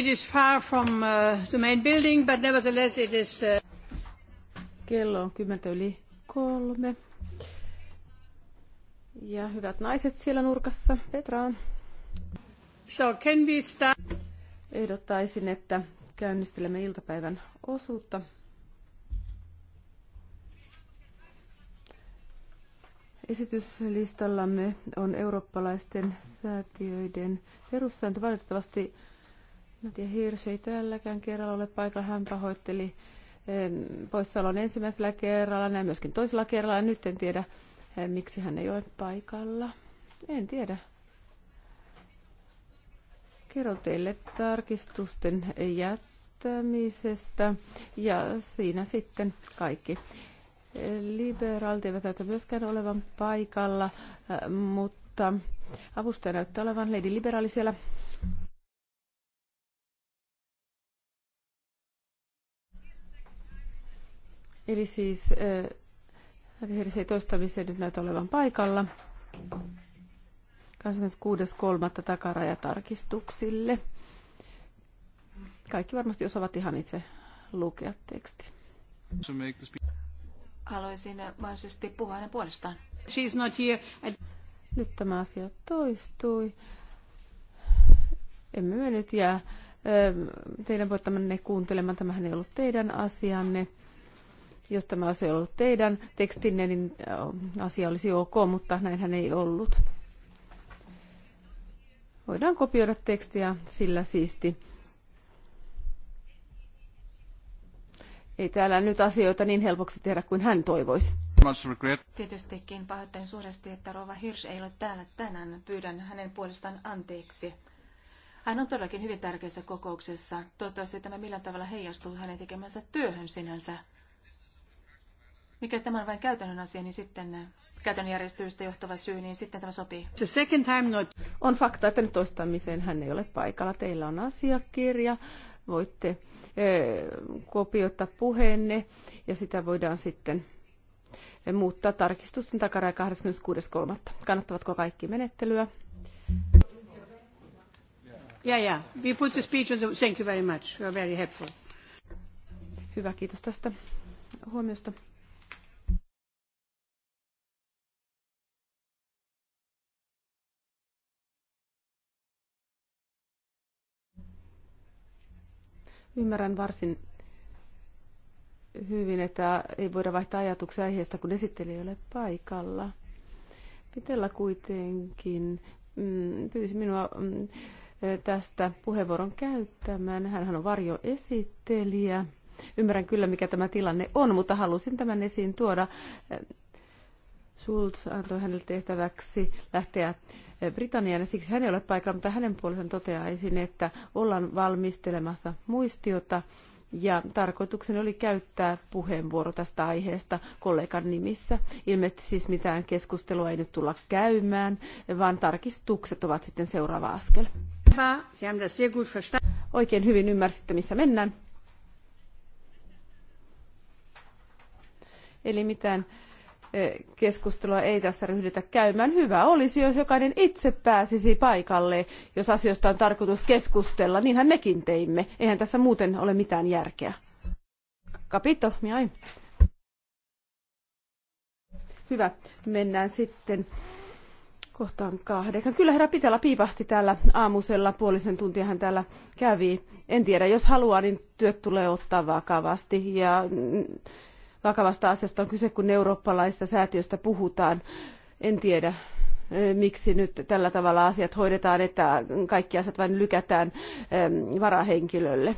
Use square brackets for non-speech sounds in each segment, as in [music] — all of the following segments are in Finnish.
It is far from uh, the main building, but nevertheless it is... Uh, Kello on kymmentä yli kolme. Ja hyvät naiset siellä nurkassa, Petraan. So can we start? Ehdottaisin, että käynnistelemme iltapäivän osuutta. Esityslistallamme on eurooppalaisten säätiöiden perussääntö. Valitettavasti Natia Hirsi ei tälläkään kerralla ole paikalla. Hän pahoitteli poissaolon ensimmäisellä kerralla, näin myöskin toisella kerralla. Ja nyt en tiedä, miksi hän ei ole paikalla. En tiedä. Kerron teille tarkistusten jättämisestä ja siinä sitten kaikki. Liberaalit eivät näytä myöskään olevan paikalla, mutta avustaja näyttää olevan Lady Liberaali siellä. Eli siis Häviheris ei toistamiseen nyt näytä olevan paikalla. 26.3. takarajatarkistuksille. Kaikki varmasti osaavat ihan itse lukea teksti. Haluaisin mahdollisesti puhua hänen puolestaan. She's not here. Nyt tämä asia toistui. Emme me nyt jää teidän voittamanne kuuntelemaan. Tämähän ei ollut teidän asianne. Jos tämä olisi ollut teidän tekstinne, niin äh, asia olisi ok, mutta näinhän ei ollut. Voidaan kopioida tekstiä sillä siisti. Ei täällä nyt asioita niin helpoksi tehdä kuin hän toivoisi. Tietystikin pahoittelen suuresti, että Rova Hirsch ei ole täällä tänään. Pyydän hänen puolestaan anteeksi. Hän on todellakin hyvin tärkeässä kokouksessa. Toivottavasti tämä millään tavalla heijastuu hänen tekemänsä työhön sinänsä. Mikä tämä on vain käytännön asia, niin sitten äh, käytännön järjestelystä johtuva syy, niin sitten tämä sopii. The second time not. On fakta, että nyt toistamiseen hän ei ole paikalla. Teillä on asiakirja voitte äh, kopioittaa puheenne ja sitä voidaan sitten äh, muuttaa tarkistusten takaraja 26.3. Kannattavatko kaikki menettelyä? Yeah, yeah. We put the speech on the... Thank you very much. You are very helpful. Hyvä, kiitos tästä huomiosta. Ymmärrän varsin hyvin, että ei voida vaihtaa ajatuksia aiheesta, kun esittelijä ei ole paikalla. Pitellä kuitenkin mm, pyysi minua mm, tästä puheenvuoron käyttämään. Hänhän on varjoesittelijä. Ymmärrän kyllä, mikä tämä tilanne on, mutta halusin tämän esiin tuoda. Schulz antoi hänelle tehtäväksi lähteä Britannian ja siksi hän ei ole paikalla, mutta hänen puolensa toteaisin, että ollaan valmistelemassa muistiota ja tarkoituksena oli käyttää puheenvuoro tästä aiheesta kollegan nimissä. Ilmeisesti siis mitään keskustelua ei nyt tulla käymään, vaan tarkistukset ovat sitten seuraava askel. Oikein hyvin ymmärsitte, missä mennään. Eli mitään keskustelua ei tässä ryhdytä käymään. Hyvä olisi, jos jokainen itse pääsisi paikalle, jos asioista on tarkoitus keskustella. Niinhän mekin teimme. Eihän tässä muuten ole mitään järkeä. Kapito, miai. Hyvä, mennään sitten kohtaan kahdeksan. Kyllä herra Pitela piipahti täällä aamusella, puolisen tuntia hän täällä kävi. En tiedä, jos haluaa, niin työt tulee ottaa vakavasti. Ja mm, vakavasta asiasta on kyse, kun eurooppalaista säätiöstä puhutaan. En tiedä, eh, miksi nyt tällä tavalla asiat hoidetaan, että kaikki asiat vain lykätään varahenkilölle.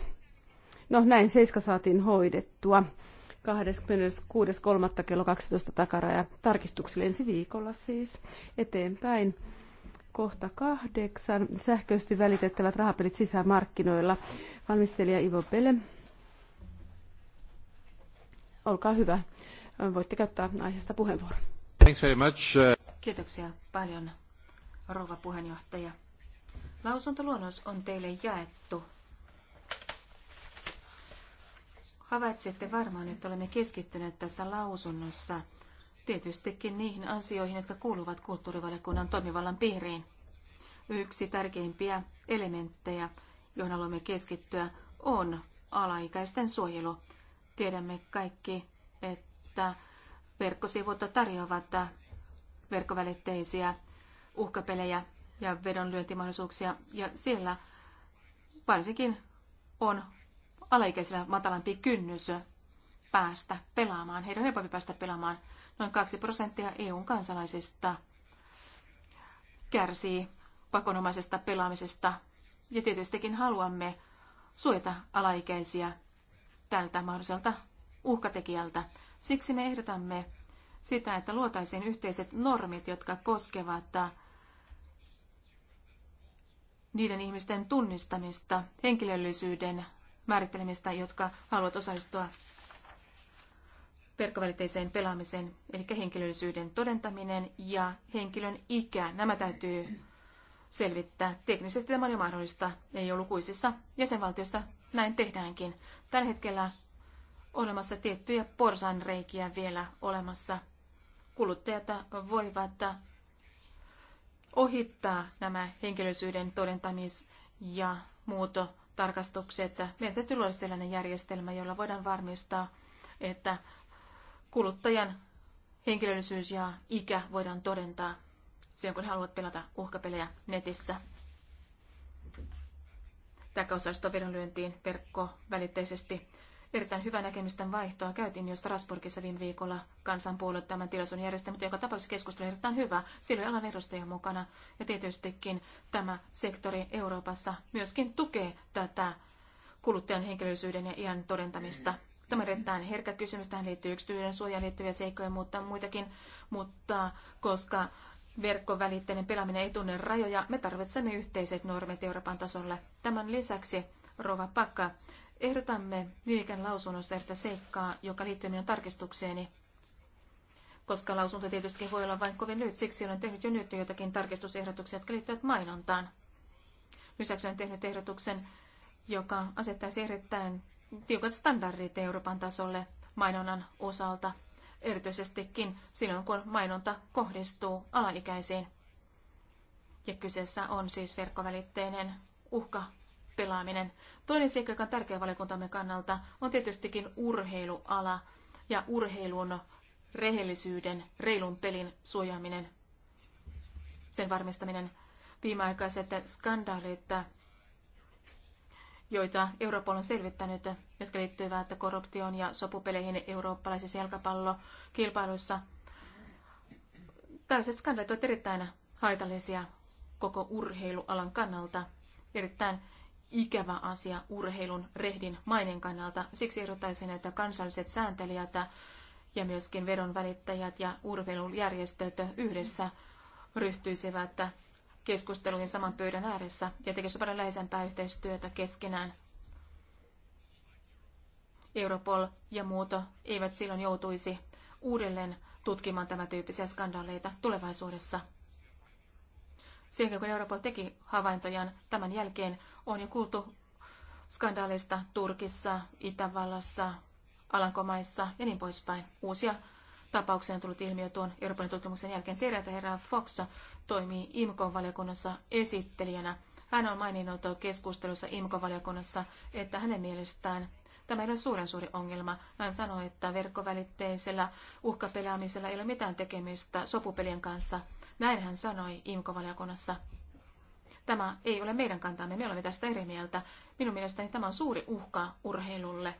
No näin seiska saatiin hoidettua. 26.3. kello 12 takaraja tarkistuksille ensi viikolla siis eteenpäin. Kohta kahdeksan. Sähköisesti välitettävät rahapelit sisämarkkinoilla. Valmistelija Ivo Pele. Olkaa hyvä. Voitte käyttää aiheesta puheenvuoron. Thanks very much. Uh, Kiitoksia paljon, rouva puheenjohtaja. Lausuntoluonnos on teille jaettu. Havaitsette varmaan, että olemme keskittyneet tässä lausunnossa tietystikin niihin asioihin, jotka kuuluvat kulttuurivaliokunnan toimivallan piiriin. Yksi tärkeimpiä elementtejä, johon haluamme keskittyä, on alaikäisten suojelu. Tiedämme kaikki, että verkkosivut tarjoavat verkkovälitteisiä uhkapelejä ja vedonlyöntimahdollisuuksia, ja siellä varsinkin on alaikäisillä matalampi kynnys päästä pelaamaan. Heidän on helpompi päästä pelaamaan. Noin 2 prosenttia EUn kansalaisista kärsii pakonomaisesta pelaamisesta. Ja tietystikin haluamme suojata alaikäisiä tältä mahdolliselta uhkatekijältä. Siksi me ehdotamme sitä, että luotaisiin yhteiset normit, jotka koskevat äh, niiden ihmisten tunnistamista, henkilöllisyyden määrittelemistä, jotka haluavat osallistua verkkovälitteiseen pelaamiseen, eli henkilöllisyyden todentaminen ja henkilön ikä. Nämä täytyy selvittää. Teknisesti tämä on jo mahdollista, ei ole lukuisissa jäsenvaltioissa näin tehdäänkin. Tällä hetkellä olemassa tiettyjä porsanreikiä vielä olemassa. Kuluttajat voivat ohittaa nämä henkilöisyyden todentamis- ja muuto Meidän täytyy luoda sellainen järjestelmä, jolla voidaan varmistaa, että kuluttajan henkilöllisyys ja ikä voidaan todentaa silloin, kun haluat pelata uhkapelejä netissä takaosasto vedonlyöntiin verkkovälitteisesti. Erittäin hyvä näkemysten vaihtoa käytiin jo Strasbourgissa viime viikolla kansanpuolue tämän tilaisuuden järjestämä, mutta joka tapauksessa keskustelu on erittäin hyvä. Silloin alan edustajia mukana ja tietystikin tämä sektori Euroopassa myöskin tukee tätä kuluttajan henkilöllisyyden ja iän todentamista. Tämä on erittäin herkkä kysymys. Tähän liittyy yksityisyyden suojaan liittyviä seikkoja, mutta muitakin. Mutta koska verkkovälitteinen pelaaminen ei tunne rajoja, me tarvitsemme yhteiset normit Euroopan tasolle. Tämän lisäksi, Rova Pakka, ehdotamme Viiken lausunnossa että seikkaa, joka liittyy minun tarkistukseeni. Koska lausunto tietysti voi olla vain kovin lyhyt, siksi olen tehnyt jo nyt jotakin tarkistusehdotuksia, jotka liittyvät mainontaan. Lisäksi olen tehnyt ehdotuksen, joka asettaisi erittäin tiukat standardit Euroopan tasolle mainonnan osalta, erityisestikin silloin, kun mainonta kohdistuu alaikäisiin. Ja kyseessä on siis verkkovälitteinen uhka pelaaminen. Toinen seikka, joka on tärkeä valiokuntamme kannalta, on tietystikin urheiluala ja urheilun rehellisyyden, reilun pelin suojaaminen, sen varmistaminen. Viimeaikaiset skandaalit, joita Euroopan on selvittänyt, jotka liittyvät korruptioon ja sopupeleihin eurooppalaisissa jalkapallokilpailuissa. Tällaiset skandaalit ovat erittäin haitallisia koko urheilualan kannalta erittäin ikävä asia urheilun rehdin mainen kannalta. Siksi ehdottaisin, että kansalliset sääntelijät ja myöskin vedonvälittäjät ja urheilujärjestöt yhdessä ryhtyisivät keskusteluihin saman pöydän ääressä ja tekisivät paljon läheisempää yhteistyötä keskenään. Europol ja muuto eivät silloin joutuisi uudelleen tutkimaan tämän tyyppisiä skandaaleita tulevaisuudessa. Sen jälkeen, kun Europol teki havaintojaan, tämän jälkeen on jo kuultu skandaaleista Turkissa, Itävallassa, Alankomaissa ja niin poispäin. Uusia tapauksia on tullut ilmiö tuon Euroopan tutkimuksen jälkeen. Tiedät, herra Fox toimii imco valiokunnassa esittelijänä. Hän on maininnut keskustelussa imco valiokunnassa että hänen mielestään Tämä ei ole suuren suuri ongelma. Hän sanoi, että verkkovälitteisellä uhkapelaamisella ei ole mitään tekemistä sopupelien kanssa. Näin hän sanoi imko Tämä ei ole meidän kantamme, me olemme tästä eri mieltä. Minun mielestäni tämä on suuri uhka urheilulle.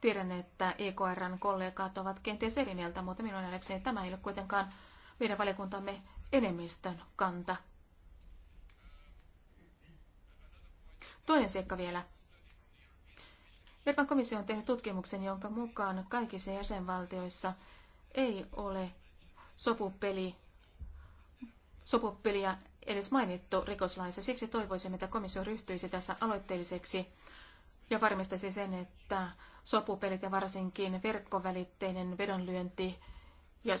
Tiedän, että EKRn kollegat ovat kenties eri mieltä, mutta minun nähdäkseni tämä ei ole kuitenkaan meidän valiokuntamme enemmistön kanta. Toinen seikka vielä. Euroopan komissio on tehnyt tutkimuksen, jonka mukaan kaikissa jäsenvaltioissa ei ole sopupeli sopupeliä edes mainittu rikoslaissa. Siksi toivoisimme, että komissio ryhtyisi tässä aloitteelliseksi ja varmistaisi sen, että sopupelit ja varsinkin verkkovälitteinen vedonlyönti ja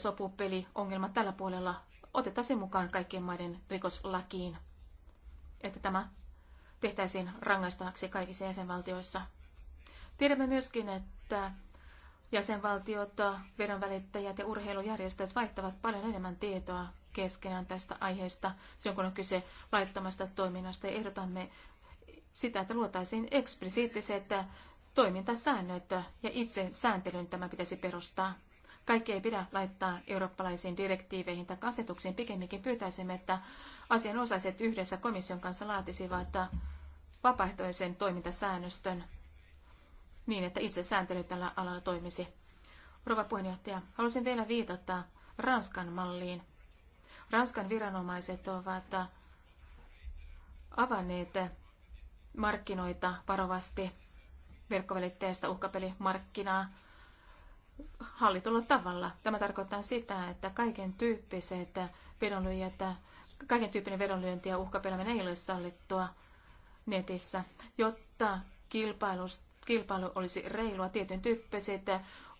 ongelma tällä puolella otettaisiin mukaan kaikkien maiden rikoslakiin, että tämä tehtäisiin rangaistavaksi kaikissa jäsenvaltioissa. Tiedämme myöskin, että jäsenvaltiot, vedonvälittäjät ja urheilujärjestöt vaihtavat paljon enemmän tietoa keskenään tästä aiheesta, silloin kun on kyse laittomasta toiminnasta, ja ehdotamme sitä, että luotaisiin eksplisiittiset toimintasäännöt ja itse sääntelyn tämä pitäisi perustaa. Kaikki ei pidä laittaa eurooppalaisiin direktiiveihin tai asetuksiin. Pikemminkin pyytäisimme, että asianosaiset yhdessä komission kanssa laatisivat vapaaehtoisen toimintasäännöstön niin, että itse sääntely tällä alalla toimisi. Rova puheenjohtaja, haluaisin vielä viitata Ranskan malliin. Ranskan viranomaiset ovat avanneet markkinoita varovasti verkkovälitteistä uhkapelimarkkinaa hallitulla tavalla. Tämä tarkoittaa sitä, että kaiken tyyppiset vedonlyöjät, kaiken tyyppinen vedonlyönti ja uhkapelaminen ei ole sallittua netissä, jotta kilpailu olisi reilua. Tietyn tyyppiset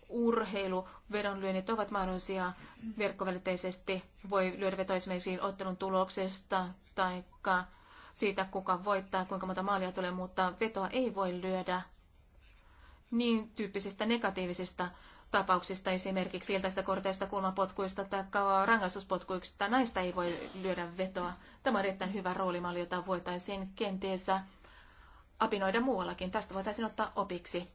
urheilu, vedonlyönnit ovat mahdollisia verkkovälitteisesti. Voi lyödä veto esimerkiksi ottelun tuloksesta tai siitä, kuka voittaa, kuinka monta maalia tulee, mutta vetoa ei voi lyödä niin tyyppisistä negatiivisista tapauksista, esimerkiksi iltaista korteista, kulmapotkuista tai rangaistuspotkuista, näistä ei voi lyödä vetoa. Tämä on erittäin hyvä roolimalli, jota voitaisiin kenties apinoida muuallakin. Tästä voitaisiin ottaa opiksi.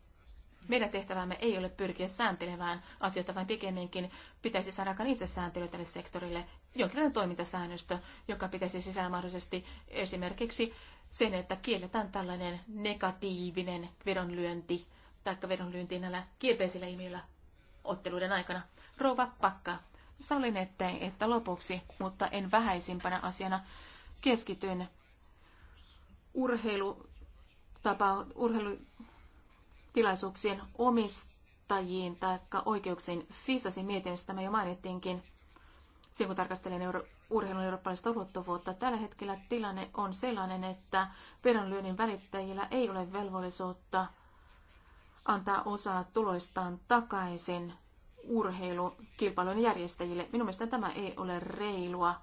Meidän tehtävämme ei ole pyrkiä sääntelemään asioita, vaan pikemminkin pitäisi saada aikaan itse sääntely tälle sektorille, jonkinlainen toimintasäännöstö, joka pitäisi sisällä mahdollisesti esimerkiksi sen, että kielletään tällainen negatiivinen vedonlyönti tai vedonlyönti näillä kielteisillä ilmiöillä otteluiden aikana. Rouva Pakka, sallin ettei, että lopuksi, mutta en vähäisimpänä asiana keskityn urheilutapa, urheilu, tilaisuuksien omistajiin tai oikeuksiin FISASin mietinnössä tämä jo mainittiinkin. Siinä kun tarkastelen euro- urheilun eurooppalaista ulottuvuutta, tällä hetkellä tilanne on sellainen, että veronlyönnin välittäjillä ei ole velvollisuutta antaa osaa tuloistaan takaisin urheilukilpailun järjestäjille. Minun mielestä tämä ei ole reilua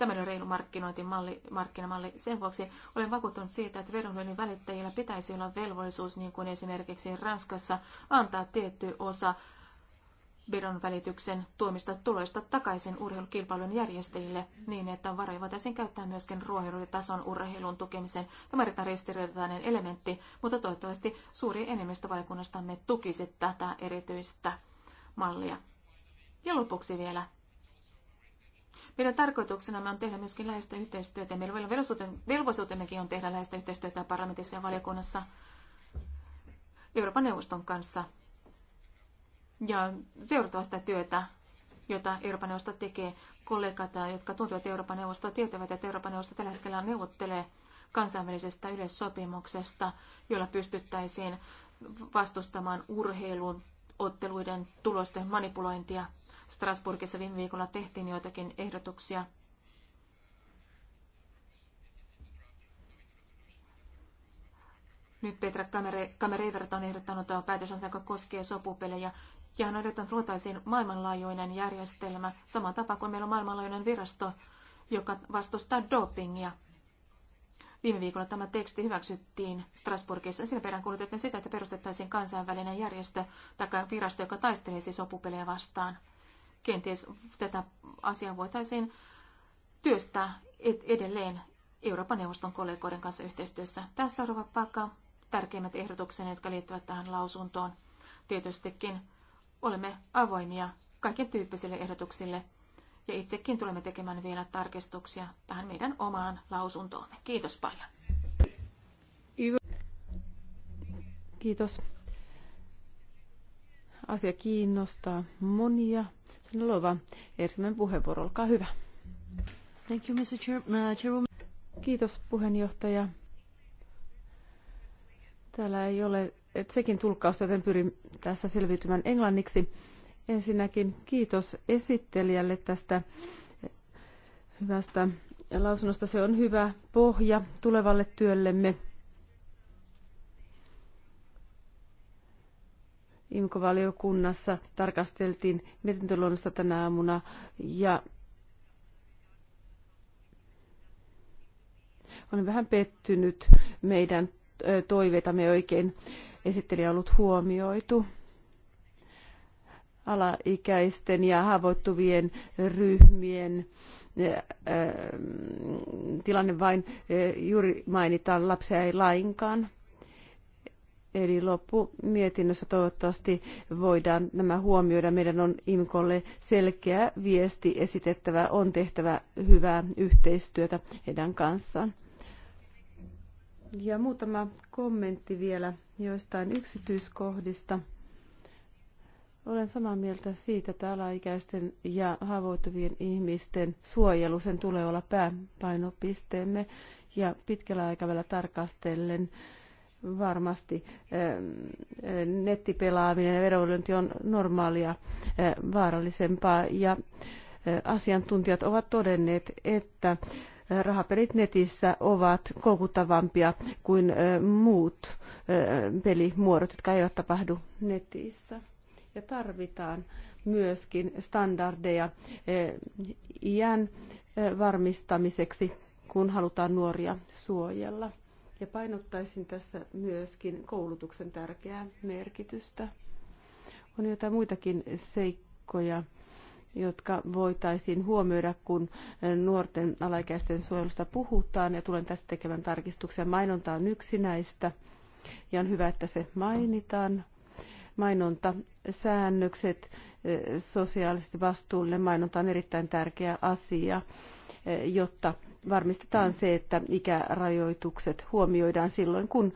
Tämä on reilu markkinointimalli, markkinamalli. Sen vuoksi olen vakuuttunut siitä, että verohyödyn välittäjillä pitäisi olla velvollisuus, niin kuin esimerkiksi Ranskassa, antaa tietty osa veron välityksen tuomista tuloista takaisin urheilukilpailun järjestäjille niin, että varoja voitaisiin käyttää myöskin ruohonjuuritason urheilun tukemiseen. Tämä on ristiriitainen elementti, mutta toivottavasti suuri enemmistö valikunnastamme tukisi tätä erityistä mallia. Ja lopuksi vielä meidän tarkoituksena on tehdä myöskin läheistä yhteistyötä. Meillä velvollisuutemmekin on tehdä läheistä yhteistyötä parlamentissa ja valiokunnassa Euroopan neuvoston kanssa ja seurataan sitä työtä, jota Euroopan neuvosto tekee. Kollegat, jotka tuntevat Euroopan neuvostoa, tietävät, että Euroopan neuvosto tällä hetkellä neuvottelee kansainvälisestä yleissopimuksesta, jolla pystyttäisiin vastustamaan urheilun otteluiden tulosten manipulointia Strasburgissa viime viikolla tehtiin joitakin ehdotuksia. Nyt Petra Kamerevert on ehdottanut päätös, joka koskee sopupelejä. Ja hän on ehdottanut luotaisiin maailmanlaajuinen järjestelmä, sama tapa kuin meillä on maailmanlaajuinen virasto, joka vastustaa dopingia. Viime viikolla tämä teksti hyväksyttiin Strasbourgissa. Siinä kuulutettiin sitä, että perustettaisiin kansainvälinen järjestö tai virasto, joka taistelisi sopupelejä vastaan. Kenties tätä asiaa voitaisiin työstää edelleen Euroopan neuvoston kollegoiden kanssa yhteistyössä. Tässä on vaikka tärkeimmät ehdotukset, jotka liittyvät tähän lausuntoon. Tietystikin olemme avoimia kaiken tyyppisille ehdotuksille ja itsekin tulemme tekemään vielä tarkistuksia tähän meidän omaan lausuntoomme. Kiitos paljon. Kiitos. Asia kiinnostaa monia. luova ensimmäinen puheenvuoro, olkaa hyvä. Thank you, Mr. Chair, uh, Kiitos puheenjohtaja. Täällä ei ole Sekin tulkkausta, joten pyrin tässä selviytymään englanniksi. Ensinnäkin kiitos esittelijälle tästä hyvästä lausunnosta. Se on hyvä pohja tulevalle työllemme. IMKO-valiokunnassa tarkasteltiin mietintöluonnosta tänä aamuna ja olen vähän pettynyt meidän toiveitamme oikein esittelijä ollut huomioitu alaikäisten ja haavoittuvien ryhmien tilanne vain juuri mainitaan, lapsia ei lainkaan. Eli loppumietinnössä toivottavasti voidaan nämä huomioida. Meidän on IMKOlle selkeä viesti esitettävä, on tehtävä hyvää yhteistyötä heidän kanssaan. Ja muutama kommentti vielä joistain yksityiskohdista. Olen samaa mieltä siitä, että alaikäisten ja haavoittuvien ihmisten suojelu, sen tulee olla pääpainopisteemme ja pitkällä aikavälillä tarkastellen varmasti eh, nettipelaaminen ja vedonlyönti on normaalia eh, vaarallisempaa ja eh, asiantuntijat ovat todenneet, että rahapelit netissä ovat koukuttavampia kuin muut pelimuodot, jotka eivät tapahdu netissä. Ja tarvitaan myöskin standardeja iän varmistamiseksi, kun halutaan nuoria suojella ja painottaisin tässä myöskin koulutuksen tärkeää merkitystä. On jotain muitakin seikkoja, jotka voitaisiin huomioida, kun nuorten alaikäisten suojelusta puhutaan, ja tulen tästä tekemään tarkistuksia. Mainonta on yksi näistä, ja on hyvä, että se mainitaan. Mainonta, säännökset, eh, sosiaalisesti vastuullinen mainonta on erittäin tärkeä asia jotta varmistetaan se, että ikärajoitukset huomioidaan silloin, kun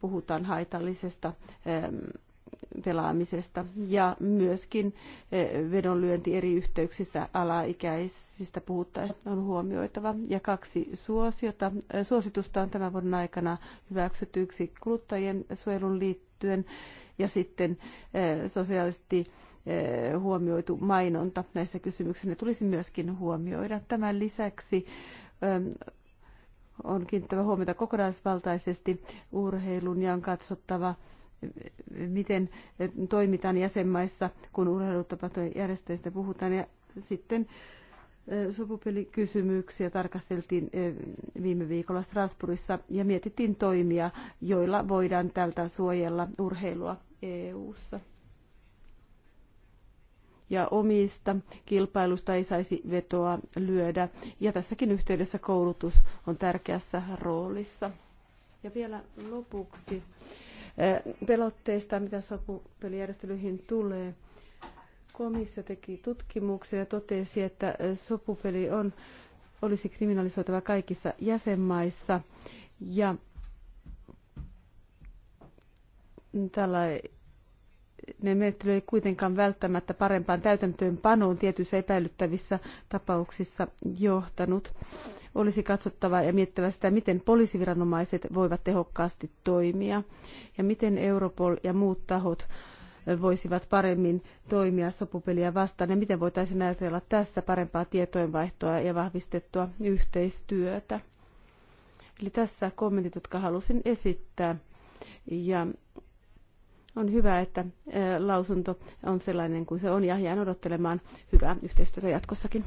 puhutaan haitallisesta pelaamisesta ja myöskin e, vedonlyönti eri yhteyksissä alaikäisistä puhuttaessa on huomioitava. Ja kaksi suosiota, e, suositusta on tämän vuoden aikana hyväksytyksi kuluttajien suojelun liittyen ja sitten eh, sosiaalisesti eh, huomioitu mainonta näissä kysymyksissä. Ne tulisi myöskin huomioida. Tämän lisäksi eh, on kiinnittävä huomiota kokonaisvaltaisesti urheilun ja on katsottava, miten toimitaan jäsenmaissa, kun urheilutapahtumien järjestäjistä puhutaan. Ja sitten sopupelikysymyksiä tarkasteltiin eh, viime viikolla Strasbourgissa ja mietittiin toimia, joilla voidaan tältä suojella urheilua EU:ssa. Ja omista kilpailusta ei saisi vetoa lyödä. Ja tässäkin yhteydessä koulutus on tärkeässä roolissa. Ja vielä lopuksi eh, pelotteista, mitä sopupelijärjestelyihin tulee Komissio teki tutkimuksen ja totesi, että sopupeli on, olisi kriminalisoitava kaikissa jäsenmaissa. Ja tällainen menettely ei kuitenkaan välttämättä parempaan täytäntöönpanoon tietyissä epäilyttävissä tapauksissa johtanut. Olisi katsottava ja miettävä sitä, miten poliisiviranomaiset voivat tehokkaasti toimia ja miten Europol ja muut tahot voisivat paremmin toimia sopupeliä vastaan ja miten voitaisiin ajatella tässä parempaa tietojenvaihtoa ja vahvistettua yhteistyötä. Eli tässä kommentit, jotka halusin esittää. Ja on hyvä, että lausunto on sellainen kuin se on ja jään odottelemaan hyvää yhteistyötä jatkossakin.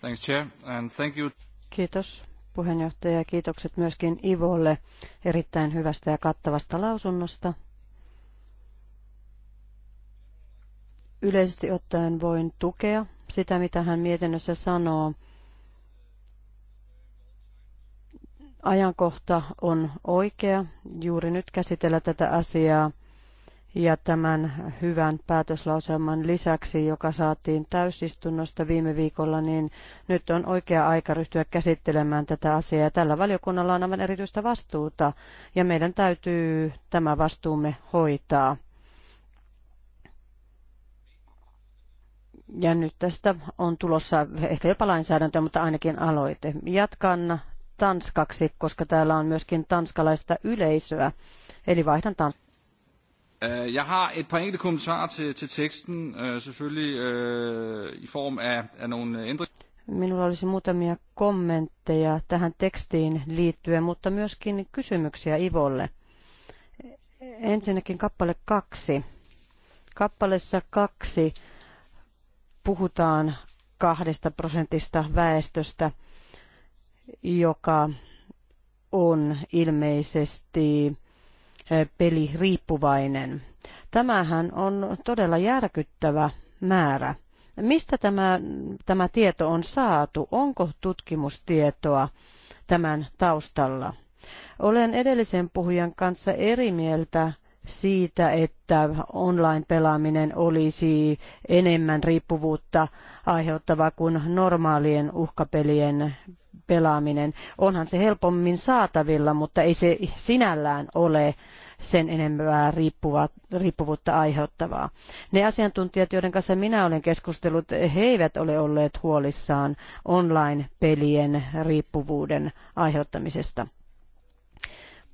Thanks, Chair, and thank you. Kiitos puheenjohtaja ja kiitokset myöskin Ivolle erittäin hyvästä ja kattavasta lausunnosta. Yleisesti ottaen voin tukea sitä, mitä hän mietinnössä sanoo. Ajankohta on oikea juuri nyt käsitellä tätä asiaa – ja tämän hyvän päätöslauselman lisäksi, joka saatiin täysistunnosta viime viikolla, niin nyt on oikea aika ryhtyä käsittelemään tätä asiaa. Tällä valiokunnalla on aivan erityistä vastuuta ja meidän täytyy tämä vastuumme hoitaa. Ja nyt tästä on tulossa ehkä jopa lainsäädäntö, mutta ainakin aloite. Jatkan tanskaksi, koska täällä on myöskin tanskalaista yleisöä, eli vaihdan tanskaksi. Øh, jeg har et par enkelte kommentarer til, til teksten, øh, selvfølgelig øh, i form af, af nogle ændringer. Minulla olisi muutamia kommentteja tähän tekstiin liittyen, mutta myöskin kysymyksiä Ivolle. Ensinnäkin kappale kaksi. Kappalessa kaksi puhutaan kahdesta prosentista väestöstä, joka on ilmeisesti peliriippuvainen. Tämähän on todella järkyttävä määrä. Mistä tämä, tämä tieto on saatu? Onko tutkimustietoa tämän taustalla? Olen edellisen puhujan kanssa eri mieltä siitä, että online-pelaaminen olisi enemmän riippuvuutta aiheuttava kuin normaalien uhkapelien pelaaminen. Onhan se helpommin saatavilla, mutta ei se sinällään ole sen enempää riippuvuutta aiheuttavaa. Ne asiantuntijat, joiden kanssa minä olen keskustellut, he eivät ole olleet huolissaan online-pelien riippuvuuden aiheuttamisesta.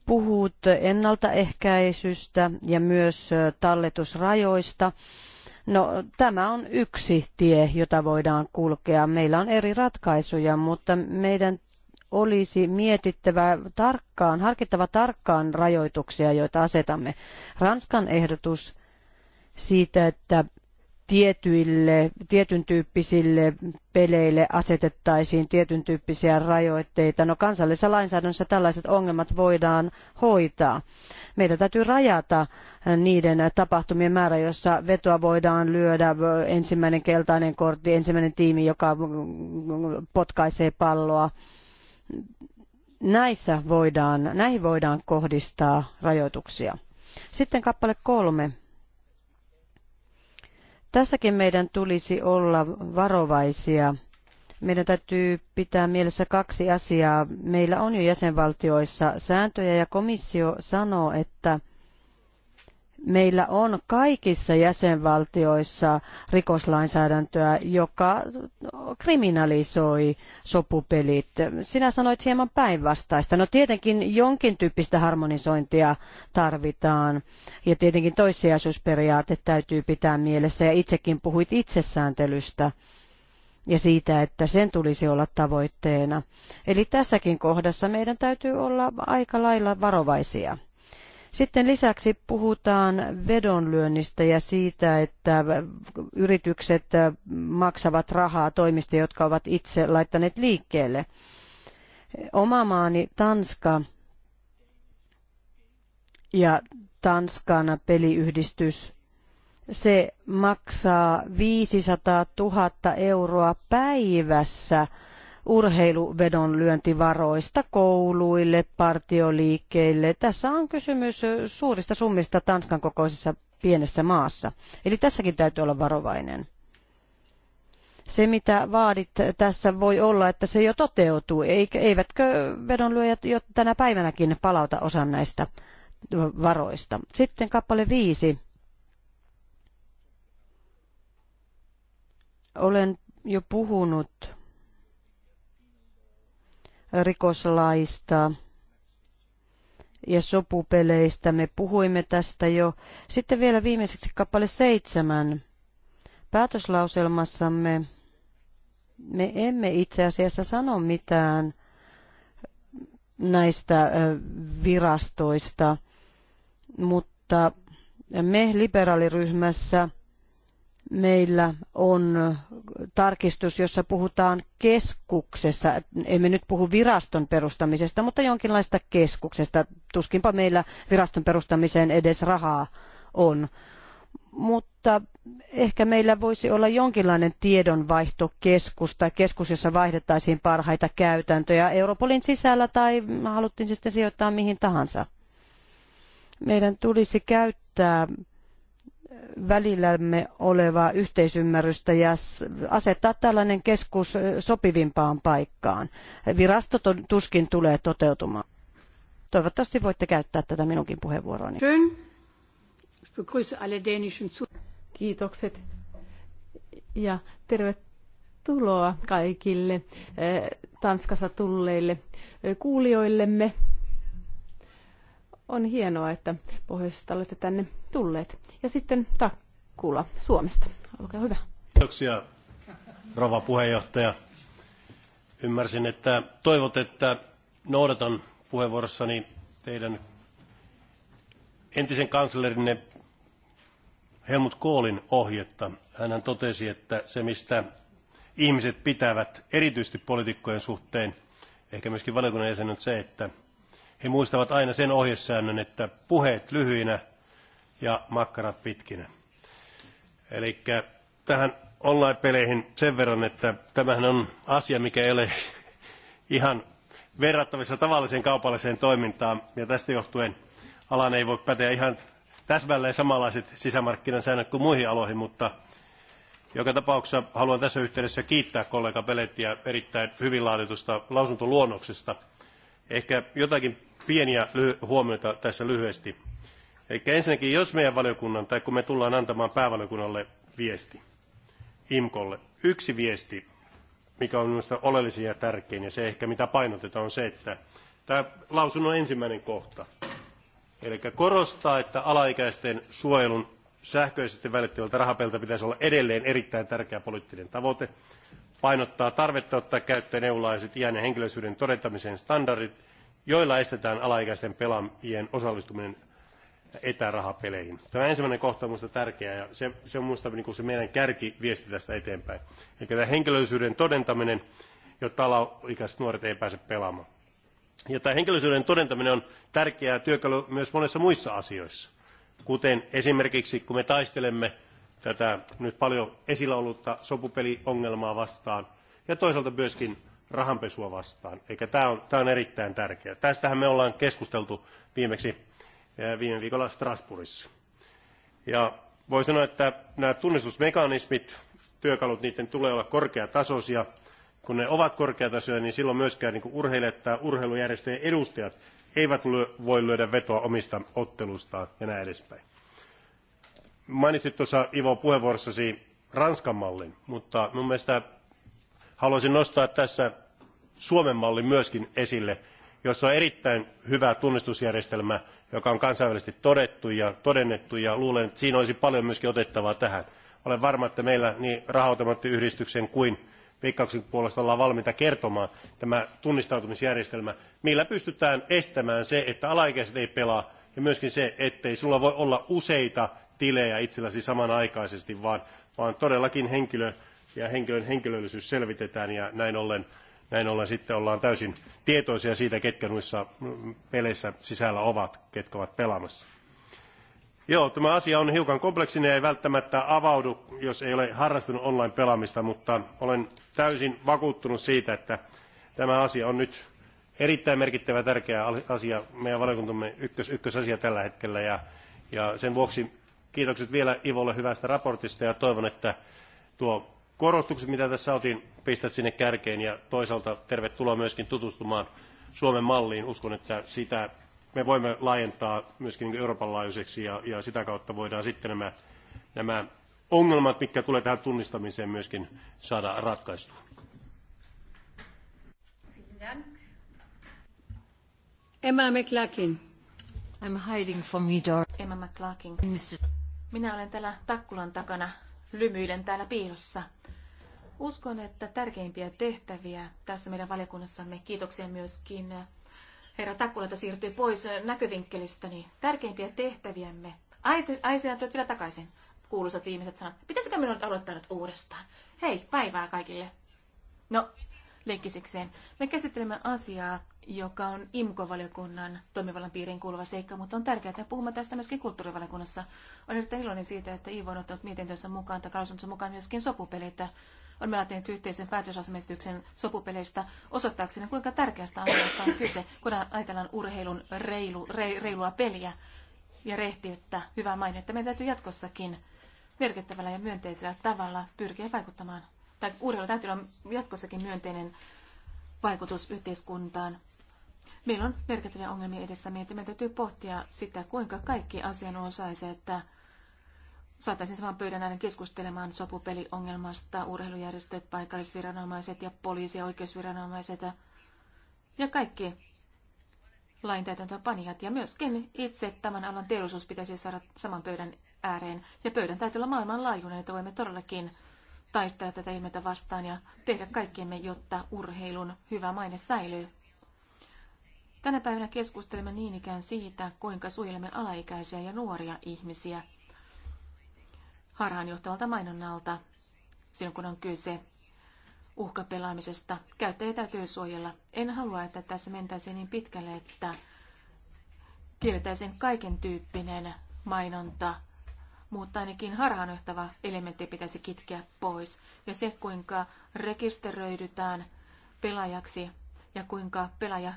Puhut ennaltaehkäisystä ja myös talletusrajoista. No tämä on yksi tie, jota voidaan kulkea. Meillä on eri ratkaisuja, mutta meidän olisi mietittävä tarkkaan, harkittava tarkkaan rajoituksia, joita asetamme. Ranskan ehdotus siitä, että tietyille, tietyn tyyppisille peleille asetettaisiin tietyn tyyppisiä rajoitteita. No kansallisessa lainsäädännössä tällaiset ongelmat voidaan hoitaa. Meidän täytyy rajata niiden tapahtumien määrä, jossa vetoa voidaan lyödä ensimmäinen keltainen kortti, ensimmäinen tiimi, joka potkaisee palloa. Näissä voidaan, näihin voidaan kohdistaa rajoituksia. Sitten kappale kolme Tässäkin meidän tulisi olla varovaisia. Meidän täytyy pitää mielessä kaksi asiaa. Meillä on jo jäsenvaltioissa sääntöjä ja komissio sanoo, että meillä on kaikissa jäsenvaltioissa rikoslainsäädäntöä, joka kriminalisoi sopupelit. Sinä sanoit hieman päinvastaista. No tietenkin jonkin tyyppistä harmonisointia tarvitaan ja tietenkin toissijaisuusperiaate täytyy pitää mielessä ja itsekin puhuit itsesääntelystä ja siitä, että sen tulisi olla tavoitteena. Eli tässäkin kohdassa meidän täytyy olla aika lailla varovaisia. Sitten lisäksi puhutaan vedonlyönnistä ja siitä, että yritykset maksavat rahaa toimista, jotka ovat itse laittaneet liikkeelle. Oma maani Tanska ja Tanskan peliyhdistys, se maksaa 500 000 euroa päivässä – urheiluvedonlyöntivaroista kouluille, partioliikkeille. Tässä on kysymys suurista summista Tanskan kokoisessa pienessä maassa. Eli tässäkin täytyy olla varovainen. Se, mitä vaadit tässä, voi olla, että se jo toteutuu. Eivätkö vedonlyöjät jo tänä päivänäkin palauta osan näistä varoista? Sitten kappale viisi. Olen jo puhunut rikoslaista ja sopupeleistä. Me puhuimme tästä jo. Sitten vielä viimeiseksi kappale seitsemän. Päätöslauselmassamme me emme itse asiassa sano mitään näistä virastoista, mutta me liberaaliryhmässä – meillä on tarkistus, jossa puhutaan keskuksessa. Emme nyt puhu viraston perustamisesta, mutta jonkinlaista keskuksesta. Tuskinpa meillä viraston perustamiseen edes rahaa on. Mutta ehkä meillä voisi olla jonkinlainen tiedonvaihtokeskus tai keskus, jossa vaihdettaisiin parhaita käytäntöjä Europolin sisällä tai haluttiin sitten sijoittaa mihin tahansa. Meidän tulisi käyttää välillämme olevaa yhteisymmärrystä ja asettaa tällainen keskus sopivimpaan paikkaan. Virasto tuskin tulee toteutumaan. Toivottavasti voitte käyttää tätä minunkin puheenvuoroni. Kiitokset ja tervetuloa kaikille Tanskassa tulleille kuulijoillemme. On hienoa, että pohjoisesta olette tänne tulleet. Ja sitten Takkula Suomesta. Olkaa hyvä. Kiitoksia, rova puheenjohtaja. Ymmärsin, että toivot, että noudatan puheenvuorossani teidän entisen kanslerinne Helmut Koolin ohjetta. Hän totesi, että se mistä ihmiset pitävät erityisesti poliitikkojen suhteen, ehkä myöskin valiokunnan on se, että he muistavat aina sen ohjesäännön, että puheet lyhyinä ja makkarat pitkinä. Eli tähän online-peleihin sen verran, että tämähän on asia, mikä ei ole [laughs] ihan verrattavissa tavalliseen kaupalliseen toimintaan, ja tästä johtuen alan ei voi päteä ihan täsmälleen samanlaiset sisämarkkinan säännöt kuin muihin aloihin, mutta joka tapauksessa haluan tässä yhteydessä kiittää kollega Pelettiä erittäin hyvin laaditusta lausuntoluonnoksesta. Ehkä jotakin pieniä huomioita tässä lyhyesti. Eli ensinnäkin, jos meidän valiokunnan tai kun me tullaan antamaan päävaliokunnalle viesti, IMKOlle, yksi viesti, mikä on minusta oleellisin ja tärkein, ja se ehkä mitä painotetaan, on se, että tämä lausunnon ensimmäinen kohta, eli korostaa, että alaikäisten suojelun sähköisesti välittävältä rahapeliltä pitäisi olla edelleen erittäin tärkeä poliittinen tavoite, painottaa tarvetta ottaa käyttöön EU-laiset iän ja henkilöisyyden todentamisen standardit, joilla estetään alaikäisten pelaajien osallistuminen etärahapeleihin. Tämä ensimmäinen kohta on minusta tärkeä ja se, se on minusta niin se meidän kärkiviesti tästä eteenpäin. Eli tämä henkilöllisyyden todentaminen, jotta alaikäiset nuoret ei pääse pelaamaan. Ja tämä henkilöllisyyden todentaminen on tärkeä työkalu myös monessa muissa asioissa, kuten esimerkiksi kun me taistelemme tätä nyt paljon esillä ollutta sopupeliongelmaa vastaan ja toisaalta myöskin rahanpesua vastaan. Eikä tämä on, tämä on erittäin tärkeää. Tästähän me ollaan keskusteltu viimeksi eh, viime viikolla Strasbourgissa. Ja voi sanoa, että nämä tunnistusmekanismit, työkalut, niiden tulee olla korkeatasoisia. Kun ne ovat korkeatasoisia, niin silloin myöskään niin urheilijat tai urheilujärjestöjen edustajat eivät voi lyödä vetoa omista ottelustaan ja näin edespäin. Mainitsit tuossa Ivo puheenvuorossasi Ranskan mallin, mutta mun mielestä haluaisin nostaa tässä suomen mallin myös esille jossa on erittäin hyvä tunnistusjärjestelmä joka on kansainvälisesti todettu ja todennettu ja luulen että siinä olisi paljon myös otettavaa tähän. olen varma että meillä niin raha automaattiyhdistyksen kuin veikkauksen puolesta ollaan valmiita kertomaan tämä tunnistautumisjärjestelmä millä pystytään estämään se että alaikäiset ei pelaa ja myös se ettei sinulla voi olla useita tilejä itselläsi samanaikaisesti vaan vaan todellakin henkilö ja henkilön henkilöllisyys selvitetään ja näin ollen, näin ollen sitten ollaan täysin tietoisia siitä, ketkä noissa peleissä sisällä ovat, ketkä ovat pelaamassa. Joo, tämä asia on hiukan kompleksinen ja ei välttämättä avaudu, jos ei ole harrastanut online-pelaamista, mutta olen täysin vakuuttunut siitä, että tämä asia on nyt erittäin merkittävä tärkeä asia, meidän valiokuntamme ykkös, ykkösasia tällä hetkellä ja, ja sen vuoksi kiitokset vielä Ivolle hyvästä raportista ja toivon, että tuo korostukset, mitä tässä otin, pistät sinne kärkeen ja toisaalta tervetuloa myöskin tutustumaan Suomen malliin. Uskon, että sitä me voimme laajentaa myöskin niin Euroopan laajuiseksi ja, ja sitä kautta voidaan sitten nämä, nämä ongelmat, mitkä tulee tähän tunnistamiseen myöskin saada ratkaistua. Emma McLaughlin. I'm hiding from you, door. Emma McLaughlin. Minä olen täällä Takkulan takana lymyilen täällä piilossa. Uskon, että tärkeimpiä tehtäviä tässä meidän valiokunnassamme, kiitoksia myöskin herra Takkulalta että siirtyi pois näkövinkkelistä, niin tärkeimpiä tehtäviämme. Aisina työt vielä takaisin, kuuluisat viimeiset sanat. Pitäisikö minun aloittaa nyt uudestaan? Hei, päivää kaikille. No, leikkisikseen. Me käsittelemme asiaa, joka on IMKO-valiokunnan toimivallan piiriin kuuluva seikka, mutta on tärkeää, että puhumme tästä myöskin kulttuurivaliokunnassa. On erittäin iloinen siitä, että Iivo on ottanut mietintönsä mukaan tai lausuntonsa mukaan myöskin sopupelit. On meillä tehnyt yhteisen päätösasemestyksen sopupeleistä osoittaakseni, kuinka tärkeästä asiasta on kyse, kun ajatellaan urheilun reilu, re, reilua peliä ja rehtiyttä, hyvää mainetta. Meidän täytyy jatkossakin merkittävällä ja myönteisellä tavalla pyrkiä vaikuttamaan tai urheilu täytyy olla jatkossakin myönteinen vaikutus yhteiskuntaan. Meillä on merkittäviä ongelmia edessä. Meidän täytyy pohtia sitä, kuinka kaikki että saataisiin saman pöydän aina keskustelemaan sopupeliongelmasta, urheilujärjestöt, paikallisviranomaiset ja poliisi- ja oikeusviranomaiset ja kaikki lain ja myöskin itse tämän alan teollisuus pitäisi saada saman pöydän ääreen. Ja pöydän täytyy olla maailmanlaajuinen, että voimme todellakin taistella tätä ilmiötä vastaan ja tehdä kaikkemme, jotta urheilun hyvä maine säilyy. Tänä päivänä keskustelemme niin ikään siitä, kuinka suojelemme alaikäisiä ja nuoria ihmisiä harhaanjohtavalta mainonnalta silloin, kun on kyse uhkapelaamisesta. Käyttäjä täytyy suojella. En halua, että tässä mentäisiin niin pitkälle, että kielletäisiin kaiken tyyppinen mainonta mutta ainakin harhaanjohtava elementti pitäisi kitkeä pois. Ja se, kuinka rekisteröidytään pelaajaksi ja kuinka pelaaja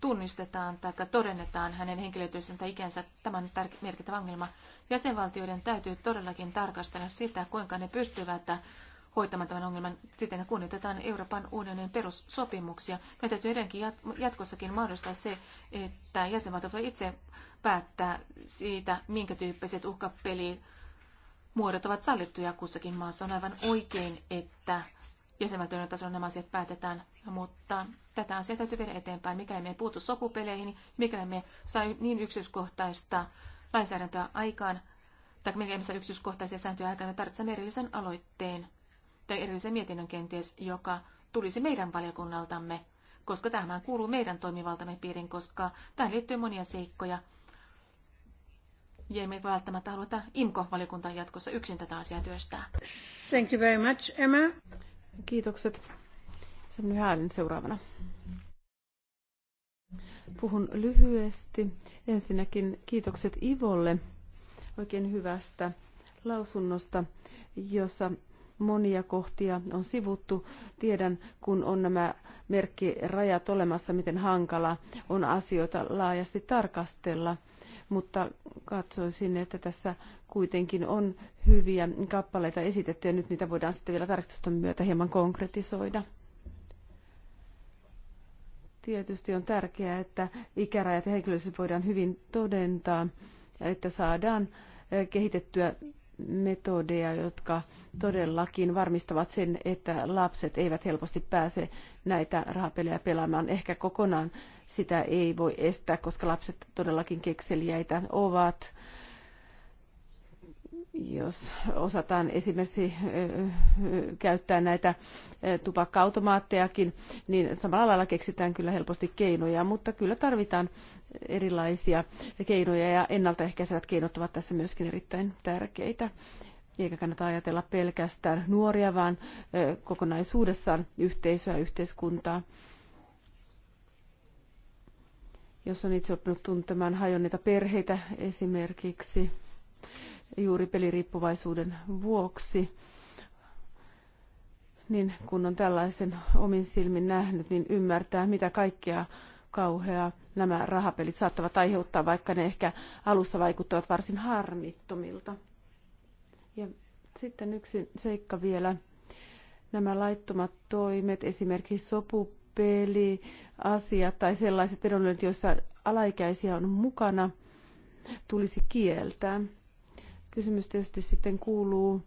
tunnistetaan tai todennetaan hänen henkilötyösensä ikänsä, tämän on merkittävä ongelma. Jäsenvaltioiden täytyy todellakin tarkastella sitä, kuinka ne pystyvät hoitamaan tämän ongelman siten, että kunnioitetaan Euroopan unionin perussopimuksia. Me täytyy edelleenkin jatkossakin mahdollistaa se, että jäsenvaltiot voivat itse päättää siitä, minkä tyyppiset uhkapeliin muodot ovat sallittuja kussakin maassa. On aivan oikein, että jäsenvaltioiden tasolla nämä asiat päätetään, mutta tätä asiaa täytyy viedä eteenpäin. mikä me ei puutu sopupeleihin, mikä me saa niin yksityiskohtaista lainsäädäntöä aikaan, tai mikäli me saa yksityiskohtaisia sääntöjä aikaan, me tarvitsemme erillisen aloitteen tai erillisen mietinnön kenties, joka tulisi meidän valiokunnaltamme, koska tämä kuuluu meidän toimivaltamme piirin, koska tähän liittyy monia seikkoja. Ja emme välttämättä haluta IMKO-valiokuntaan jatkossa yksin tätä asiaa työstää. Thank you very much, Emma. Kiitokset. on häälen seuraavana. Puhun lyhyesti. Ensinnäkin kiitokset Ivolle oikein hyvästä lausunnosta, jossa monia kohtia on sivuttu. Tiedän, kun on nämä merkkirajat olemassa, miten hankala on asioita laajasti tarkastella, mutta katsoisin, että tässä kuitenkin on hyviä kappaleita esitetty ja nyt niitä voidaan sitten vielä tarkistusten myötä hieman konkretisoida. Tietysti on tärkeää, että ikärajat ja henkilöllisyys voidaan hyvin todentaa ja että saadaan kehitettyä metodeja, jotka todellakin varmistavat sen, että lapset eivät helposti pääse näitä rahapelejä pelaamaan. Ehkä kokonaan sitä ei voi estää, koska lapset todellakin kekseliäitä ovat jos osataan esimerkiksi käyttää näitä tupakkautomaattejakin, niin samalla lailla keksitään kyllä helposti keinoja, mutta kyllä tarvitaan erilaisia keinoja ja ennaltaehkäisevät keinot ovat tässä myöskin erittäin tärkeitä. Eikä kannata ajatella pelkästään nuoria, vaan kokonaisuudessaan yhteisöä, yhteiskuntaa jos on itse oppinut tuntemaan hajonneita perheitä esimerkiksi, juuri peliriippuvaisuuden vuoksi, niin kun on tällaisen omin silmin nähnyt, niin ymmärtää, mitä kaikkea kauheaa nämä rahapelit saattavat aiheuttaa, vaikka ne ehkä alussa vaikuttavat varsin harmittomilta. Ja sitten yksi seikka vielä. Nämä laittomat toimet, esimerkiksi sopupeli, asiat tai sellaiset vedonlyönnit, joissa alaikäisiä on mukana, tulisi kieltää. Kysymys tietysti sitten kuuluu,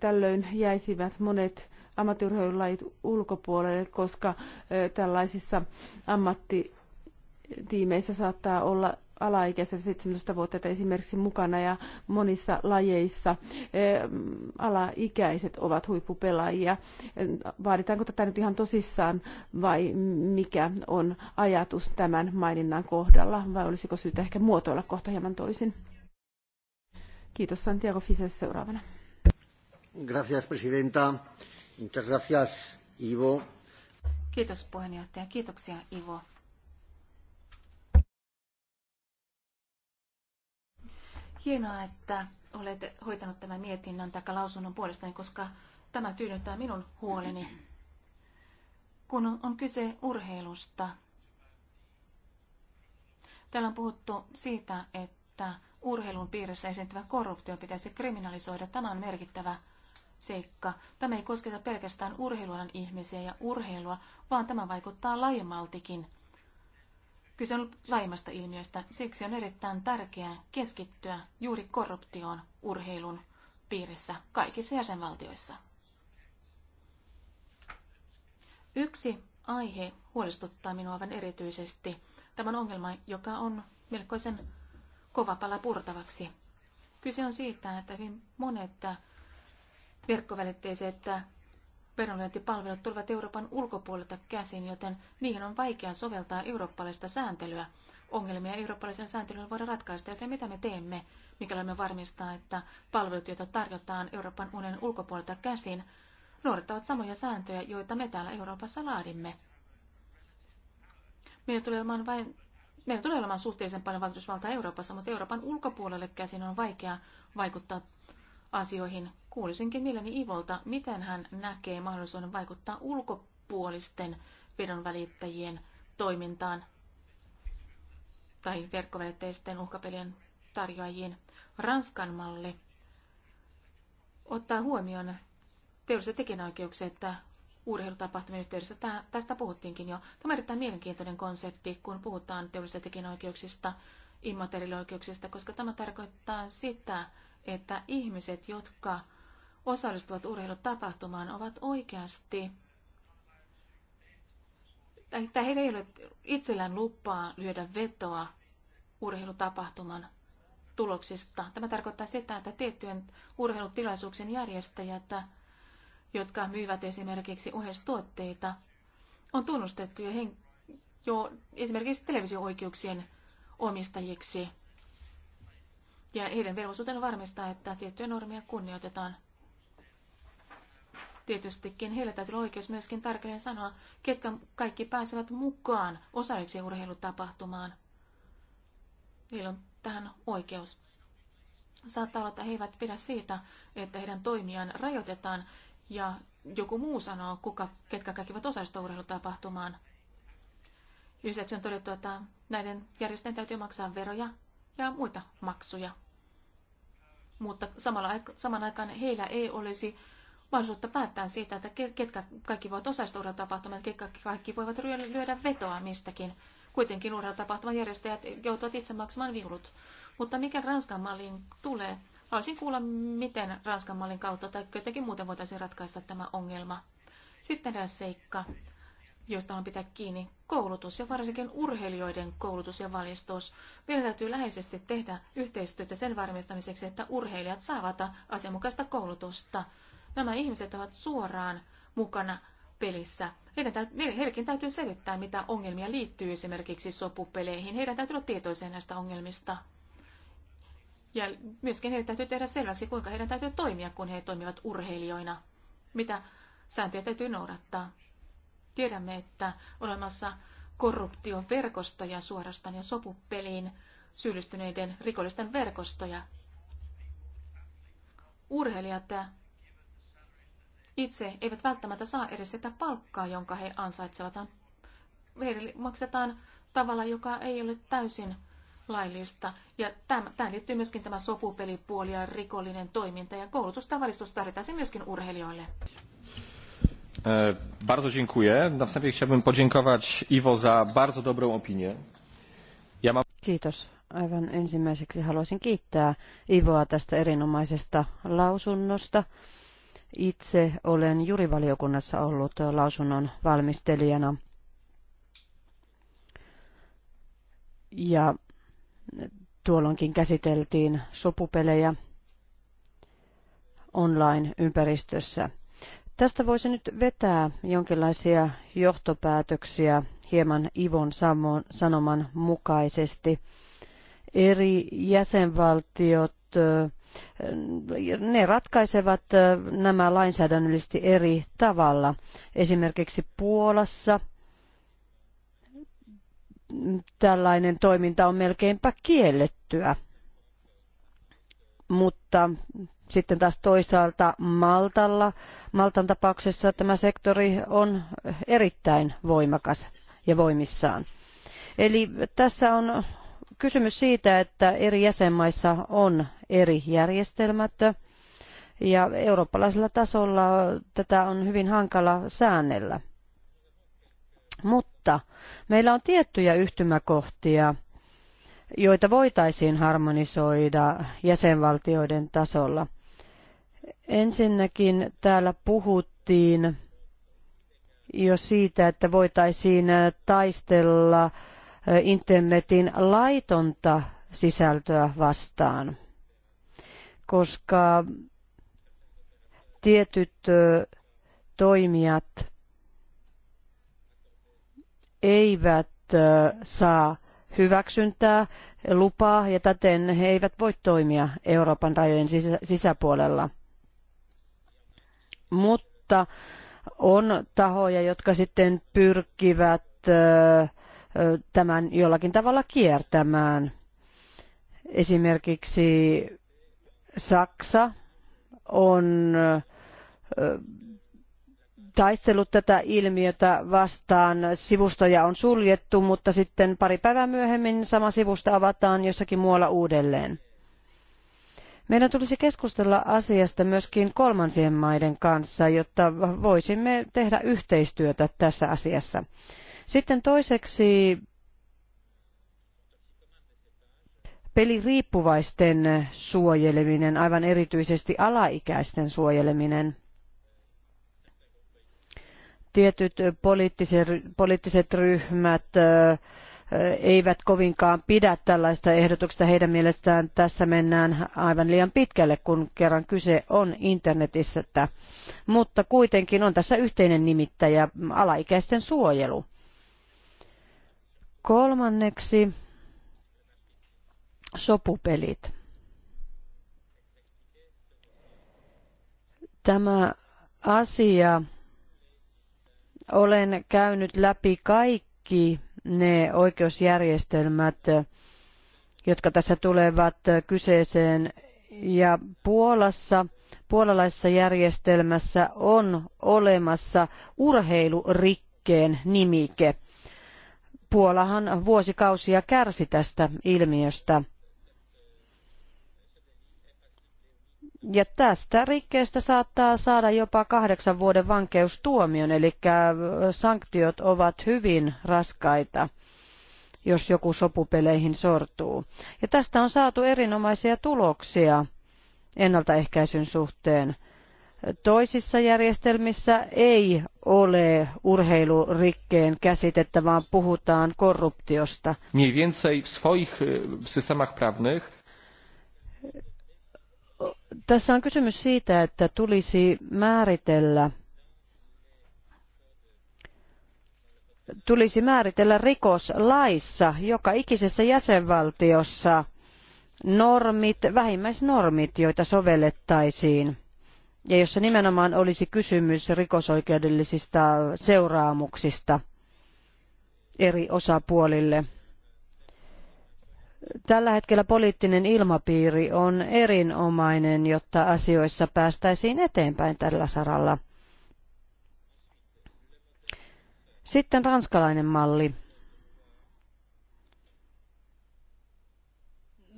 tällöin jäisivät monet ammattiurheilulajit ulkopuolelle, koska tällaisissa ammattitiimeissä saattaa olla alaikäistä 17 vuotta esimerkiksi mukana ja monissa lajeissa alaikäiset ovat huippupelaajia. Vaaditaanko tätä nyt ihan tosissaan vai mikä on ajatus tämän maininnan kohdalla vai olisiko syytä ehkä muotoilla kohta hieman toisin? Kiitos Santiago Fises seuraavana. Gracias, presidenta. Muchas gracias, Ivo. Kiitos puheenjohtaja. Kiitoksia, Ivo. Hienoa, että olet hoitanut tämän mietinnön tai lausunnon puolestani, koska tämä tyydyttää minun huoleni. Kun on kyse urheilusta, täällä on puhuttu siitä, että urheilun piirissä esiintyvä korruptio pitäisi kriminalisoida. Tämä on merkittävä seikka. Tämä ei kosketa pelkästään urheilualan ihmisiä ja urheilua, vaan tämä vaikuttaa laajemmaltikin. Kyse on laajemmasta ilmiöstä, siksi on erittäin tärkeää keskittyä juuri korruptioon urheilun piirissä kaikissa jäsenvaltioissa. Yksi aihe huolestuttaa minua aivan erityisesti. Tämä on ongelma, joka on melkoisen Kova pala purtavaksi. Kyse on siitä, että hyvin monet verkkovälitteiset veronlyöntipalvelut tulevat Euroopan ulkopuolelta käsin, joten niihin on vaikea soveltaa eurooppalaista sääntelyä. Ongelmia eurooppalaisen sääntelyllä voidaan ratkaista, joten mitä me teemme, mikäli me varmistaa, että palvelut, joita tarjotaan Euroopan unionin ulkopuolelta käsin, noudattavat samoja sääntöjä, joita me täällä Euroopassa laadimme. Meillä tulee olemaan vain meillä tulee olemaan suhteellisen paljon vaikutusvaltaa Euroopassa, mutta Euroopan ulkopuolelle käsin on vaikea vaikuttaa asioihin. Kuulisinkin mieleni Ivolta, miten hän näkee mahdollisuuden vaikuttaa ulkopuolisten vedonvälittäjien toimintaan tai verkkovälitteisten uhkapelien tarjoajien Ranskan malli ottaa huomioon teolliset tekijänoikeukset, että urheilutapahtumien yhteydessä. Tästä puhuttiinkin jo. Tämä on erittäin mielenkiintoinen konsepti, kun puhutaan teollisista tekijänoikeuksista, immateriaalioikeuksista, koska tämä tarkoittaa sitä, että ihmiset, jotka osallistuvat urheilutapahtumaan, ovat oikeasti että heillä ei ole itsellään lupaa lyödä vetoa urheilutapahtuman tuloksista. Tämä tarkoittaa sitä, että tiettyjen urheilutilaisuuksien järjestäjät jotka myyvät esimerkiksi oheistuotteita, on tunnustettu jo, hen- jo esimerkiksi televisio-oikeuksien omistajiksi. Ja heidän velvollisuutensa varmistaa, että tiettyjä normeja kunnioitetaan. Tietystikin heillä täytyy olla oikeus myöskin tarkemmin sanoa, ketkä kaikki pääsevät mukaan osalliseksi urheilutapahtumaan. Heillä on tähän oikeus. Saattaa olla, että he eivät pidä siitä, että heidän toimiaan rajoitetaan ja joku muu sanoo, kuka, ketkä kaikki ovat osallistua urheilutapahtumaan. Lisäksi on todettu, että näiden järjestäjien täytyy maksaa veroja ja muita maksuja. Mutta samalla, saman aikaan heillä ei olisi mahdollisuutta päättää siitä, että ketkä kaikki voivat osallistua urheilutapahtumaan, ketkä kaikki voivat lyödä vetoa mistäkin. Kuitenkin urheilutapahtuman järjestäjät joutuvat itse maksamaan viulut. Mutta mikä Ranskan malliin tulee, Haluaisin kuulla, miten Ranskan mallin kautta tai jotenkin muuten voitaisiin ratkaista tämä ongelma. Sitten eräs seikka, josta on pitää kiinni, koulutus ja varsinkin urheilijoiden koulutus ja valistus. Meidän täytyy läheisesti tehdä yhteistyötä sen varmistamiseksi, että urheilijat saavat asianmukaista koulutusta. Nämä ihmiset ovat suoraan mukana pelissä. Heidän täytyy, heidänkin täytyy selittää, mitä ongelmia liittyy esimerkiksi sopupeleihin. Heidän täytyy olla tietoisia näistä ongelmista. Ja myöskin heidän täytyy tehdä selväksi, kuinka heidän täytyy toimia, kun he toimivat urheilijoina. Mitä sääntöjä täytyy noudattaa. Tiedämme, että olemassa korruption verkostoja suorastaan ja sopupeliin syyllistyneiden rikollisten verkostoja. Urheilijat itse eivät välttämättä saa edes sitä palkkaa, jonka he ansaitsevat. Heille maksetaan tavalla, joka ei ole täysin laillista. Ja tämä tähän liittyy myöskin tämä sopupelipuoli ja rikollinen toiminta ja koulutusta ja valistusta tarvitaan myöskin urheilijoille. E, bardzo dziękuję. Na wstępie chciałbym podziękować Iwo za bardzo dobrą opinię. Ja mam... Kiitos. Aivan ensimmäiseksi haluaisin kiittää Ivoa tästä erinomaisesta lausunnosta. Itse olen jurivaliokunnassa ollut lausunnon valmistelijana. Ja Tuolloinkin käsiteltiin sopupelejä online-ympäristössä. Tästä voisi nyt vetää jonkinlaisia johtopäätöksiä hieman Ivon sanoman mukaisesti. Eri jäsenvaltiot, ne ratkaisevat nämä lainsäädännöllisesti eri tavalla. Esimerkiksi Puolassa – tällainen toiminta on melkeinpä kiellettyä. Mutta sitten taas toisaalta Maltalla, Maltan tapauksessa tämä sektori on erittäin voimakas ja voimissaan. Eli tässä on kysymys siitä, että eri jäsenmaissa on eri järjestelmät ja eurooppalaisella tasolla tätä on hyvin hankala säännellä. Mutta mutta meillä on tiettyjä yhtymäkohtia, joita voitaisiin harmonisoida jäsenvaltioiden tasolla. Ensinnäkin täällä puhuttiin jo siitä, että voitaisiin taistella internetin laitonta sisältöä vastaan, koska tietyt toimijat eivät saa hyväksyntää, lupaa ja täten he eivät voi toimia Euroopan rajojen sisäpuolella. Mutta on tahoja, jotka sitten pyrkivät tämän jollakin tavalla kiertämään. Esimerkiksi Saksa on taistellut tätä ilmiötä vastaan. Sivustoja on suljettu, mutta sitten pari päivää myöhemmin sama sivusto avataan jossakin muualla uudelleen. Meidän tulisi keskustella asiasta myöskin kolmansien maiden kanssa, jotta voisimme tehdä yhteistyötä tässä asiassa. Sitten toiseksi peliriippuvaisten suojeleminen, aivan erityisesti alaikäisten suojeleminen tietyt poliittiset, poliittiset ryhmät eivät kovinkaan pidä tällaista ehdotuksesta. Heidän mielestään tässä mennään aivan liian pitkälle, kun kerran kyse on internetissä. Mutta kuitenkin on tässä yhteinen nimittäjä, alaikäisten suojelu. Kolmanneksi sopupelit. Tämä asia olen käynyt läpi kaikki ne oikeusjärjestelmät, jotka tässä tulevat kyseeseen. Ja Puolassa, puolalaisessa järjestelmässä on olemassa urheilurikkeen nimike. Puolahan vuosikausia kärsi tästä ilmiöstä – Ja tästä rikkeestä saattaa saada jopa kahdeksan vuoden vankeustuomion, eli sanktiot ovat hyvin raskaita jos joku sopupeleihin sortuu. Ja tästä on saatu erinomaisia tuloksia ennaltaehkäisyn suhteen. Toisissa järjestelmissä ei ole urheilurikkeen käsitettä, vaan puhutaan korruptiosta. Mniej więcej w swoich systemach prawnych tässä on kysymys siitä, että tulisi määritellä tulisi määritellä rikoslaissa joka ikisessä jäsenvaltiossa normit, vähimmäisnormit, joita sovellettaisiin ja jossa nimenomaan olisi kysymys rikosoikeudellisista seuraamuksista eri osapuolille – Tällä hetkellä poliittinen ilmapiiri on erinomainen, jotta asioissa päästäisiin eteenpäin tällä saralla. Sitten ranskalainen malli.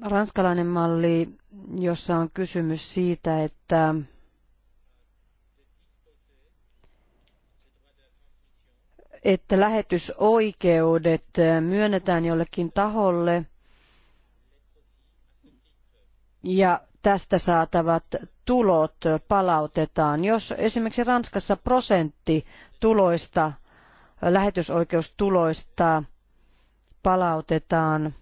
Ranskalainen malli, jossa on kysymys siitä, että että lähetysoikeudet myönnetään jollekin taholle – ja tästä saatavat tulot palautetaan. Jos esimerkiksi Ranskassa prosentti tuloista, lähetysoikeustuloista palautetaan,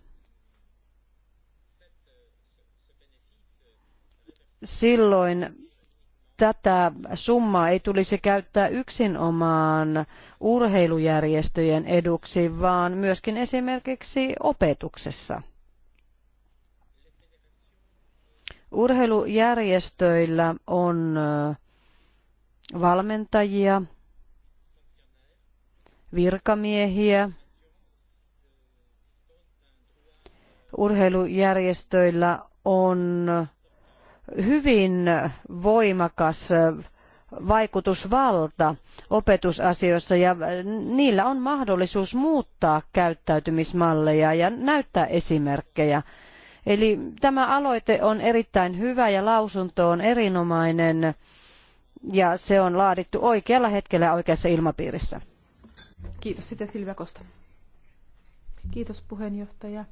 silloin tätä summaa ei tulisi käyttää yksinomaan urheilujärjestöjen eduksi, vaan myöskin esimerkiksi opetuksessa. Urheilujärjestöillä on valmentajia, virkamiehiä. Urheilujärjestöillä on hyvin voimakas vaikutusvalta opetusasioissa ja niillä on mahdollisuus muuttaa käyttäytymismalleja ja näyttää esimerkkejä. Eli tämä aloite on erittäin hyvä ja lausunto on erinomainen ja se on laadittu oikealla hetkellä oikeassa ilmapiirissä. Kiitos sitten Silvia Kosta. Kiitos puheenjohtaja.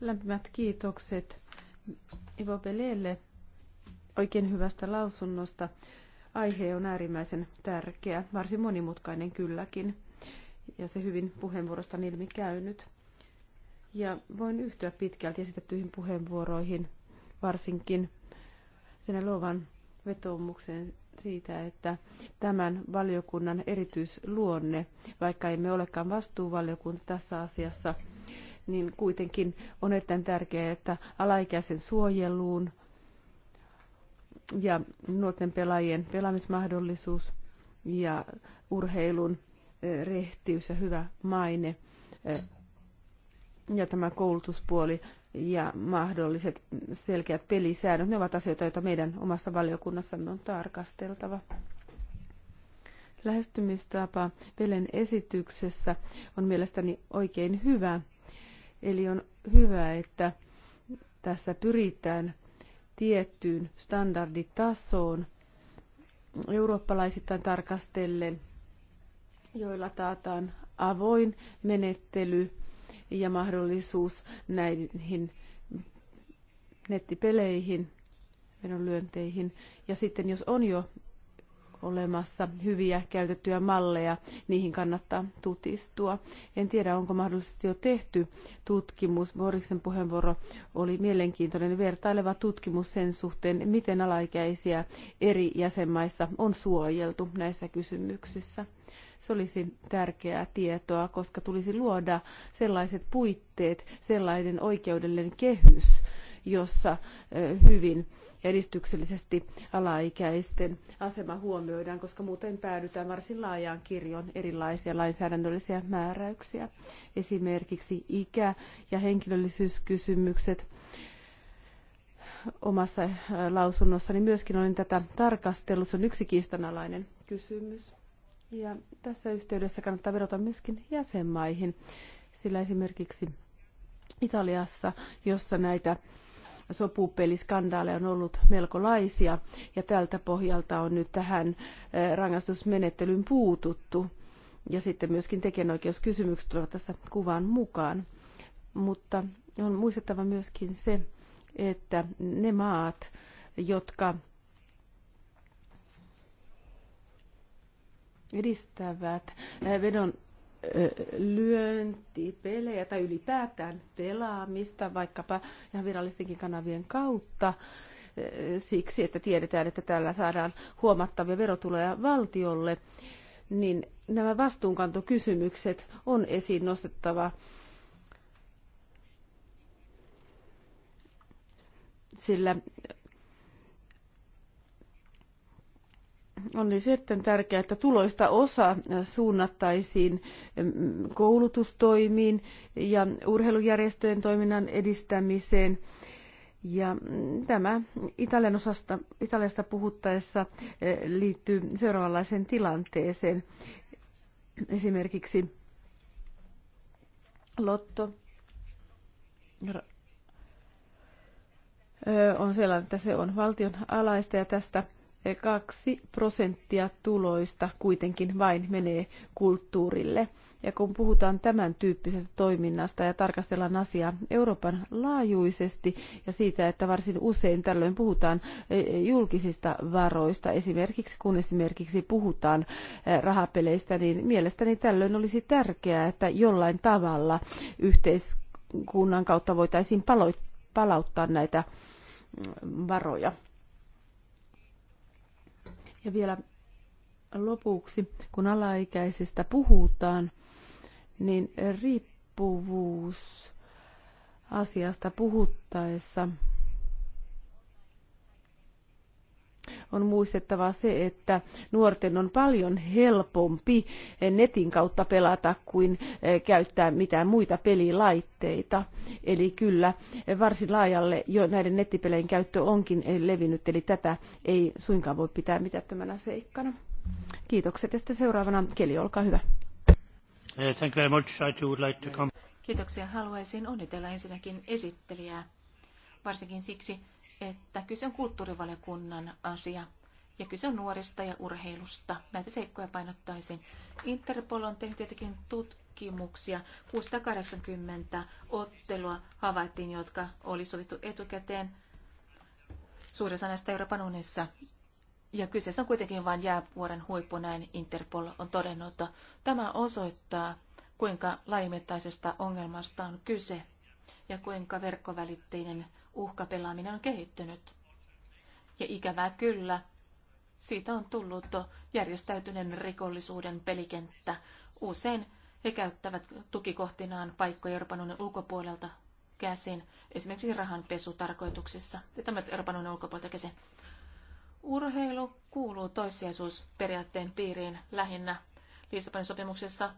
Lämpimät kiitokset Ivo Belelle oikein hyvästä lausunnosta. Aihe on äärimmäisen tärkeä, varsin monimutkainen kylläkin, ja se hyvin puheenvuorostani ilmi käynyt. Ja voin yhtyä pitkälti esitettyihin puheenvuoroihin, varsinkin sen luovan vetoomukseen siitä, että tämän valiokunnan erityisluonne, vaikka emme olekaan vastuuvaliokunta tässä asiassa, niin kuitenkin on erittäin tärkeää, että alaikäisen suojeluun ja nuorten pelaajien pelaamismahdollisuus ja urheilun eh, rehtiys ja hyvä maine eh, ja tämä koulutuspuoli ja mahdolliset selkeät pelisäännöt, ne ovat asioita, joita meidän omassa valiokunnassamme on tarkasteltava. Lähestymistapa Pelen esityksessä on mielestäni oikein hyvä. Eli on hyvä, että tässä pyritään tiettyyn standarditasoon eurooppalaisittain tarkastellen, joilla taataan avoin menettely ja mahdollisuus näihin nettipeleihin, vedonlyönteihin. Ja sitten jos on jo olemassa hyviä käytettyjä malleja, niihin kannattaa tutistua. En tiedä, onko mahdollisesti jo tehty tutkimus. Moriksen puheenvuoro oli mielenkiintoinen vertaileva tutkimus sen suhteen, miten alaikäisiä eri jäsenmaissa on suojeltu näissä kysymyksissä. Se olisi tärkeää tietoa, koska tulisi luoda sellaiset puitteet, sellainen oikeudellinen kehys, jossa hyvin edistyksellisesti alaikäisten asema huomioidaan, koska muuten päädytään varsin laajaan kirjon erilaisia lainsäädännöllisiä määräyksiä, esimerkiksi ikä- ja henkilöllisyyskysymykset. Omassa lausunnossani myöskin olin tätä tarkastellut. Se on yksi kiistanalainen kysymys. Ja tässä yhteydessä kannattaa vedota myöskin jäsenmaihin, sillä esimerkiksi Italiassa, jossa näitä sopupeliskandaaleja on ollut melko laisia, ja tältä pohjalta on nyt tähän eh, rangaistusmenettelyyn puututtu. Ja sitten myöskin tekijänoikeuskysymykset tulevat tässä kuvan mukaan. Mutta on muistettava myöskin se, että ne maat, jotka edistävät eh, vedon eh, lyöntipelejä tai ylipäätään pelaamista vaikkapa ihan virallistenkin kanavien kautta eh, siksi, että tiedetään, että tällä saadaan huomattavia verotuloja valtiolle, niin nämä vastuunkantokysymykset on esiin nostettava sillä olisi erittäin tärkeää, että tuloista osa suunnattaisiin mm, koulutustoimiin ja urheilujärjestöjen toiminnan edistämiseen. Ja mm, tämä Italian osasta, Italiasta puhuttaessa eh, liittyy seuraavanlaiseen tilanteeseen. Esimerkiksi Lotto eh, on sellainen, että se on valtion alaista ja tästä kaksi prosenttia tuloista kuitenkin vain menee kulttuurille. Ja kun puhutaan tämän tyyppisestä toiminnasta ja tarkastellaan asiaa Euroopan laajuisesti ja siitä, että varsin usein tällöin puhutaan e, e, julkisista varoista, esimerkiksi kun esimerkiksi puhutaan e, rahapeleistä, niin mielestäni tällöin olisi tärkeää, että jollain tavalla yhteiskunnan kautta voitaisiin palauttaa näitä mm, varoja ja vielä lopuksi, kun alaikäisistä puhutaan, niin riippuvuus asiasta puhuttaessa – on muistettava se, että nuorten on paljon helpompi netin kautta pelata kuin eh, käyttää mitään muita pelilaitteita. Eli kyllä varsin laajalle jo näiden nettipelien käyttö onkin levinnyt, eli tätä ei suinkaan voi pitää mitättömänä seikkana. Kiitokset ja sitten seuraavana Keli, olkaa hyvä. Eh, thank you very much. I too would like to come. Kiitoksia. Haluaisin onnitella ensinnäkin esittelijää, varsinkin siksi, että kyse on kulttuurivaliokunnan asia ja kyse on nuorista ja urheilusta. Näitä seikkoja painottaisin. Interpol on tehnyt tietenkin tutkimuksia. 680 ottelua havaittiin, jotka oli sovittu etukäteen suurin osa näistä Euroopan unissa. Ja kyseessä on kuitenkin vain jäävuoren huippu, näin Interpol on todennut. Tämä osoittaa, kuinka laimettaisesta ongelmasta on kyse ja kuinka verkkovälitteinen uhkapelaaminen on kehittynyt. Ja ikävää kyllä, siitä on tullut järjestäytyneen rikollisuuden pelikenttä. Usein he käyttävät tukikohtinaan paikkoja Euroopan unionin ulkopuolelta käsin, esimerkiksi rahanpesutarkoituksissa, ja tämä Euroopan unionin ulkopuolelta käsin. Urheilu kuuluu toissijaisuusperiaatteen piiriin lähinnä. Lissabonin sopimuksessa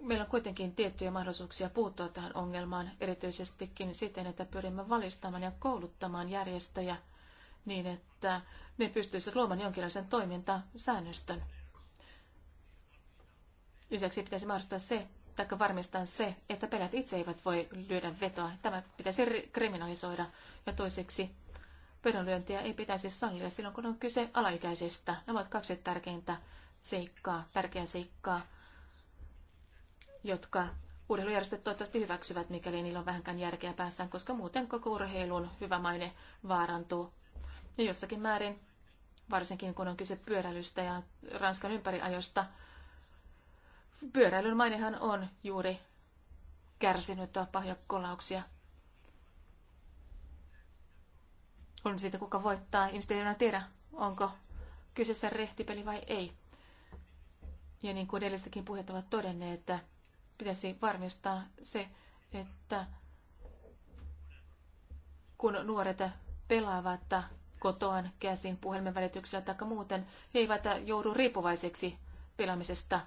meillä on kuitenkin tiettyjä mahdollisuuksia puuttua tähän ongelmaan, erityisestikin siten, että pyrimme valistamaan ja kouluttamaan järjestöjä niin, että ne pystyisivät luomaan jonkinlaisen toimintasäännöstön. Lisäksi pitäisi mahdollistaa se, tai varmistaa se, että pelät itse eivät voi lyödä vetoa. Tämä pitäisi kriminalisoida. Ja toiseksi vedonlyöntiä ei pitäisi sallia silloin, kun on kyse alaikäisistä. Nämä ovat kaksi tärkeintä seikkaa, tärkeää seikkaa jotka urheilujärjestöt toivottavasti hyväksyvät, mikäli niillä on vähänkään järkeä päässään, koska muuten koko urheilun hyvä maine vaarantuu. Ja jossakin määrin, varsinkin kun on kyse pyöräilystä ja Ranskan ympäriajosta, pyöräilyn mainehan on juuri kärsinyt pahoja kolauksia. On siitä, kuka voittaa. Ihmiset ei enää tiedä, onko kyseessä rehtipeli vai ei. Ja niin kuin edellistäkin puheet ovat todenneet, että pitäisi varmistaa se, että kun nuoret pelaavat kotoaan käsin puhelimen välityksellä tai muuten, he eivät joudu riippuvaiseksi pelaamisesta,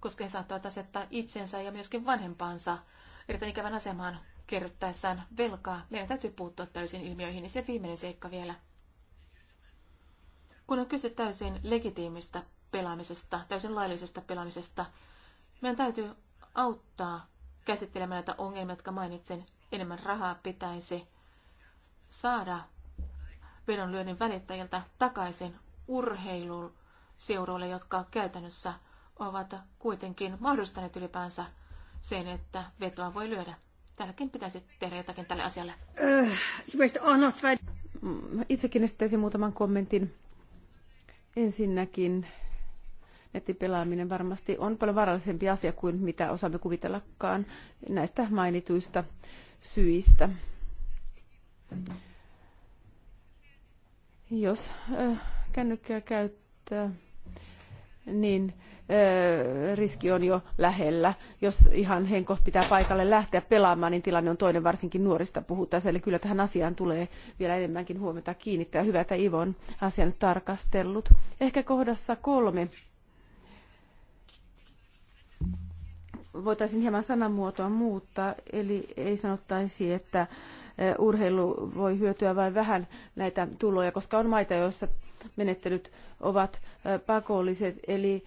koska he saattavat asettaa itsensä ja myöskin vanhempaansa erittäin ikävän asemaan kerryttäessään velkaa. Meidän täytyy puuttua täysin ilmiöihin, niin se viimeinen seikka vielä. Kun on kyse täysin legitiimistä pelaamisesta, täysin laillisesta pelaamisesta, meidän täytyy auttaa käsittelemään näitä ongelmia, jotka mainitsen Enemmän rahaa pitäisi saada vedonlyönnin välittäjiltä takaisin urheiluseuroille, jotka käytännössä ovat kuitenkin mahdollistaneet ylipäänsä sen, että vetoa voi lyödä. Täälläkin pitäisi tehdä jotakin tälle asialle. Äh, mm, itsekin esittäisin muutaman kommentin. Ensinnäkin Nettipelaaminen varmasti on paljon vaarallisempi asia kuin mitä osaamme kuvitellakaan näistä mainituista syistä. Jos äh, kännykkää käyttää, niin äh, riski on jo lähellä. Jos ihan henko pitää paikalle lähteä pelaamaan, niin tilanne on toinen, varsinkin nuorista puhuttaessa. Eli kyllä tähän asiaan tulee vielä enemmänkin huomiota kiinnittää. Hyvä, että Ivo on asian tarkastellut. Ehkä kohdassa kolme voitaisiin hieman sanamuotoa muuttaa, eli ei sanottaisi, että eh, urheilu voi hyötyä vain vähän näitä tuloja, koska on maita, joissa menettelyt ovat eh, pakolliset, eli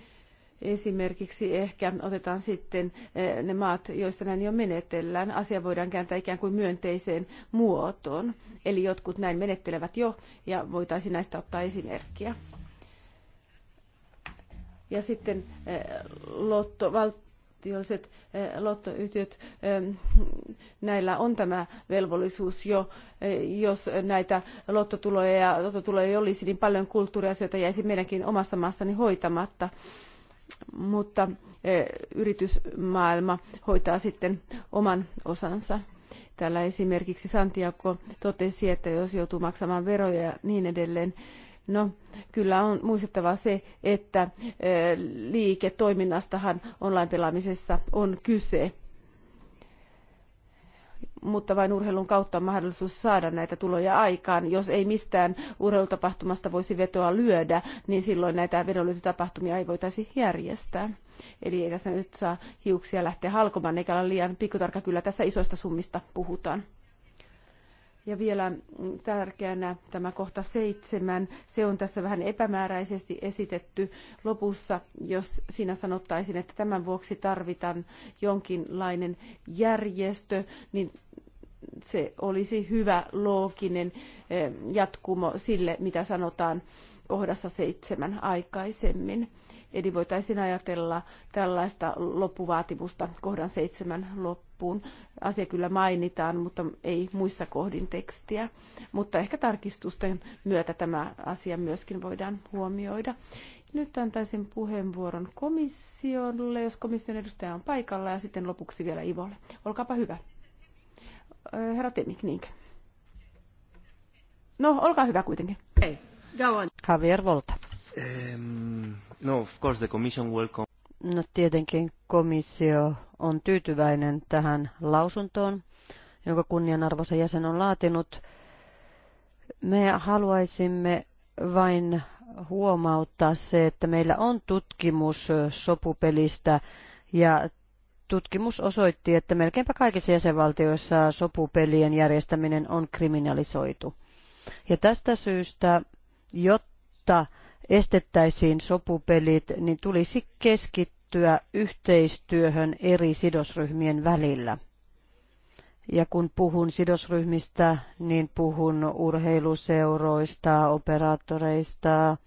esimerkiksi ehkä otetaan sitten eh, ne maat, joissa näin jo menetellään. Asia voidaan kääntää ikään kuin myönteiseen muotoon. Eli jotkut näin menettelevät jo ja voitaisiin näistä ottaa esimerkkiä. Ja sitten Lotto, valtiolliset eh, lottoyhtiöt, eh, näillä on tämä velvollisuus jo, eh, jos näitä lottotuloja ja lottotuloja ei olisi, niin paljon kulttuuriasioita jäisi meidänkin omassa maassani hoitamatta. Mutta yritysmaailma hoitaa sitten oman osansa. Täällä esimerkiksi Santiago totesi, että jos joutuu maksamaan veroja ja niin edelleen, No, kyllä on muistettava se, että liiketoiminnastahan online-pelaamisessa on kyse mutta vain urheilun kautta on mahdollisuus saada näitä tuloja aikaan. Jos ei mistään urheilutapahtumasta voisi vetoa lyödä, niin silloin näitä vedollisia ei voitaisi järjestää. Eli ei tässä nyt saa hiuksia lähteä halkomaan, eikä ole liian pikkutarkka. Kyllä tässä isoista summista puhutaan. Ja vielä tärkeänä tämä kohta seitsemän, se on tässä vähän epämääräisesti esitetty lopussa, jos siinä sanottaisiin, että tämän vuoksi tarvitaan jonkinlainen järjestö, niin se olisi hyvä looginen eh, jatkumo sille, mitä sanotaan kohdassa seitsemän aikaisemmin. Eli voitaisiin ajatella tällaista loppuvaatimusta kohdan seitsemän loppuun loppuun. Asia kyllä mainitaan, mutta ei muissa kohdin tekstiä. Mutta ehkä tarkistusten myötä tämä asia myöskin voidaan huomioida. Nyt antaisin puheenvuoron komissiolle, jos komission edustaja on paikalla, ja sitten lopuksi vielä Ivolle. Olkaapa hyvä. Herra Temik, niinkö? No, olkaa hyvä kuitenkin. Hei, go on. Javier Volta. Um, no, of course the commission welcome. No tietenkin komissio on tyytyväinen tähän lausuntoon, jonka kunnianarvoisa jäsen on laatinut. Me haluaisimme vain huomauttaa se, että meillä on tutkimus sopupelistä ja tutkimus osoitti, että melkeinpä kaikissa jäsenvaltioissa sopupelien järjestäminen on kriminalisoitu. Ja tästä syystä, jotta estettäisiin sopupelit, niin tulisi keskittyä päätyä yhteistyöhön eri sidosryhmien välillä. Ja kun puhun sidosryhmistä, niin puhun urheiluseuroista, operaattoreista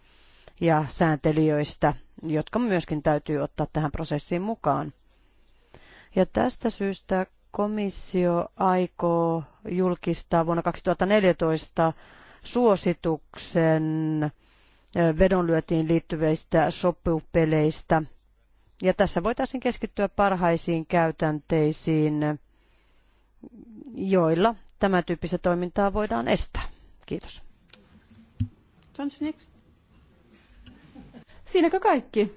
ja sääntelijöistä, jotka myöskin täytyy ottaa tähän prosessiin mukaan. Ja tästä syystä komissio aikoo julkistaa vuonna 2014 suosituksen vedonlyötiin liittyvistä sopupeleistä – ja tässä voitaisiin keskittyä parhaisiin käytänteisiin, joilla tämä tyyppistä toimintaa voidaan estää. Kiitos. Siinäkö kaikki?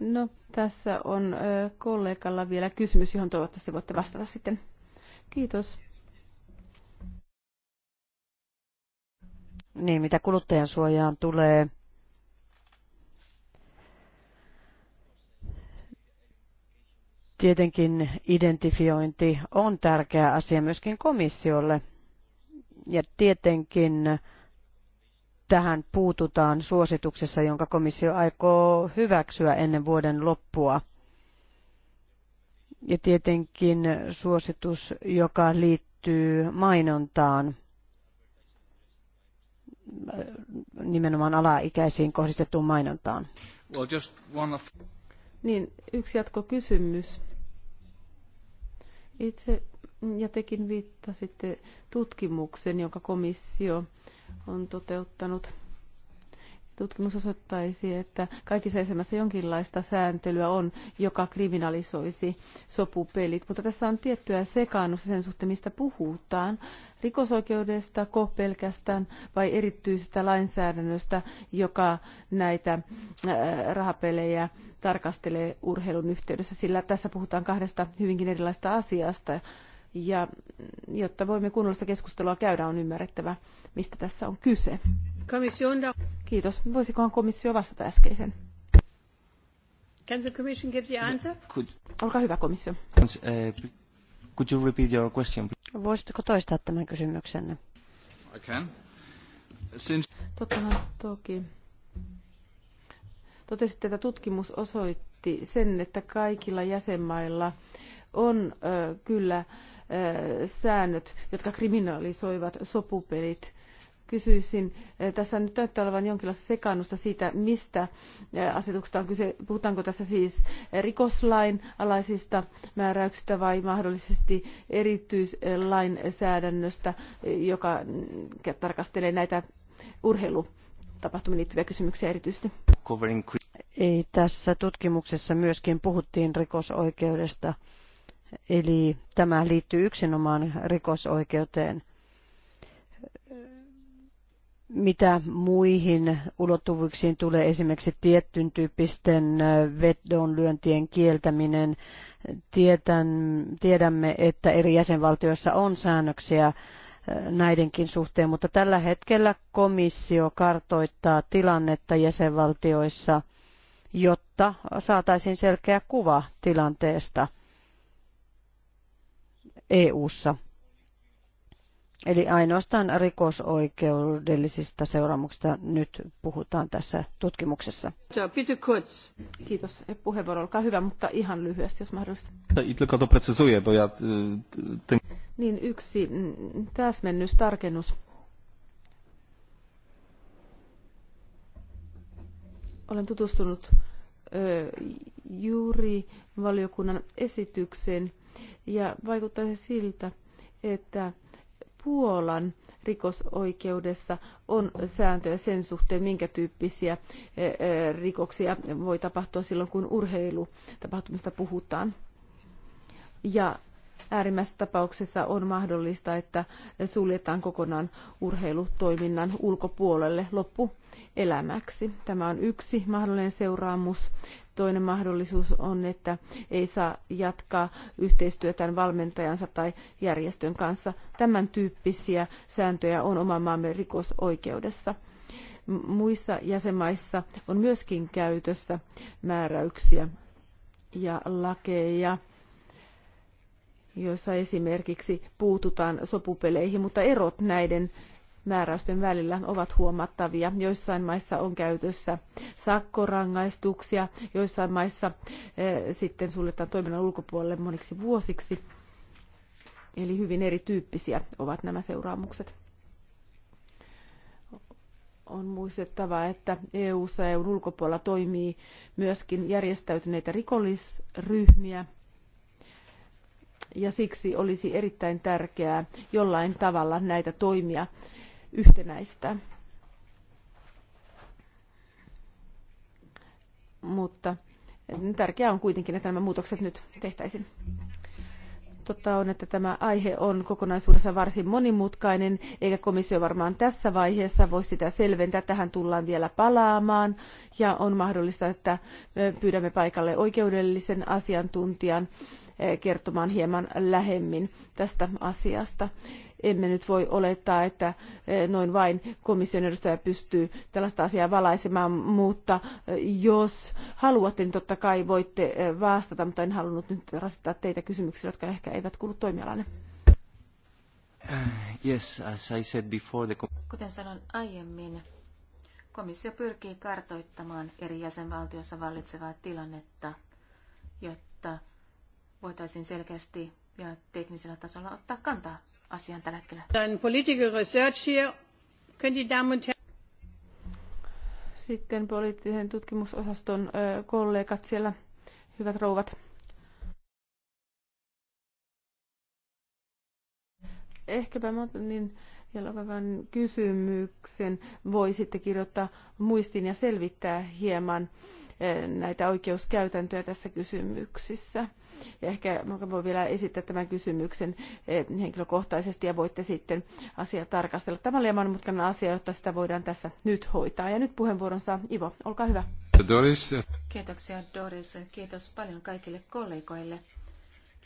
No, tässä on kollegalla vielä kysymys, johon toivottavasti voitte vastata sitten. Kiitos. niin mitä kuluttajan suojaan tulee, Tietenkin identifiointi on tärkeä asia myöskin komissiolle. Ja tietenkin tähän puututaan suosituksessa, jonka komissio aikoo hyväksyä ennen vuoden loppua. Ja tietenkin suositus, joka liittyy mainontaan – nimenomaan alaikäisiin kohdistettuun mainontaan. Well, just one of... Niin, yksi jatkokysymys. Itse ja tekin viittasitte tutkimuksen, jonka komissio on toteuttanut Tutkimus osoittaisi, että kaikissa elämässä jonkinlaista sääntelyä on, joka kriminalisoisi sopupelit. Mutta tässä on tiettyä sekaannusta sen suhteen, mistä puhutaan. Rikosoikeudesta, ko pelkästään vai erityisestä lainsäädännöstä, joka näitä rahapelejä tarkastelee urheilun yhteydessä, sillä tässä puhutaan kahdesta hyvinkin erilaista asiasta. Ja jotta voimme kunnollista keskustelua käydä, on ymmärrettävä, mistä tässä on kyse. Kiitos. Voisikohan komissio vastata äskeisen? Can the commission give the answer? Could, Olkaa hyvä komissio. Uh, could you repeat your question? Please? Voisitko toistaa tämän kysymyksenne? I can. Since... Tottahan toki. Totesitte, että tutkimus osoitti sen, että kaikilla jäsenmailla on ö, kyllä ö, säännöt, jotka kriminalisoivat sopupelit kysyisin, eh, tässä nyt näyttää olevan jonkinlaista sekaannusta siitä, mistä eh, asetuksesta on kyse. Puhutaanko tässä siis eh, rikoslain alaisista määräyksistä vai mahdollisesti erityislainsäädännöstä, joka mm, tarkastelee näitä urheilutapahtumiin liittyviä kysymyksiä erityisesti? Ei, tässä tutkimuksessa myöskin puhuttiin rikosoikeudesta. Eli tämä liittyy yksinomaan rikosoikeuteen mitä muihin ulottuvuuksiin tulee esimerkiksi tiettyn tyyppisten vedonlyöntien kieltäminen. Tietän, tiedämme, että eri jäsenvaltioissa on säännöksiä näidenkin suhteen, mutta tällä hetkellä komissio kartoittaa tilannetta jäsenvaltioissa, jotta saataisiin selkeä kuva tilanteesta EU:ssa. ssa Eli ainoastaan rikosoikeudellisista seuraamuksista nyt puhutaan tässä tutkimuksessa. Kiitos. E, puheenvuoro, olkaa hyvä, mutta ihan lyhyesti, jos mahdollista. Niin yksi mm, täsmennys, tarkennus. Olen tutustunut juuri valiokunnan esitykseen ja vaikuttaisi siltä, että Puolan rikosoikeudessa on sääntöjä sen suhteen, minkä tyyppisiä eh, eh, rikoksia voi tapahtua silloin, kun urheilutapahtumista puhutaan. Ja Äärimmäisissä tapauksessa on mahdollista, että suljetaan kokonaan urheilutoiminnan ulkopuolelle loppuelämäksi. Tämä on yksi mahdollinen seuraamus. Toinen mahdollisuus on, että ei saa jatkaa yhteistyötään valmentajansa tai järjestön kanssa. Tämän tyyppisiä sääntöjä on oman maamme rikosoikeudessa muissa jäsenmaissa on myöskin käytössä määräyksiä ja lakeja joissa esimerkiksi puututaan sopupeleihin, mutta erot näiden määräysten välillä ovat huomattavia. Joissain maissa on käytössä sakkorangaistuksia, joissain maissa e, sitten suljetaan toiminnan ulkopuolelle moniksi vuosiksi. Eli hyvin erityyppisiä ovat nämä seuraamukset. On muistettava, että EU-ssa ja EUn ulkopuolella toimii myöskin järjestäytyneitä rikollisryhmiä – ja siksi olisi erittäin tärkeää jollain tavalla näitä toimia yhtenäistää. Mutta tärkeää on kuitenkin, että nämä muutokset nyt tehtäisiin. Totta on, että tämä aihe on kokonaisuudessa varsin monimutkainen, eikä komissio varmaan tässä vaiheessa voi sitä selventää. Tähän tullaan vielä palaamaan ja on mahdollista, että pyydämme paikalle oikeudellisen asiantuntijan kertomaan hieman lähemmin tästä asiasta emme nyt voi olettaa, että eh, noin vain komission edustaja pystyy tällaista asiaa valaisemaan, mutta eh, jos haluatte, niin totta kai voitte eh, vastata, mutta en halunnut nyt rasittaa teitä kysymyksiä, jotka ehkä eivät kuulu toimialanne. Yes, as I said before, the... Kuten sanoin aiemmin, komissio pyrkii kartoittamaan eri jäsenvaltiossa vallitsevaa tilannetta, jotta voitaisiin selkeästi ja teknisellä tasolla ottaa kantaa asian tällä hetkellä. Sitten poliittisen tutkimusosaston kollegat siellä, hyvät rouvat. Ehkäpä mä niin vähän kysymyksen voisitte kirjoittaa muistiin ja selvittää hieman Eh, näitä oikeuskäytäntöjä tässä kysymyksissä. Ja ehkä voin vielä esittää tämän kysymyksen eh, henkilökohtaisesti ja voitte sitten asiaa tarkastella. Tämä oli monimutkainen asia, jotta sitä voidaan tässä nyt hoitaa. Ja nyt puheenvuoron saa Ivo. Olkaa hyvä. Doris. Kiitoksia Doris. Kiitos paljon kaikille kollegoille.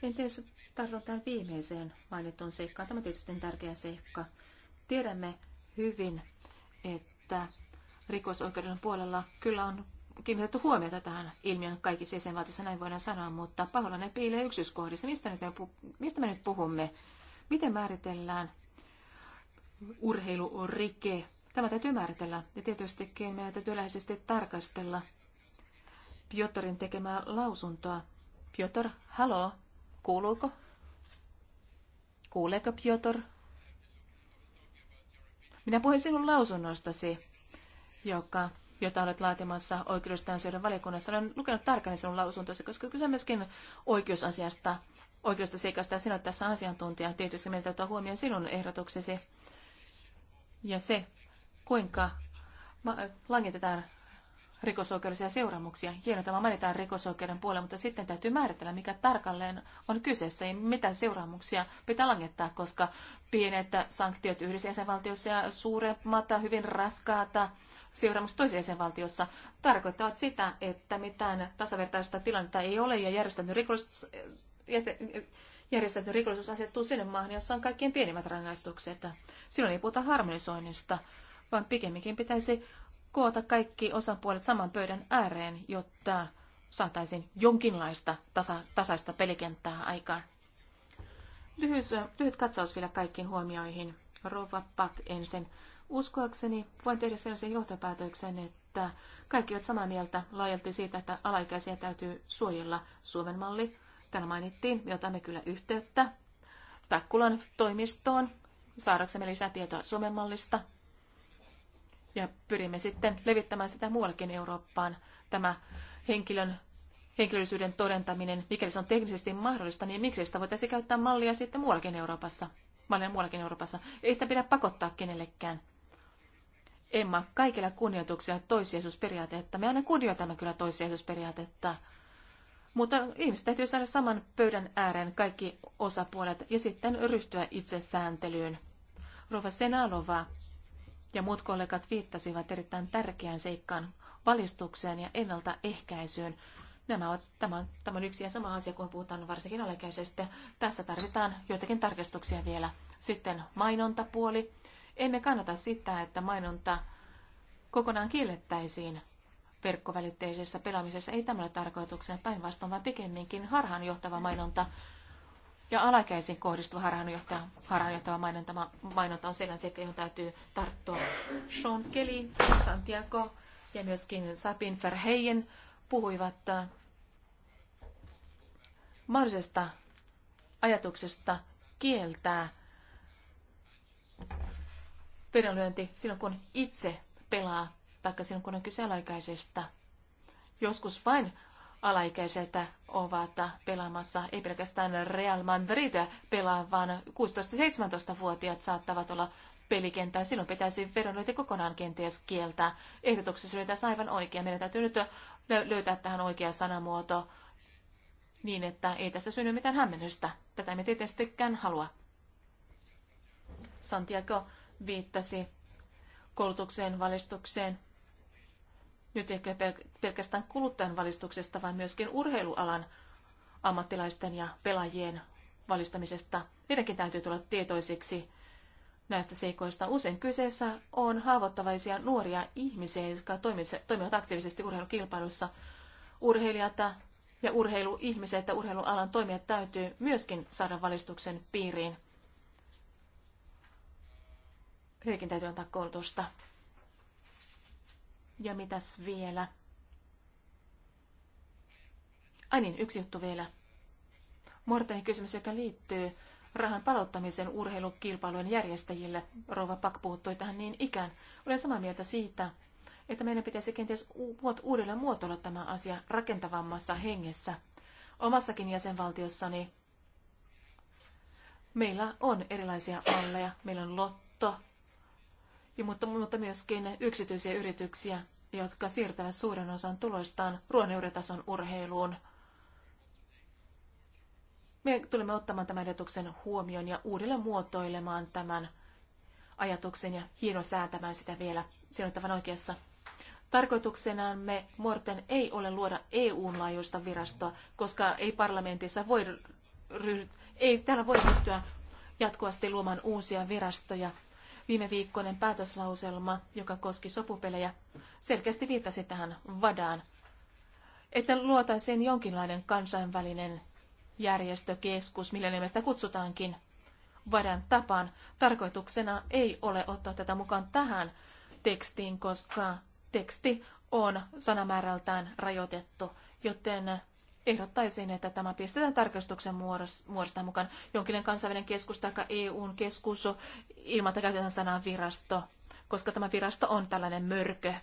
Kenties tartun tähän viimeiseen mainittuun seikkaan. Tämä on tietysti tärkeä seikka. Tiedämme hyvin, että rikosoikeuden puolella kyllä on kiinnitetty huomiota tähän ilmiön kaikissa jäsenvaltioissa, näin voidaan sanoa, mutta paholainen piilee yksityiskohdissa. Mistä, nyt, mistä me nyt puhumme? Miten määritellään urheilurike? Tämä täytyy määritellä ja tietystikin meidän täytyy läheisesti tarkastella Piotorin tekemää lausuntoa. Piotor, haloo, kuuluuko? Kuuleeko Piotor? Minä puhuin sinun lausunnostasi, joka jota olet laatimassa oikeustansioiden valiokunnassa. Olen lukenut tarkalleen sinun lausuntosi, koska kyse on myöskin oikeusasiasta, oikeudesta seikasta. Sinä olet tässä asiantuntija. Tietysti meidän täytyy huomioon sinun ehdotuksesi ja se, kuinka langitetaan rikosoikeudellisia seuraamuksia. Hieno tämä mainitaan rikosoikeuden puolella, mutta sitten täytyy määritellä, mikä tarkalleen on kyseessä ja mitä seuraamuksia pitää langettaa, koska pienet sanktiot yhdessä jäsenvaltiossa ja suuremmat, hyvin raskaata seuraamassa toisessa jäsenvaltiossa tarkoittavat sitä, että mitään tasavertaista tilannetta ei ole ja järjestäytynyt rikollisuus, järjestäytynyt rikollisuus asettuu sinne maahan, jossa on kaikkien pienimmät rangaistukset. Silloin ei puhuta harmonisoinnista, vaan pikemminkin pitäisi koota kaikki osapuolet saman pöydän ääreen, jotta saataisiin jonkinlaista tasa, tasaista pelikenttää aikaan. Lyhyt, lyhyt katsaus vielä kaikkiin huomioihin. Rova Pak ensin Uskoakseni voin tehdä sellaisen johtopäätöksen, että kaikki ovat samaa mieltä laajalti siitä, että alaikäisiä täytyy suojella Suomen malli. Täällä mainittiin, me otamme kyllä yhteyttä Takkulan toimistoon saadaksemme lisää tietoa Suomen mallista. Ja pyrimme sitten levittämään sitä muuallekin Eurooppaan. Tämä henkilön henkilöllisyyden todentaminen, mikäli se on teknisesti mahdollista, niin miksi sitä voitaisiin käyttää mallia sitten muuallakin Euroopassa? Mallia muuallakin Euroopassa. Ei sitä pidä pakottaa kenellekään. Emma, kaikilla kunnioituksella toissijaisuusperiaatetta. Me aina kunnioitamme kyllä toissijaisuusperiaatetta. Mutta ihmiset täytyy saada saman pöydän ääreen kaikki osapuolet ja sitten ryhtyä itse sääntelyyn. Rova Senalova ja muut kollegat viittasivat erittäin tärkeään seikkaan, valistukseen ja ennaltaehkäisyyn. Nämä ovat, tämä, tämä on yksi ja sama asia, kun puhutaan varsinkin alaikäisestä. Tässä tarvitaan joitakin tarkistuksia vielä. Sitten mainontapuoli emme kannata sitä, että mainonta kokonaan kiellettäisiin verkkovälitteisessä pelaamisessa. Ei tämä ole tarkoituksena päinvastoin, vaan pikemminkin harhaanjohtava mainonta ja alaikäisiin kohdistuva harhaanjohtava, harhaanjohtava mainonta, mainonta on sellainen seikka, johon täytyy tarttua. Sean Kelly, Santiago ja myöskin Sabin Verheyen puhuivat äh, mahdollisesta ajatuksesta kieltää vedonlyönti silloin, kun itse pelaa, taikka silloin, kun on kyse alaikäisestä. Joskus vain alaikäiset ovat pelaamassa, ei pelkästään Real Madrid pelaa, vaan 16-17-vuotiaat saattavat olla pelikentää. Silloin pitäisi vedonlyönti kokonaan kenties kieltää. Ehdotuksessa oli tässä aivan oikea. Meidän täytyy nyt löytää tähän oikea sanamuoto niin, että ei tässä synny mitään hämmennystä. Tätä me tietenkään halua. Santiago viittasi koulutukseen, valistukseen. Nyt ehkä pelkästään kuluttajan valistuksesta, vaan myöskin urheilualan ammattilaisten ja pelaajien valistamisesta. Meidänkin täytyy tulla tietoisiksi näistä seikoista. Usein kyseessä on haavoittavaisia nuoria ihmisiä, jotka toimivat aktiivisesti urheilukilpailussa. Urheilijat ja urheiluihmiset ja urheilualan toimijat täytyy myöskin saada valistuksen piiriin. Heillekin täytyy antaa koulutusta. Ja mitäs vielä? Ai niin, yksi juttu vielä. Mortenin kysymys, joka liittyy rahan palauttamisen urheilukilpailujen järjestäjille. Rova Pak puuttui tähän niin ikään. Olen samaa mieltä siitä, että meidän pitäisi kenties uudelleen muotoilla tämä asia rakentavammassa hengessä. Omassakin jäsenvaltiossani meillä on erilaisia alleja. Meillä on lotto, mutta, mutta myöskin yksityisiä yrityksiä, jotka siirtävät suuren osan tuloistaan ruohonjuuritason urheiluun. Me tulemme ottamaan tämän ajatuksen huomioon ja uudelleen muotoilemaan tämän ajatuksen ja hienosäätämään sitä vielä. Siinä on oikeassa. me Morten ei ole luoda EUn laajuista virastoa, koska ei parlamentissa voi, ei täällä voi ryhtyä jatkuvasti luomaan uusia virastoja viime viikkoinen päätöslauselma, joka koski sopupelejä, selkeästi viittasi tähän vadaan, että luotaisiin jonkinlainen kansainvälinen järjestökeskus, millä nimestä kutsutaankin vadan tapaan. Tarkoituksena ei ole ottaa tätä mukaan tähän tekstiin, koska teksti on sanamäärältään rajoitettu, joten ehdottaisin, että tämä pistetään tarkastuksen muodosta mukaan jonkinlainen kansainvälinen keskus tai EUn keskus ilman, että käytetään sanaa virasto, koska tämä virasto on tällainen mörkö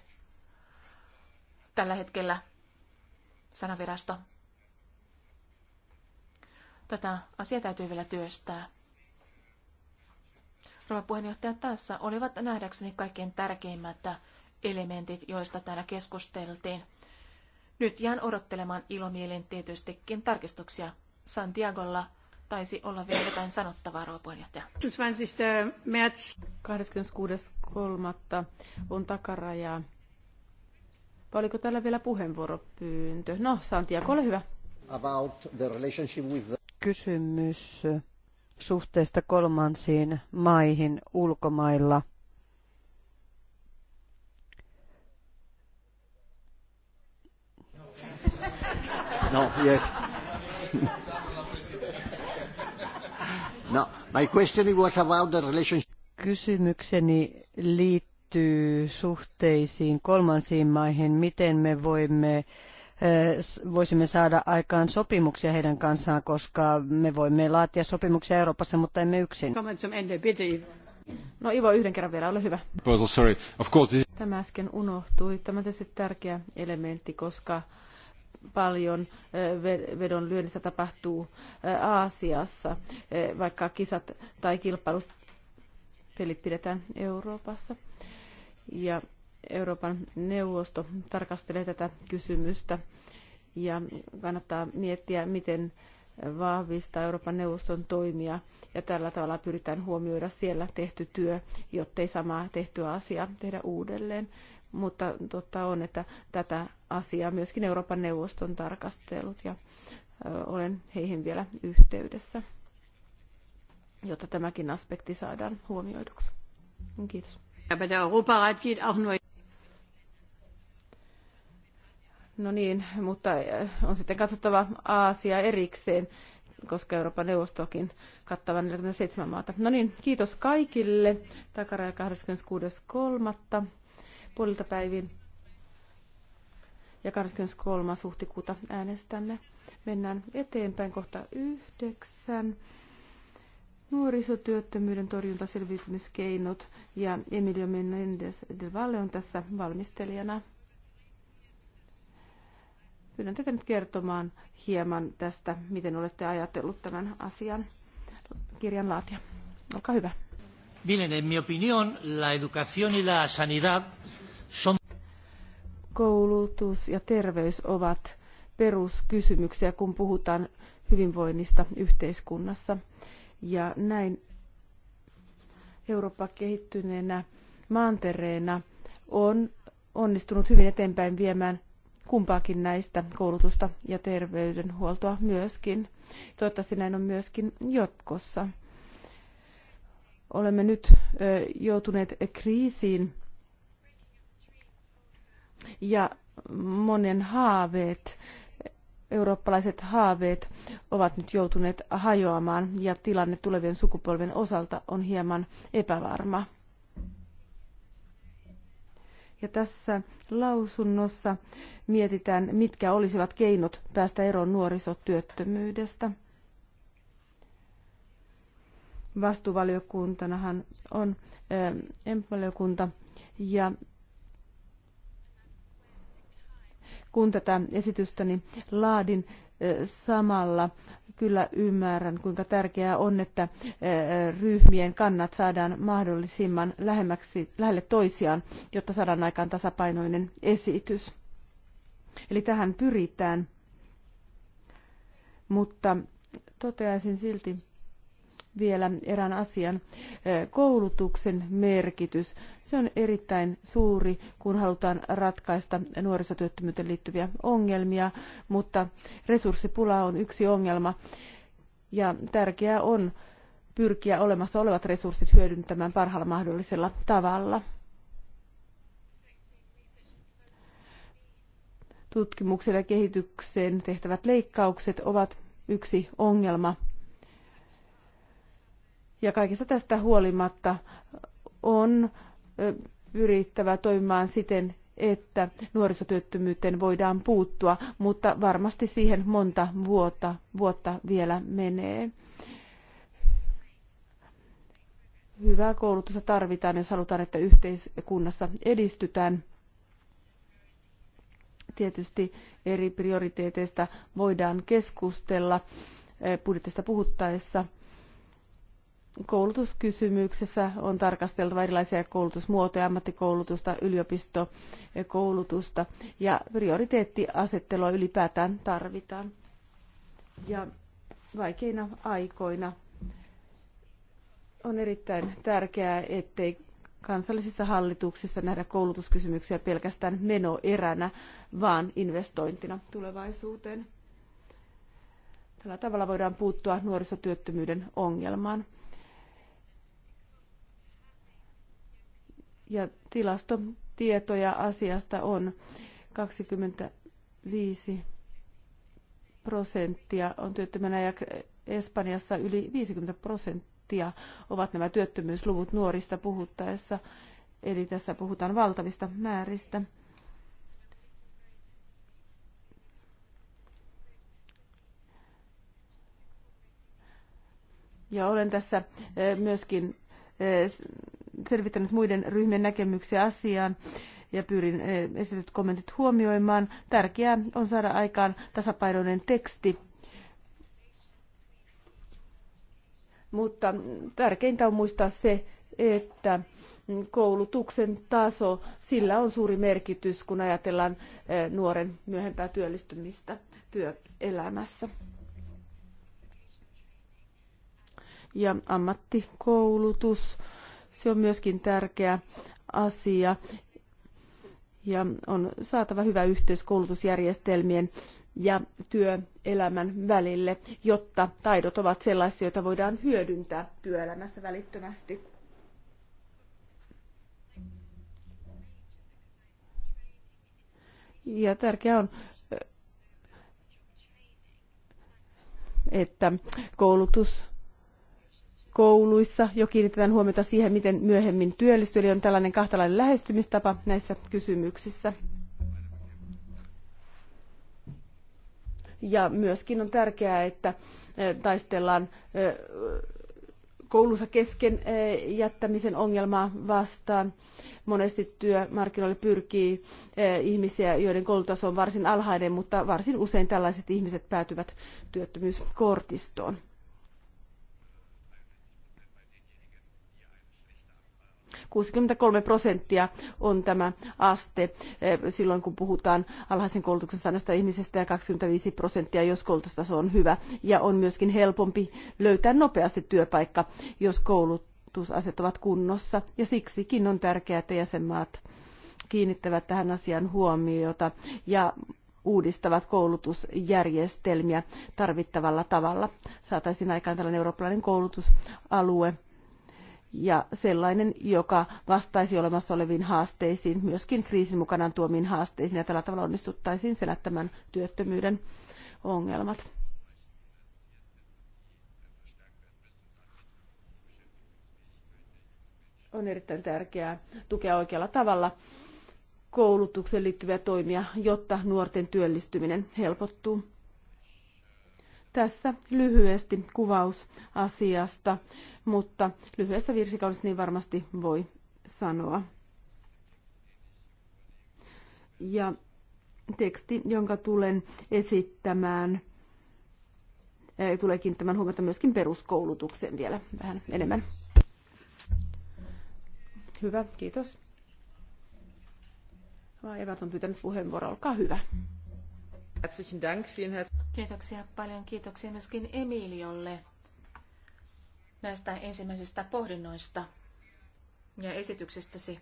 tällä hetkellä sanavirasto. Tätä asiaa täytyy vielä työstää. Rouva puheenjohtaja, tässä olivat nähdäkseni kaikkein tärkeimmät elementit, joista täällä keskusteltiin. Nyt jään odottelemaan ilomielen tietoistekkien tarkistuksia. Santiagolla taisi olla vielä jotain sanottavaa, rouva puheenjohtaja. 26.3. on takaraja. Oliko täällä vielä puheenvuoropyyntö? No, Santiago, ole hyvä. About the relationship with the... Kysymys suhteesta kolmansiin maihin ulkomailla. No, yes. [laughs] No, my question was about the relationship. Kysymykseni liittyy suhteisiin kolmansiin maihin, miten me voimme eh, voisimme saada aikaan sopimuksia heidän kanssaan, koska me voimme laatia sopimuksia Euroopassa, mutta emme yksin. No Ivo, yhden kerran vielä, ole hyvä. Tämä äsken unohtui. Tämä on tietysti tärkeä elementti, koska paljon vedon lyönnissä tapahtuu Aasiassa, vaikka kisat tai kilpailut pelit pidetään Euroopassa. Ja Euroopan neuvosto tarkastelee tätä kysymystä ja kannattaa miettiä, miten vahvistaa Euroopan neuvoston toimia ja tällä tavalla pyritään huomioida siellä tehty työ, jottei samaa tehtyä asiaa tehdä uudelleen. Mutta totta on, että tätä asiaa, myöskin Euroopan neuvoston tarkastelut ja olen heihin vielä yhteydessä, jotta tämäkin aspekti saadaan huomioiduksi. Kiitos. No niin, mutta on sitten katsottava Aasia erikseen, koska Euroopan neuvostokin kattava 47 maata. No niin, kiitos kaikille. Takaraja 26.3. puolilta päivin ja 23. huhtikuuta äänestämme. Mennään eteenpäin kohta yhdeksän. Nuorisotyöttömyyden torjunta, selviytymiskeinot ja Emilio Menendez de Valle on tässä valmistelijana. Pyydän teitä nyt kertomaan hieman tästä, miten olette ajatellut tämän asian kirjan laatia. Olkaa hyvä. Bien, en mi opinión, la educación y la sanidad son koulutus ja terveys ovat peruskysymyksiä, kun puhutaan hyvinvoinnista yhteiskunnassa. Ja näin Eurooppa kehittyneenä maantereena on onnistunut hyvin eteenpäin viemään kumpaakin näistä koulutusta ja terveydenhuoltoa myöskin. Toivottavasti näin on myöskin jatkossa. Olemme nyt joutuneet kriisiin ja monen haaveet, eurooppalaiset haaveet ovat nyt joutuneet hajoamaan ja tilanne tulevien sukupolven osalta on hieman epävarma. Ja tässä lausunnossa mietitään, mitkä olisivat keinot päästä eroon nuorisotyöttömyydestä. Vastuvaliokuntanahan on EMP-valiokunta ja kun tätä esitystäni laadin samalla kyllä ymmärrän, kuinka tärkeää on, että ryhmien kannat saadaan mahdollisimman lähemmäksi, lähelle toisiaan, jotta saadaan aikaan tasapainoinen esitys. Eli tähän pyritään, mutta toteaisin silti, vielä erään asian. Koulutuksen merkitys. Se on erittäin suuri, kun halutaan ratkaista nuorisotyöttömyyteen liittyviä ongelmia, mutta resurssipula on yksi ongelma. Ja tärkeää on pyrkiä olemassa olevat resurssit hyödyntämään parhaalla mahdollisella tavalla. Tutkimuksen ja kehityksen tehtävät leikkaukset ovat yksi ongelma ja kaikesta tästä huolimatta on pyrittävä toimimaan siten, että nuorisotyöttömyyteen voidaan puuttua, mutta varmasti siihen monta vuotta, vuotta vielä menee. Hyvää koulutusta tarvitaan, jos halutaan, että yhteiskunnassa edistytään. Tietysti eri prioriteeteista voidaan keskustella budjetista puhuttaessa – koulutuskysymyksessä on tarkasteltava erilaisia koulutusmuotoja, ammattikoulutusta, yliopistokoulutusta ja prioriteettiasettelua ylipäätään tarvitaan. Ja vaikeina aikoina on erittäin tärkeää, ettei kansallisissa hallituksissa nähdä koulutuskysymyksiä pelkästään menoeränä, vaan investointina tulevaisuuteen. Tällä tavalla voidaan puuttua nuorisotyöttömyyden ongelmaan. ja tilastotietoja asiasta on 25 prosenttia on työttömänä ja Espanjassa yli 50 prosenttia ovat nämä työttömyysluvut nuorista puhuttaessa. Eli tässä puhutaan valtavista määristä. Ja olen tässä eh, myöskin eh, selvittänyt muiden ryhmien näkemyksiä asiaan ja pyrin eh, esitetyt kommentit huomioimaan. Tärkeää on saada aikaan tasapainoinen teksti. Mutta tärkeintä on muistaa se, että koulutuksen taso, sillä on suuri merkitys, kun ajatellaan eh, nuoren myöhempää työllistymistä työelämässä. Ja ammattikoulutus se on myöskin tärkeä asia ja on saatava hyvä yhteys koulutusjärjestelmien ja työelämän välille, jotta taidot ovat sellaisia, joita voidaan hyödyntää työelämässä välittömästi. Ja tärkeää on, että koulutus kouluissa jo kiinnitetään huomiota siihen, miten myöhemmin työllistyy. Eli on tällainen kahtalainen lähestymistapa näissä kysymyksissä. Ja myöskin on tärkeää, että eh, taistellaan eh, koulunsa kesken eh, jättämisen ongelmaa vastaan. Monesti työmarkkinoille pyrkii ihmisiä, joiden koulutaso on varsin alhainen, mutta varsin usein tällaiset ihmiset päätyvät työttömyyskortistoon. 63 prosenttia on tämä aste eh, silloin, kun puhutaan alhaisen koulutuksen saaneista ihmisestä ja 25 prosenttia, jos koulutustaso on hyvä. Ja on myöskin helpompi löytää nopeasti työpaikka, jos koulutusaset ovat kunnossa. Ja siksikin on tärkeää, että jäsenmaat kiinnittävät tähän asiaan huomiota ja uudistavat koulutusjärjestelmiä tarvittavalla tavalla. Saataisiin aikaan tällainen eurooppalainen koulutusalue, ja sellainen, joka vastaisi olemassa oleviin haasteisiin, myöskin kriisin mukanaan tuomiin haasteisiin, ja tällä tavalla onnistuttaisiin selättämään työttömyyden ongelmat. On erittäin tärkeää tukea oikealla tavalla koulutukseen liittyviä toimia, jotta nuorten työllistyminen helpottuu. Tässä lyhyesti kuvaus asiasta mutta lyhyessä virsikaudessa niin varmasti voi sanoa. Ja teksti, jonka tulen esittämään, eh, tulee tämän huomata myöskin peruskoulutukseen vielä vähän enemmän. Hyvä, kiitos. Eva on pyytänyt puheenvuoro, olkaa hyvä. Kiitoksia paljon, kiitoksia myöskin Emiliolle näistä ensimmäisistä pohdinnoista ja esityksestäsi.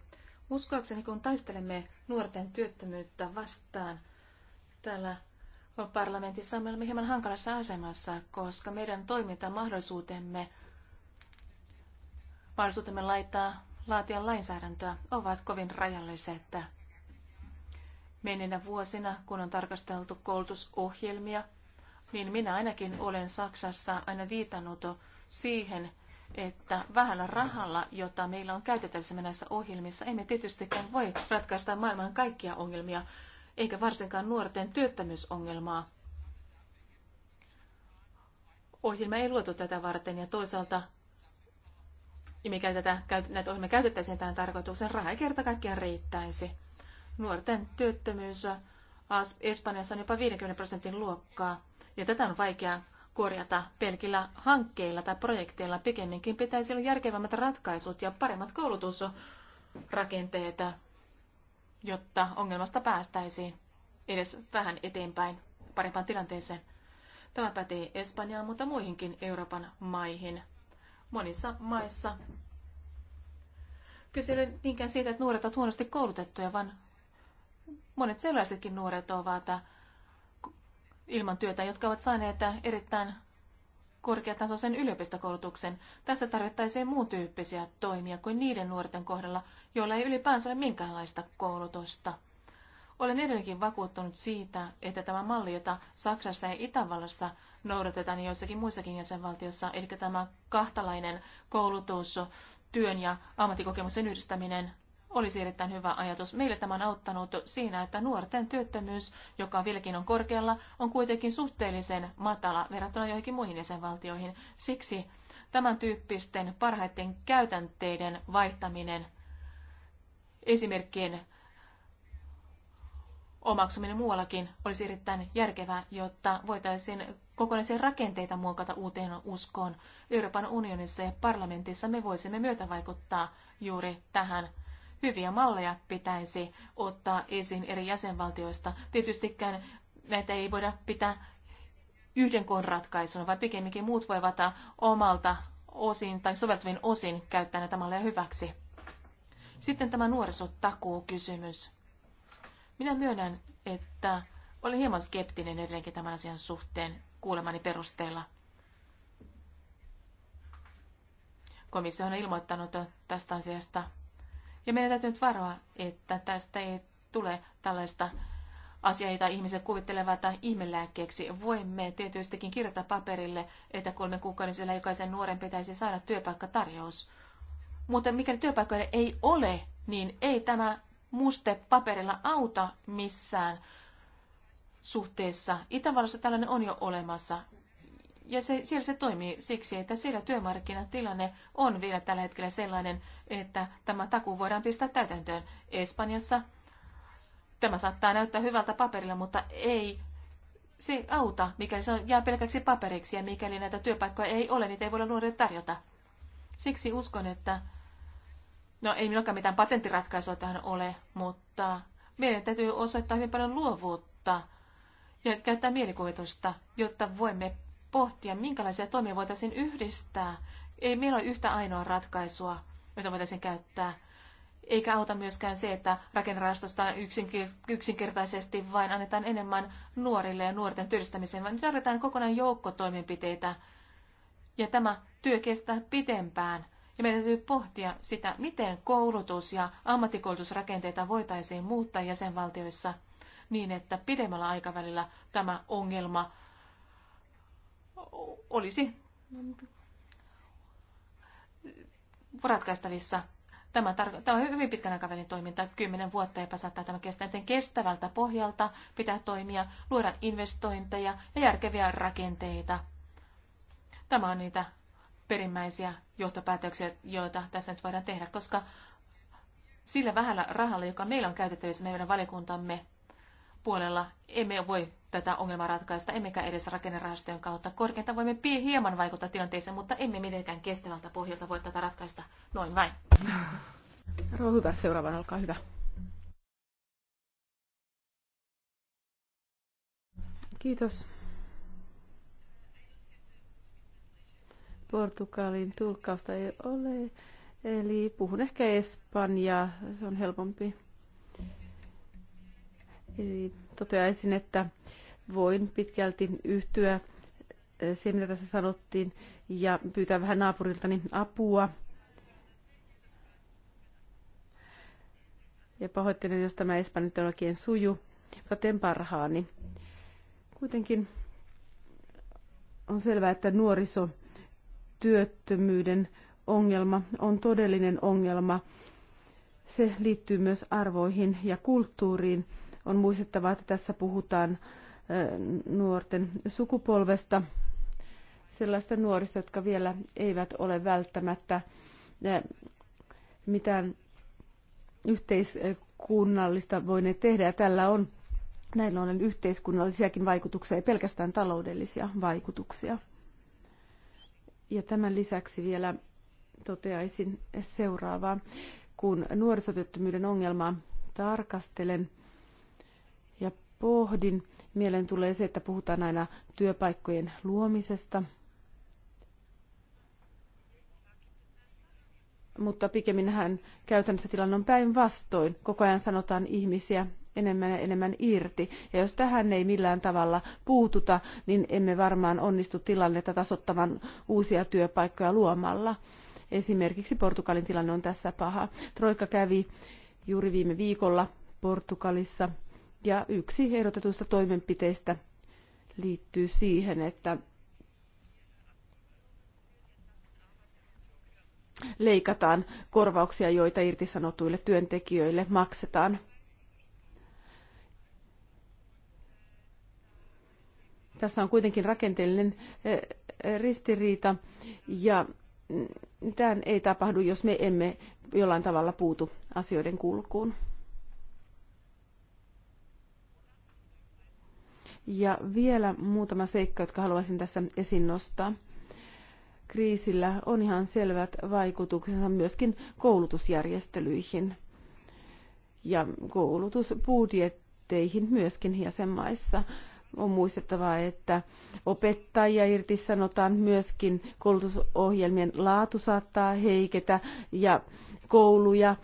Uskoakseni, kun taistelemme nuorten työttömyyttä vastaan täällä parlamentissa, me olemme hieman hankalassa asemassa, koska meidän toimintamahdollisuutemme mahdollisuutemme laittaa, laatia lainsäädäntöä ovat kovin rajalliset. Menenä vuosina, kun on tarkasteltu koulutusohjelmia, niin minä ainakin olen Saksassa aina viitannut siihen, että vähällä rahalla, jota meillä on käytettävissä näissä ohjelmissa, emme tietystikään voi ratkaista maailman kaikkia ongelmia, eikä varsinkaan nuorten työttömyysongelmaa. Ohjelma ei luotu tätä varten ja toisaalta mikä tätä, näitä ohjelmia käytettäisiin tämän tarkoituksen raha ei kerta kaikkiaan riittäisi. Nuorten työttömyys Espanjassa on jopa 50 prosentin luokkaa, ja tätä on vaikea korjata pelkillä hankkeilla tai projekteilla. Pikemminkin pitäisi olla järkevämmät ratkaisut ja paremmat koulutusrakenteet, jotta ongelmasta päästäisiin edes vähän eteenpäin parempaan tilanteeseen. Tämä pätee Espanjaan, mutta muihinkin Euroopan maihin. Monissa maissa kyse ei niinkään siitä, että nuoret ovat huonosti koulutettuja, vaan monet sellaisetkin nuoret ovat ilman työtä, jotka ovat saaneet erittäin korkeatasoisen yliopistokoulutuksen. Tässä tarvittaisiin muun tyyppisiä toimia kuin niiden nuorten kohdalla, joilla ei ylipäänsä ole minkäänlaista koulutusta. Olen edelleenkin vakuuttunut siitä, että tämä malli, jota Saksassa ja Itävallassa noudatetaan joissakin muissakin jäsenvaltiossa, eli tämä kahtalainen koulutus, työn ja ammattikokemuksen yhdistäminen olisi erittäin hyvä ajatus. Meille tämä on auttanut siinä, että nuorten työttömyys, joka vieläkin on korkealla, on kuitenkin suhteellisen matala verrattuna joihinkin muihin jäsenvaltioihin. Siksi tämän tyyppisten parhaiten käytänteiden vaihtaminen, esimerkkien omaksuminen muuallakin olisi erittäin järkevää, jotta voitaisiin kokonaisia rakenteita muokata uuteen uskoon. Euroopan unionissa ja parlamentissa me voisimme myötävaikuttaa juuri tähän Hyviä malleja pitäisi ottaa esiin eri jäsenvaltioista. Tietystikään näitä ei voida pitää yhden koon ratkaisuna, vaan pikemminkin muut voivat omalta osin tai soveltuvin osin käyttää näitä malleja hyväksi. Sitten tämä nuorisotakuu-kysymys. Minä myönnän, että olin hieman skeptinen edelleenkin tämän asian suhteen kuulemani perusteella. Komissio on ilmoittanut tästä asiasta ja meidän täytyy nyt varoa, että tästä ei tule tällaista asiaa, jota ihmiset kuvittelevat ihmelääkkeeksi. Voimme tietystikin kirjoittaa paperille, että kolme kuukauden sisällä jokaisen nuoren pitäisi saada työpaikkatarjous. Mutta mikäli työpaikkoja ei ole, niin ei tämä muste paperilla auta missään suhteessa. Itävallassa tällainen on jo olemassa ja se, siellä se toimii siksi, että siellä työmarkkinatilanne on vielä tällä hetkellä sellainen, että tämä takuu voidaan pistää täytäntöön. Espanjassa tämä saattaa näyttää hyvältä paperilla, mutta ei se auta, mikäli se on, jää pelkäksi paperiksi ja mikäli näitä työpaikkoja ei ole, niitä ei voida nuorille tarjota. Siksi uskon, että no ei minullakaan mitään patenttiratkaisua tähän ole, mutta meidän täytyy osoittaa hyvin paljon luovuutta ja käyttää mielikuvitusta, jotta voimme pohtia, minkälaisia toimia voitaisiin yhdistää. Ei meillä ole yhtä ainoa ratkaisua, jota voitaisiin käyttää. Eikä auta myöskään se, että rakennerahastosta yksinkertaisesti vain annetaan enemmän nuorille ja nuorten työllistämiseen, vaan nyt tarvitaan kokonaan joukko toimenpiteitä. Ja tämä työ kestää pitempään. Ja meidän täytyy pohtia sitä, miten koulutus- ja ammattikoulutusrakenteita voitaisiin muuttaa jäsenvaltioissa niin, että pidemmällä aikavälillä tämä ongelma olisi ratkaistavissa. Tämä, tar- tämä on hyvin pitkän aikavälin toiminta, kymmenen vuotta eipä saattaa tämä kestää, joten kestävältä pohjalta pitää toimia, luoda investointeja ja järkeviä rakenteita. Tämä on niitä perimmäisiä johtopäätöksiä, joita tässä nyt voidaan tehdä, koska sillä vähällä rahalla, joka meillä on käytettävissä meidän valikuntamme puolella, emme voi tätä ongelmaa ratkaista, emmekä edes rakennerahastojen kautta. Korkeinta voimme hieman vaikuttaa tilanteeseen, mutta emme mitenkään kestävältä pohjalta voi tätä ratkaista noin vain. Rouva hyvä, seuraavan olkaa hyvä. Kiitos. Portugalin tulkkausta ei ole, eli puhun ehkä Espanjaa, se on helpompi. Eli toteaisin, että voin pitkälti yhtyä eh, siihen, mitä tässä sanottiin, ja pyytää vähän naapuriltani apua. Ja pahoittelen, jos tämä espanja oikein suju, mutta teen parhaani. Kuitenkin on selvää, että nuorisotyöttömyyden ongelma on todellinen ongelma. Se liittyy myös arvoihin ja kulttuuriin on muistettava, että tässä puhutaan nuorten sukupolvesta, sellaista nuorista, jotka vielä eivät ole välttämättä mitään yhteiskunnallista voineet tehdä. Ja tällä on näin ollen yhteiskunnallisiakin vaikutuksia, ei pelkästään taloudellisia vaikutuksia. Ja tämän lisäksi vielä toteaisin seuraavaa. Kun nuorisotyöttömyyden ongelmaa tarkastelen, pohdin. Mieleen tulee se, että puhutaan aina työpaikkojen luomisesta. Mutta pikemminhän käytännössä tilanne on päinvastoin. Koko ajan sanotaan ihmisiä enemmän ja enemmän irti. Ja jos tähän ei millään tavalla puututa, niin emme varmaan onnistu tilannetta tasottavan uusia työpaikkoja luomalla. Esimerkiksi Portugalin tilanne on tässä paha. Troika kävi juuri viime viikolla Portugalissa ja yksi ehdotetuista toimenpiteistä liittyy siihen, että leikataan korvauksia, joita irtisanotuille työntekijöille maksetaan. Tässä on kuitenkin rakenteellinen eh, ristiriita ja mm, tämä ei tapahdu, jos me emme jollain tavalla puutu asioiden kulkuun. Ja vielä muutama seikka, jotka haluaisin tässä esiin nostaa. Kriisillä on ihan selvät vaikutuksensa myöskin koulutusjärjestelyihin ja koulutusbudjetteihin myöskin jäsenmaissa on muistettava, että opettajia irtisanotaan myöskin, koulutusohjelmien laatu saattaa heiketä ja kouluja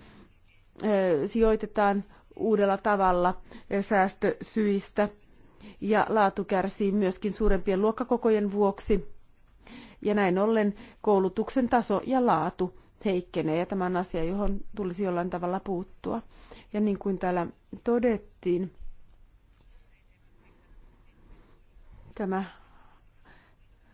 sijoitetaan uudella tavalla säästösyistä ja laatu kärsii myöskin suurempien luokkakokojen vuoksi. Ja näin ollen koulutuksen taso ja laatu heikkenee ja tämä on asia, johon tulisi jollain tavalla puuttua. Ja niin kuin täällä todettiin, tämä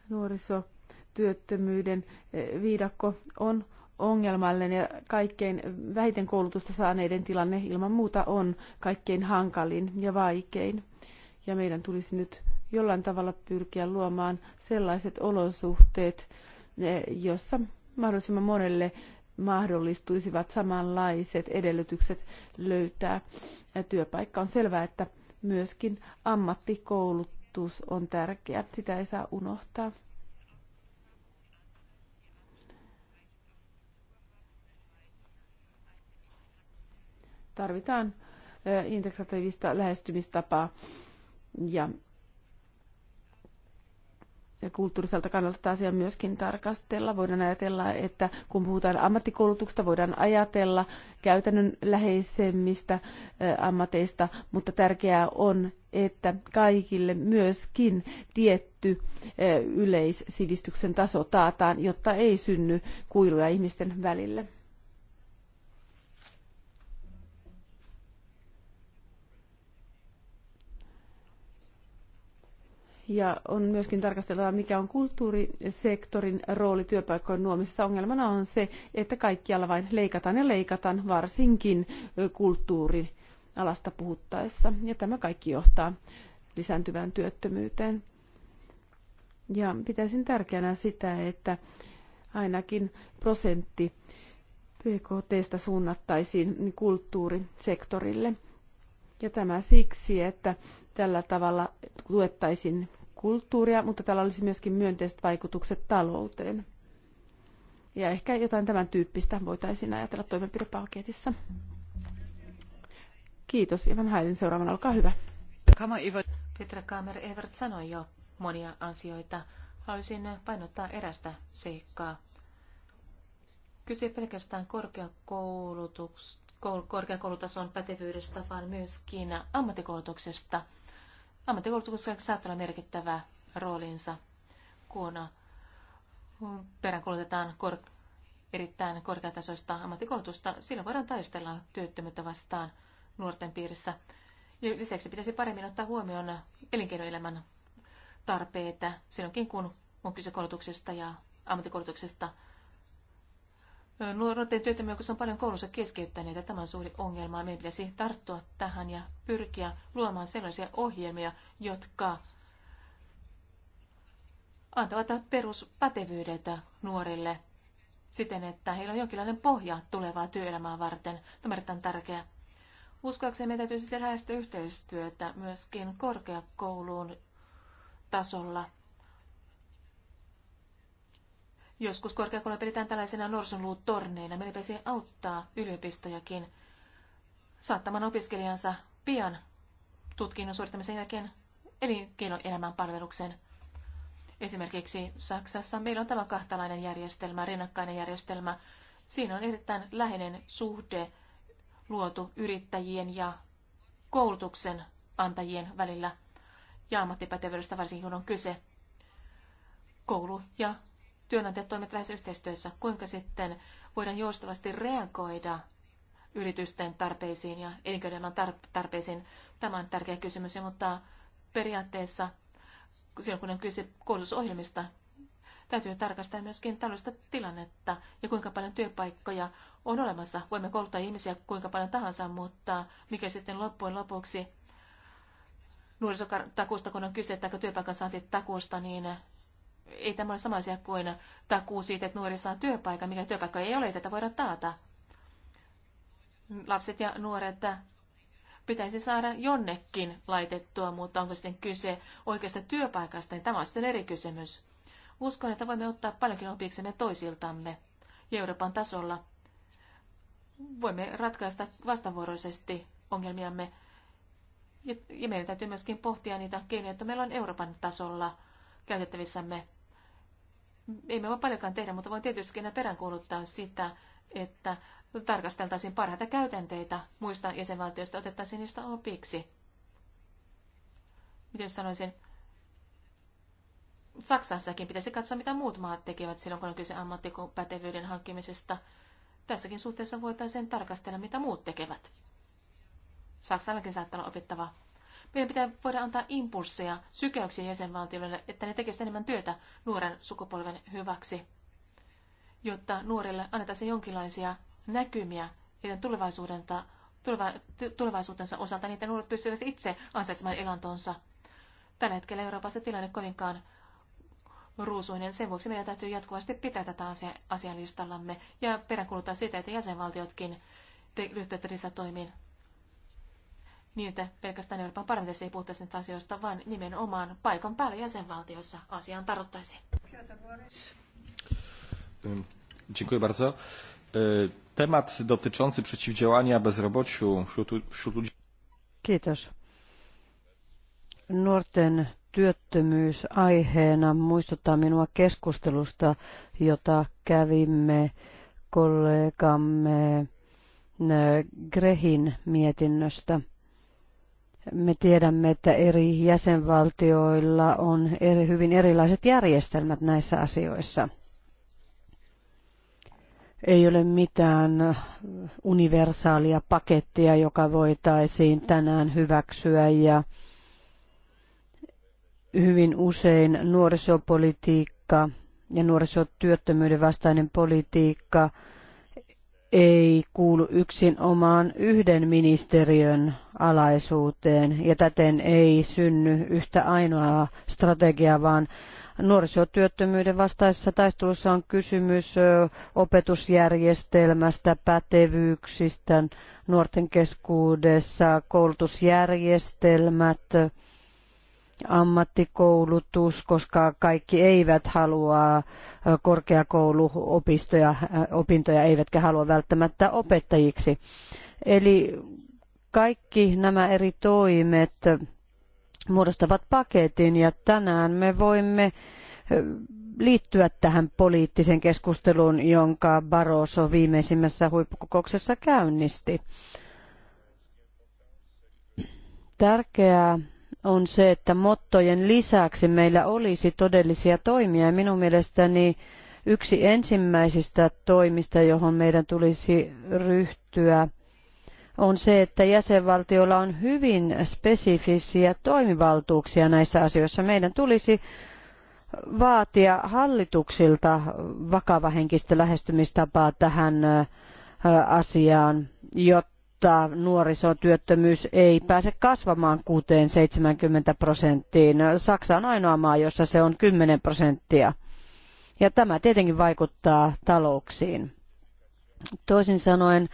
nuorisotyöttömyyden e, viidakko on ongelmallinen ja kaikkein vähiten koulutusta saaneiden tilanne ilman muuta on kaikkein hankalin ja vaikein ja meidän tulisi nyt jollain tavalla pyrkiä luomaan sellaiset olosuhteet, jossa mahdollisimman monelle mahdollistuisivat samanlaiset edellytykset löytää työpaikka. On selvää, että myöskin ammattikoulutus on tärkeä. Sitä ei saa unohtaa. Tarvitaan integratiivista lähestymistapaa ja, ja kulttuuriselta kannalta asia myöskin tarkastella. Voidaan ajatella, että kun puhutaan ammattikoulutuksesta, voidaan ajatella käytännön läheisemmistä ammateista, mutta tärkeää on, että kaikille myöskin tietty yleissivistyksen taso taataan, jotta ei synny kuiluja ihmisten välille. Ja on myöskin tarkasteltava, mikä on kulttuurisektorin rooli työpaikkojen nuomisessa. Ongelmana on se, että kaikkialla vain leikataan ja leikataan, varsinkin kulttuurialasta puhuttaessa. Ja tämä kaikki johtaa lisääntyvään työttömyyteen. Ja pitäisin tärkeänä sitä, että ainakin prosentti PKTstä suunnattaisiin kulttuurisektorille. Ja tämä siksi, että tällä tavalla tuettaisiin kulttuuria, mutta tällä olisi myöskin myönteiset vaikutukset talouteen. Ja ehkä jotain tämän tyyppistä voitaisiin ajatella toimenpidepaketissa. Kiitos. Ivan Hailin seuraavana, olkaa hyvä. Petra Kamer Evert sanoi jo monia asioita. Haluaisin painottaa erästä seikkaa. Kyse pelkästään korkeakoulutus, korkeakoulutason pätevyydestä, vaan myöskin ammattikoulutuksesta – ammattikoulutuksella saattaa olla merkittävä roolinsa, kun peräänkuulutetaan kor- erittäin korkeatasoista ammattikoulutusta. Silloin voidaan taistella työttömyyttä vastaan nuorten piirissä. Ja lisäksi pitäisi paremmin ottaa huomioon elinkeinoelämän tarpeita silloinkin, kun on kyse koulutuksesta ja ammattikoulutuksesta – Nuorten työttömiä, kun on paljon koulussa ja tämä on suuri ongelma. Meidän pitäisi tarttua tähän ja pyrkiä luomaan sellaisia ohjelmia, jotka antavat peruspätevyydet nuorille siten, että heillä on jonkinlainen pohja tulevaa työelämää varten. Tämä on erittäin tärkeää. Uskoakseni meidän täytyy sitten lähestyä yhteistyötä myöskin korkeakouluun tasolla Joskus korkeakoulu pidetään tällaisena norsunluutorneina. Meidän pitäisi auttaa yliopistojakin saattamaan opiskelijansa pian tutkinnon suorittamisen jälkeen elinkeinoelämän palvelukseen. Esimerkiksi Saksassa meillä on tämä kahtalainen järjestelmä, rinnakkainen järjestelmä. Siinä on erittäin läheinen suhde luotu yrittäjien ja koulutuksen antajien välillä ja ammattipätevyydestä varsinkin kun on kyse. Koulu ja työnantajat toimivat lähes yhteistyössä, kuinka sitten voidaan joustavasti reagoida yritysten tarpeisiin ja elinkeinoelämän tarpeisiin. Tämä on tärkeä kysymys, mutta periaatteessa silloin kun on kyse koulutusohjelmista, täytyy tarkastaa myöskin taloudellista tilannetta ja kuinka paljon työpaikkoja on olemassa. Voimme kouluttaa ihmisiä kuinka paljon tahansa, mutta mikä sitten loppujen lopuksi nuorisotakuusta, kun on kyse, että työpaikan saanti takuusta, niin ei tämä ole sama asia kuin takuu siitä, että nuori saa työpaikan, mikä työpaikka ei ole, tätä voida taata. Lapset ja nuoret pitäisi saada jonnekin laitettua, mutta onko sitten kyse oikeasta työpaikasta, niin tämä on sitten eri kysymys. Uskon, että voimme ottaa paljonkin opiksemme toisiltamme ja Euroopan tasolla. Voimme ratkaista vastavuoroisesti ongelmiamme ja meidän täytyy myöskin pohtia niitä keinoja, että meillä on Euroopan tasolla käytettävissämme emme voi paljonkaan tehdä, mutta voin tietysti peräänkuuluttaa sitä, että tarkasteltaisiin parhaita käytänteitä muista jäsenvaltioista, otettaisiin niistä opiksi. Miten sanoisin, Saksassakin pitäisi katsoa, mitä muut maat tekevät silloin, kun on kyse ammattipätevyyden hankkimisesta. Tässäkin suhteessa voitaisiin tarkastella, mitä muut tekevät. Saksallakin saattaa olla opittavaa. Meidän pitää voida antaa impulsseja, sykäyksiä jäsenvaltioille, että ne tekevät enemmän työtä nuoren sukupolven hyväksi, jotta nuorille annetaan jonkinlaisia näkymiä heidän tulevaisuudensa, tuleva, tulevaisuutensa osalta, niin että nuoret pystyvät itse ansaitsemaan elantonsa. Tällä hetkellä Euroopassa tilanne kovinkaan ruusuinen. Sen vuoksi meidän täytyy jatkuvasti pitää tätä asia, asialistallamme ja peräänkuuluttaa sitä, että jäsenvaltiotkin te, ryhtyvät lisätoimiin niin, että pelkästään Euroopan parlamentissa ei puhuttaisi näistä asioista, vaan nimenomaan paikan päällä jäsenvaltioissa asiaan tarvittaisiin. Dziękuję bardzo. E, temat dotyczący przeciwdziałania bezrobociu wśród, wśród ludzi. Kiitos. Nuorten työttömyys aiheena muistuttaa minua keskustelusta, jota kävimme kollegamme e, Grehin mietinnöstä – me tiedämme, että eri jäsenvaltioilla on eri, hyvin erilaiset järjestelmät näissä asioissa. Ei ole mitään universaalia pakettia, joka voitaisiin tänään hyväksyä ja hyvin usein nuorisopolitiikka ja nuorisotyöttömyyden vastainen politiikka ei kuulu yksin omaan yhden ministeriön alaisuuteen ja täten ei synny yhtä ainoaa strategiaa, vaan Nuorisotyöttömyyden vastaisessa taistelussa on kysymys opetusjärjestelmästä, pätevyyksistä nuorten keskuudessa, koulutusjärjestelmät, ammattikoulutus, koska kaikki eivät halua korkeakouluopintoja, opintoja eivätkä halua välttämättä opettajiksi. Eli kaikki nämä eri toimet muodostavat paketin ja tänään me voimme liittyä tähän poliittisen keskusteluun, jonka Barroso viimeisimmässä huippukokouksessa käynnisti. Tärkeää on se, että mottojen lisäksi meillä olisi todellisia toimia. Minun mielestäni yksi ensimmäisistä toimista, johon meidän tulisi ryhtyä – on se, että jäsenvaltioilla on hyvin spesifisiä toimivaltuuksia näissä asioissa. Meidän tulisi vaatia hallituksilta vakavahenkistä lähestymistapaa tähän asiaan, jotta nuorisotyöttömyys ei pääse kasvamaan 6-70 prosenttiin. Saksa on ainoa maa, jossa se on 10 prosenttia. Ja tämä tietenkin vaikuttaa talouksiin. Toisin sanoen,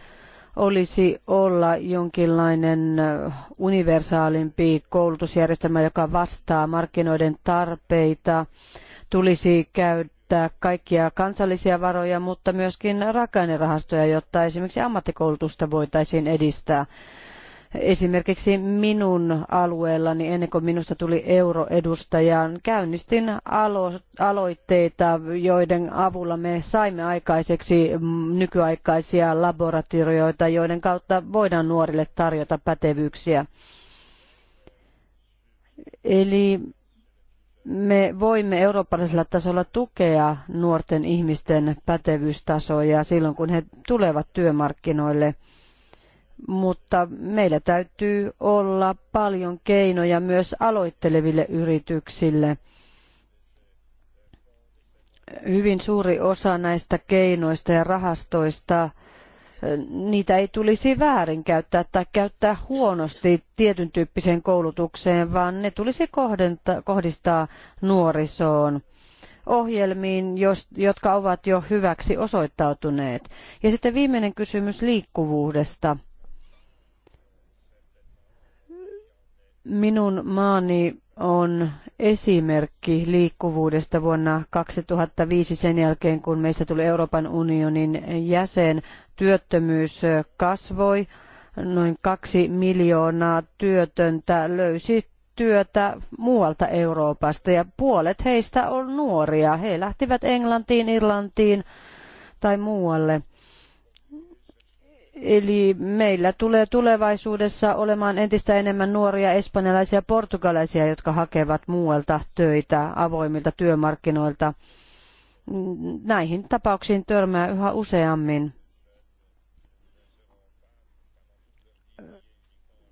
olisi olla jonkinlainen universaalimpi koulutusjärjestelmä, joka vastaa markkinoiden tarpeita. Tulisi käyttää kaikkia kansallisia varoja, mutta myöskin rakennerahastoja, jotta esimerkiksi ammattikoulutusta voitaisiin edistää. Esimerkiksi minun alueellani, ennen kuin minusta tuli euroedustajaan, käynnistin alo- aloitteita, joiden avulla me saimme aikaiseksi mm, nykyaikaisia laboratorioita, joiden kautta voidaan nuorille tarjota pätevyyksiä. Eli me voimme eurooppalaisella tasolla tukea nuorten ihmisten pätevyystasoja silloin, kun he tulevat työmarkkinoille – mutta meillä täytyy olla paljon keinoja myös aloitteleville yrityksille. Hyvin suuri osa näistä keinoista ja rahastoista niitä ei tulisi väärinkäyttää tai käyttää huonosti tietyn tyyppiseen koulutukseen, vaan ne tulisi kohdistaa nuorisoon ohjelmiin, jotka ovat jo hyväksi osoittautuneet. Ja sitten viimeinen kysymys liikkuvuudesta. Minun maani on esimerkki liikkuvuudesta vuonna 2005 sen jälkeen, kun meistä tuli Euroopan unionin jäsen. Työttömyys kasvoi, noin kaksi miljoonaa työtöntä löysi työtä muualta Euroopasta ja puolet heistä on nuoria. He lähtivät Englantiin, Irlantiin tai muualle. Eli meillä tulee tulevaisuudessa olemaan entistä enemmän nuoria espanjalaisia ja portugalaisia, jotka hakevat muualta töitä avoimilta työmarkkinoilta. Näihin tapauksiin törmää yhä useammin.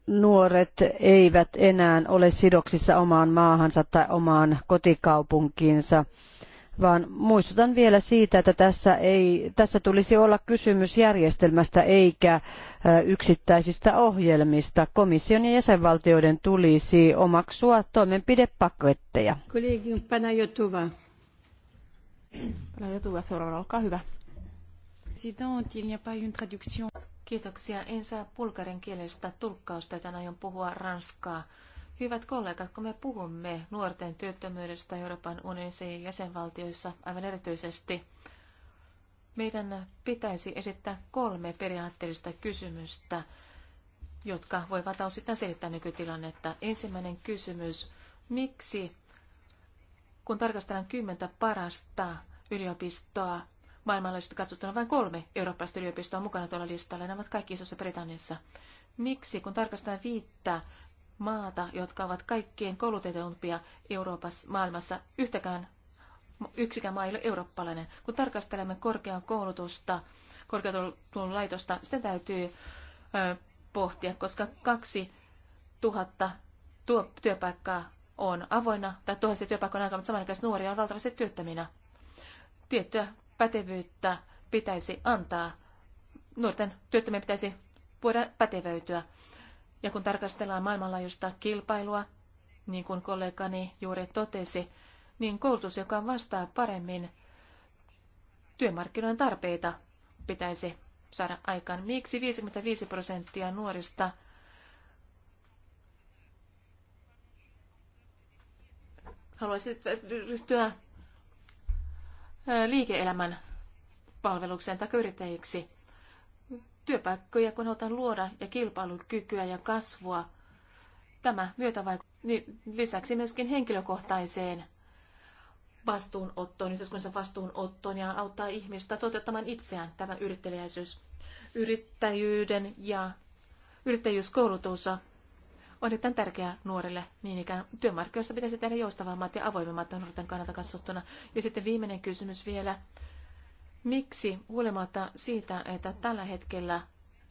nuoret eivät enää ole sidoksissa omaan maahansa tai omaan kotikaupunkiinsa vaan muistutan vielä siitä, että tässä, ei, tässä tulisi olla kysymys järjestelmästä eikä yksittäisistä ohjelmista. Komission ja jäsenvaltioiden tulisi omaksua toimenpidepaketteja. Kollegium Panajotova. Panajotova, seuraava, olkaa hyvä. Kiitoksia. En saa bulgarin kielestä tulkkausta, joten aion puhua ranskaa. Hyvät kollegat, kun me puhumme nuorten työttömyydestä Euroopan unionissa ja jäsenvaltioissa aivan erityisesti, meidän pitäisi esittää kolme periaatteellista kysymystä, jotka voivat osittain selittää nykytilannetta. Ensimmäinen kysymys, miksi kun tarkastellaan kymmentä parasta yliopistoa, maailmanlaajuisesti katsottuna vain kolme eurooppalaista yliopistoa on mukana tuolla listalla, nämä ovat kaikki Isossa Britanniassa. Miksi, kun tarkastetaan viittä maata, jotka ovat kaikkein koulutetumpia Euroopassa, maailmassa. Yhtäkään yksikään maa ei ole eurooppalainen. Kun tarkastelemme korkean koulutusta, laitosta, sitä täytyy ö, pohtia, koska 2000 tuo työpaikkaa on avoinna, tai tuhansia työpaikkoja on aika, mutta samanaikaisesti nuoria on valtavasti työttöminä. Tiettyä pätevyyttä pitäisi antaa. Nuorten työttömiä pitäisi voida pätevöityä. Ja kun tarkastellaan maailmanlaajuista kilpailua, niin kuin kollegani juuri totesi, niin koulutus, joka vastaa paremmin työmarkkinoiden tarpeita, pitäisi saada aikaan. Miksi 55 prosenttia nuorista haluaisi ryhtyä liike-elämän palvelukseen tai yrittäjiksi? työpaikkoja, kun halutaan luoda ja kilpailukykyä ja kasvua. Tämä myötävaikuttaa niin lisäksi myöskin henkilökohtaiseen vastuunottoon, yhteiskunnassa vastuunottoon ja auttaa ihmistä toteuttamaan itseään tämä yrittäjäisyys. Yrittäjyyden ja yrittäjyyskoulutus on erittäin tärkeää nuorille. Niin ikään työmarkkinoissa pitäisi tehdä joustavammat ja avoimemmat nuorten kannalta katsottuna. Ja sitten viimeinen kysymys vielä. Miksi huolimatta siitä, että tällä hetkellä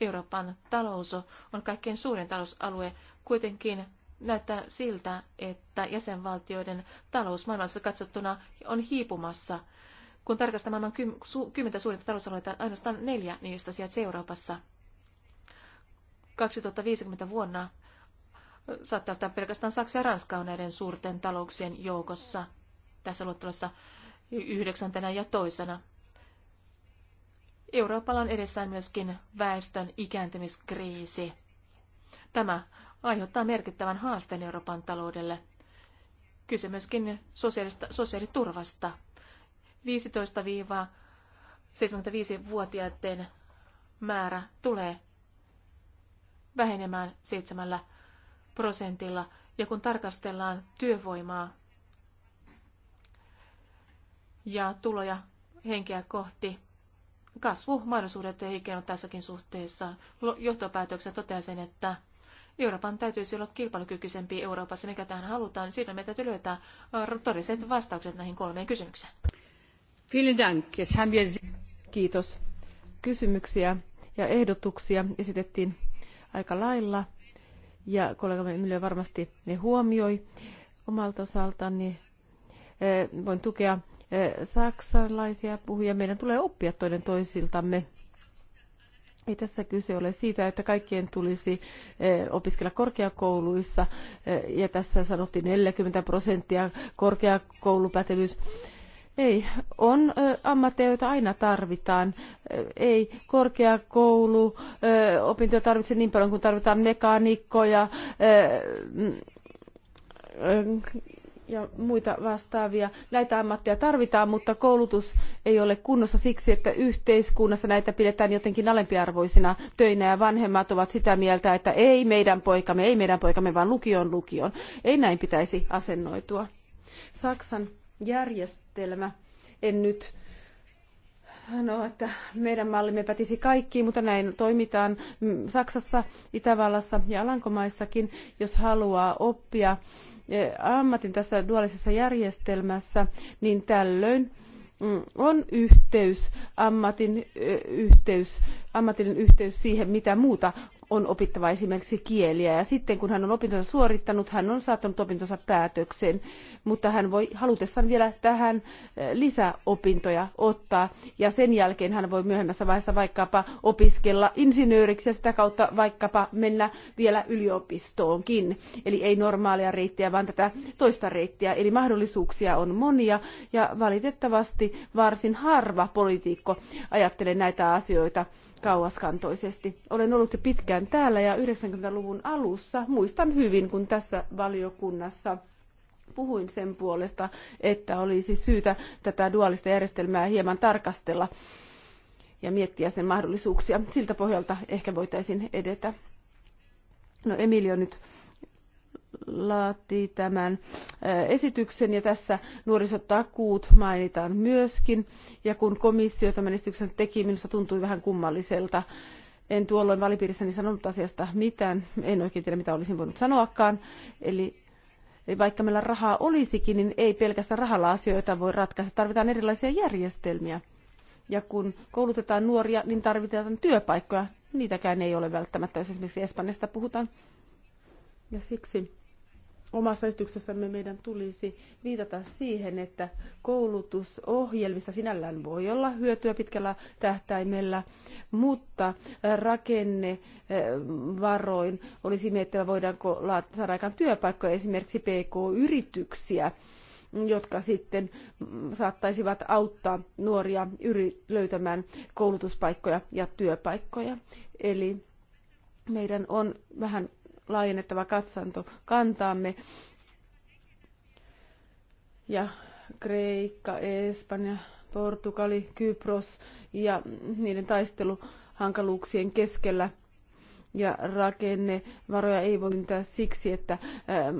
Euroopan talous on kaikkein suurin talousalue, kuitenkin näyttää siltä, että jäsenvaltioiden talous maailmassa katsottuna on hiipumassa. Kun tarkastaa maailman kymmentä suurinta talousalueita, ainoastaan neljä niistä sijaitsee Euroopassa. 2050 vuonna saattaa olla pelkästään Saksa ja Ranska on näiden suurten talouksien joukossa tässä luottelussa yhdeksäntenä ja toisena. Euroopalla on edessään myöskin väestön ikääntymiskriisi. Tämä aiheuttaa merkittävän haasteen Euroopan taloudelle. Kyse myöskin sosiaalista, sosiaaliturvasta. 15-75-vuotiaiden määrä tulee vähenemään 7 prosentilla. Ja kun tarkastellaan työvoimaa ja tuloja henkeä kohti, kasvumahdollisuudet heikennyt tässäkin suhteessa. Johtopäätöksen sen, että Euroopan täytyisi olla kilpailukykyisempi Euroopassa, mikä tähän halutaan. Siinä meidän täytyy löytää äh, todelliset vastaukset näihin kolmeen kysymykseen. Kiitos. Kysymyksiä ja ehdotuksia esitettiin aika lailla ja kollega Mille varmasti ne huomioi omalta osaltani. Eh, voin tukea saksalaisia puhuja Meidän tulee oppia toinen toisiltamme. Ei tässä kyse ole siitä, että kaikkien tulisi opiskella korkeakouluissa, ja tässä sanottiin 40 prosenttia korkeakoulupätevyys. Ei, on ammatteja, joita aina tarvitaan. Ei korkeakoulu, opintoja tarvitse niin paljon kuin tarvitaan mekaanikkoja, mm, ja muita vastaavia. Näitä ammatteja tarvitaan, mutta koulutus ei ole kunnossa siksi, että yhteiskunnassa näitä pidetään jotenkin alempiarvoisina töinä ja vanhemmat ovat sitä mieltä, että ei meidän poikamme, ei meidän poikamme, vaan lukion lukion. Ei näin pitäisi asennoitua. Saksan järjestelmä, en nyt sanoa, että meidän mallimme pätisi kaikkiin, mutta näin toimitaan mm, Saksassa, Itävallassa ja Alankomaissakin, jos haluaa oppia e, ammatin tässä duaalisessa järjestelmässä, niin tällöin mm, on yhteys, ammatin e, yhteys, ammatillinen yhteys siihen, mitä muuta on opittava esimerkiksi kieliä ja sitten kun hän on opintonsa suorittanut, hän on saattanut opintonsa päätökseen, mutta hän voi halutessaan vielä tähän eh, lisäopintoja ottaa ja sen jälkeen hän voi myöhemmässä vaiheessa vaikkapa opiskella insinööriksi ja sitä kautta vaikkapa mennä vielä yliopistoonkin. Eli ei normaalia reittiä, vaan tätä toista reittiä. Eli mahdollisuuksia on monia ja valitettavasti varsin harva poliitikko ajattelee näitä asioita kauaskantoisesti. Olen ollut jo pitkään täällä ja 90-luvun alussa muistan hyvin, kun tässä valiokunnassa puhuin sen puolesta, että olisi syytä tätä duaalista järjestelmää hieman tarkastella ja miettiä sen mahdollisuuksia. Siltä pohjalta ehkä voitaisiin edetä. No Emilio nyt laati tämän esityksen ja tässä nuorisotakuut mainitaan myöskin. Ja kun komissio tämän esityksen teki, minusta tuntui vähän kummalliselta. En tuolloin valipiirissäni sanonut asiasta mitään, en oikein tiedä mitä olisin voinut sanoakaan. Eli vaikka meillä rahaa olisikin, niin ei pelkästään rahalla asioita voi ratkaista, tarvitaan erilaisia järjestelmiä. Ja kun koulutetaan nuoria, niin tarvitaan työpaikkoja. Niitäkään ei ole välttämättä, jos esimerkiksi Espanjasta puhutaan. Ja siksi omassa esityksessämme meidän tulisi viitata siihen, että koulutusohjelmista sinällään voi olla hyötyä pitkällä tähtäimellä, mutta rakennevaroin olisi miettävä, voidaanko saada aikaan työpaikkoja esimerkiksi PK-yrityksiä, jotka sitten mm, saattaisivat auttaa nuoria löytämään koulutuspaikkoja ja työpaikkoja. Eli meidän on vähän laajennettava katsanto kantaamme. Ja Kreikka, Espanja, Portugali, Kypros ja niiden taisteluhankaluuksien keskellä ja rakennevaroja ei voi myöntää siksi, että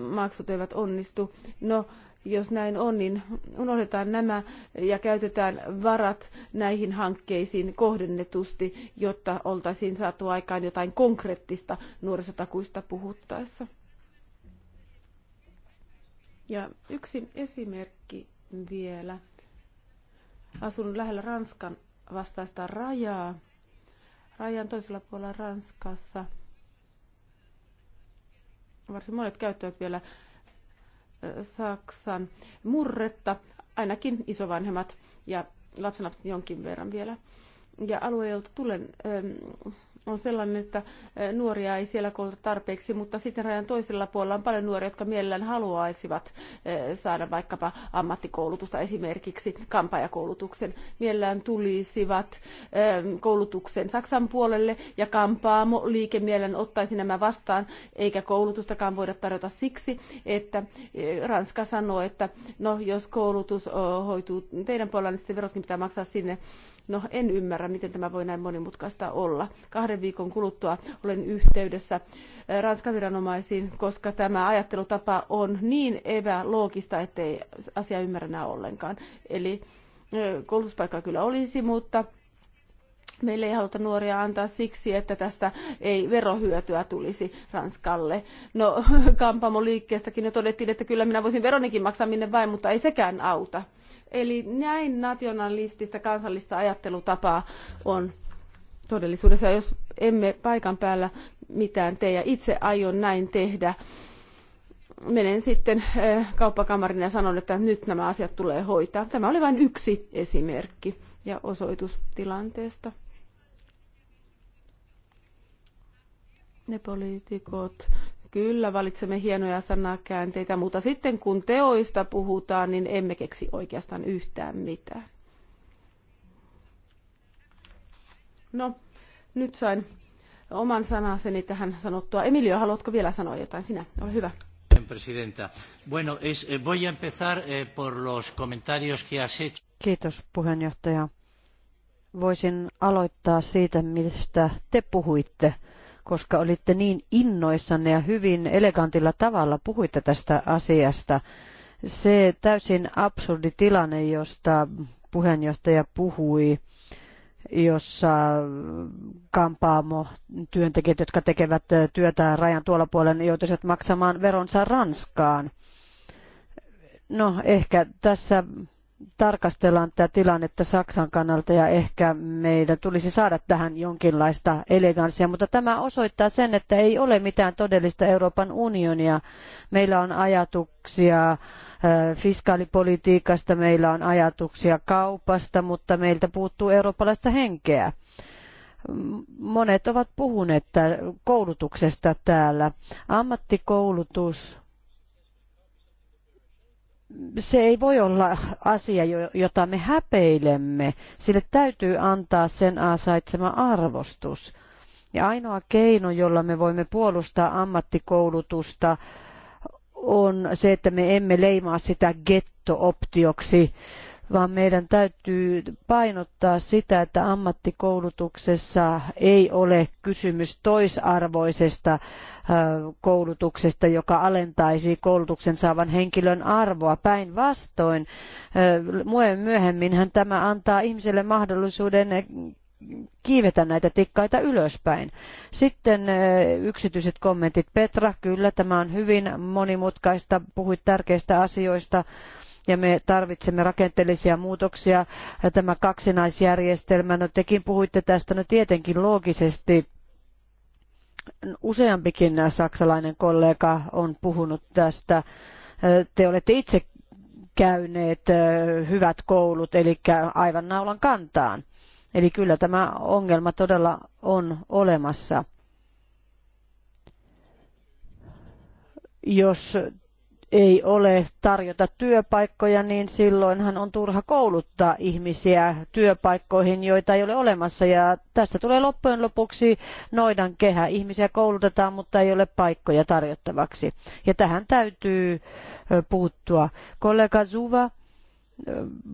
maksut eivät onnistu. No, jos näin on, niin unohdetaan nämä ja käytetään varat näihin hankkeisiin kohdennetusti, jotta oltaisiin saatu aikaan jotain konkreettista nuorisotakuista puhuttaessa. Ja yksi esimerkki vielä. Asun lähellä Ranskan vastaista rajaa. Rajan toisella puolella Ranskassa. Varsin monet käyttävät vielä Saksan murretta, ainakin isovanhemmat ja lapsenlapset jonkin verran vielä. Ja alueelta tulen, on sellainen, että eh, nuoria ei siellä kouluta tarpeeksi, mutta sitten rajan toisella puolella on paljon nuoria, jotka mielellään haluaisivat eh, saada vaikkapa ammattikoulutusta, esimerkiksi kampaajakoulutuksen. Mielellään tulisivat eh, koulutuksen Saksan puolelle ja kampaamo liike mielellään ottaisi nämä vastaan, eikä koulutustakaan voida tarjota siksi, että Ranska sanoo, että no jos koulutus hoituu teidän puolella, niin sitten verotkin pitää maksaa sinne. No en ymmärrä, miten tämä voi näin monimutkaista olla kahden viikon kuluttua olen yhteydessä eh, Ranskan viranomaisiin, koska tämä ajattelutapa on niin epäloogista, ettei asia ymmärrä ollenkaan. Eli eh, koulutuspaikka kyllä olisi, mutta meille ei haluta nuoria antaa siksi, että tästä ei verohyötyä tulisi Ranskalle. No, [laughs] Kampamo-liikkeestäkin jo todettiin, että kyllä minä voisin veronikin maksaa minne vain, mutta ei sekään auta. Eli näin nationalistista kansallista ajattelutapaa on todellisuudessa, jos emme paikan päällä mitään tee ja itse aion näin tehdä, menen sitten eh, kauppakamarin ja sanon, että nyt nämä asiat tulee hoitaa. Tämä oli vain yksi esimerkki ja osoitus tilanteesta. Ne poliitikot, kyllä valitsemme hienoja sanakäänteitä, mutta sitten kun teoista puhutaan, niin emme keksi oikeastaan yhtään mitään. No, nyt sain oman sanaseni tähän sanottua. Emilio, haluatko vielä sanoa jotain? Sinä, ole hyvä. Presidenta. Bueno, es, eh, voy a empezar eh, por los comentarios que has hecho. Kiitos puheenjohtaja. Voisin aloittaa siitä, mistä te puhuitte, koska olitte niin innoissanne ja hyvin elegantilla tavalla puhuitte tästä asiasta. Se täysin absurdi tilanne, josta puheenjohtaja puhui, jossa kampaamo työntekijät, jotka tekevät työtä rajan tuolla puolella, niin joutuisivat maksamaan veronsa Ranskaan. No ehkä tässä tarkastellaan tätä tilannetta Saksan kannalta ja ehkä meidän tulisi saada tähän jonkinlaista eleganssia, mutta tämä osoittaa sen, että ei ole mitään todellista Euroopan unionia. Meillä on ajatuksia fiskaalipolitiikasta, meillä on ajatuksia kaupasta, mutta meiltä puuttuu eurooppalaista henkeä. Monet ovat puhuneet koulutuksesta täällä. Ammattikoulutus, se ei voi olla asia, jota me häpeilemme. Sille täytyy antaa sen ansaitsema arvostus. Ja ainoa keino, jolla me voimme puolustaa ammattikoulutusta, on se, että me emme leimaa sitä ghetto optioksi vaan meidän täytyy painottaa sitä, että ammattikoulutuksessa ei ole kysymys toisarvoisesta koulutuksesta, joka alentaisi koulutuksen saavan henkilön arvoa. Päinvastoin, myöhemmin hän tämä antaa ihmiselle mahdollisuuden kiivetä näitä tikkaita ylöspäin. Sitten yksityiset kommentit. Petra, kyllä tämä on hyvin monimutkaista. Puhuit tärkeistä asioista ja me tarvitsemme rakenteellisia muutoksia. Tämä kaksinaisjärjestelmä, no tekin puhuitte tästä, no tietenkin loogisesti useampikin saksalainen kollega on puhunut tästä. Te olette itse käyneet hyvät koulut, eli aivan naulan kantaan. Eli kyllä tämä ongelma todella on olemassa. Jos ei ole tarjota työpaikkoja, niin silloinhan on turha kouluttaa ihmisiä työpaikkoihin, joita ei ole olemassa. Ja tästä tulee loppujen lopuksi noidan kehä. Ihmisiä koulutetaan, mutta ei ole paikkoja tarjottavaksi. Ja tähän täytyy puuttua. Kollega Zuva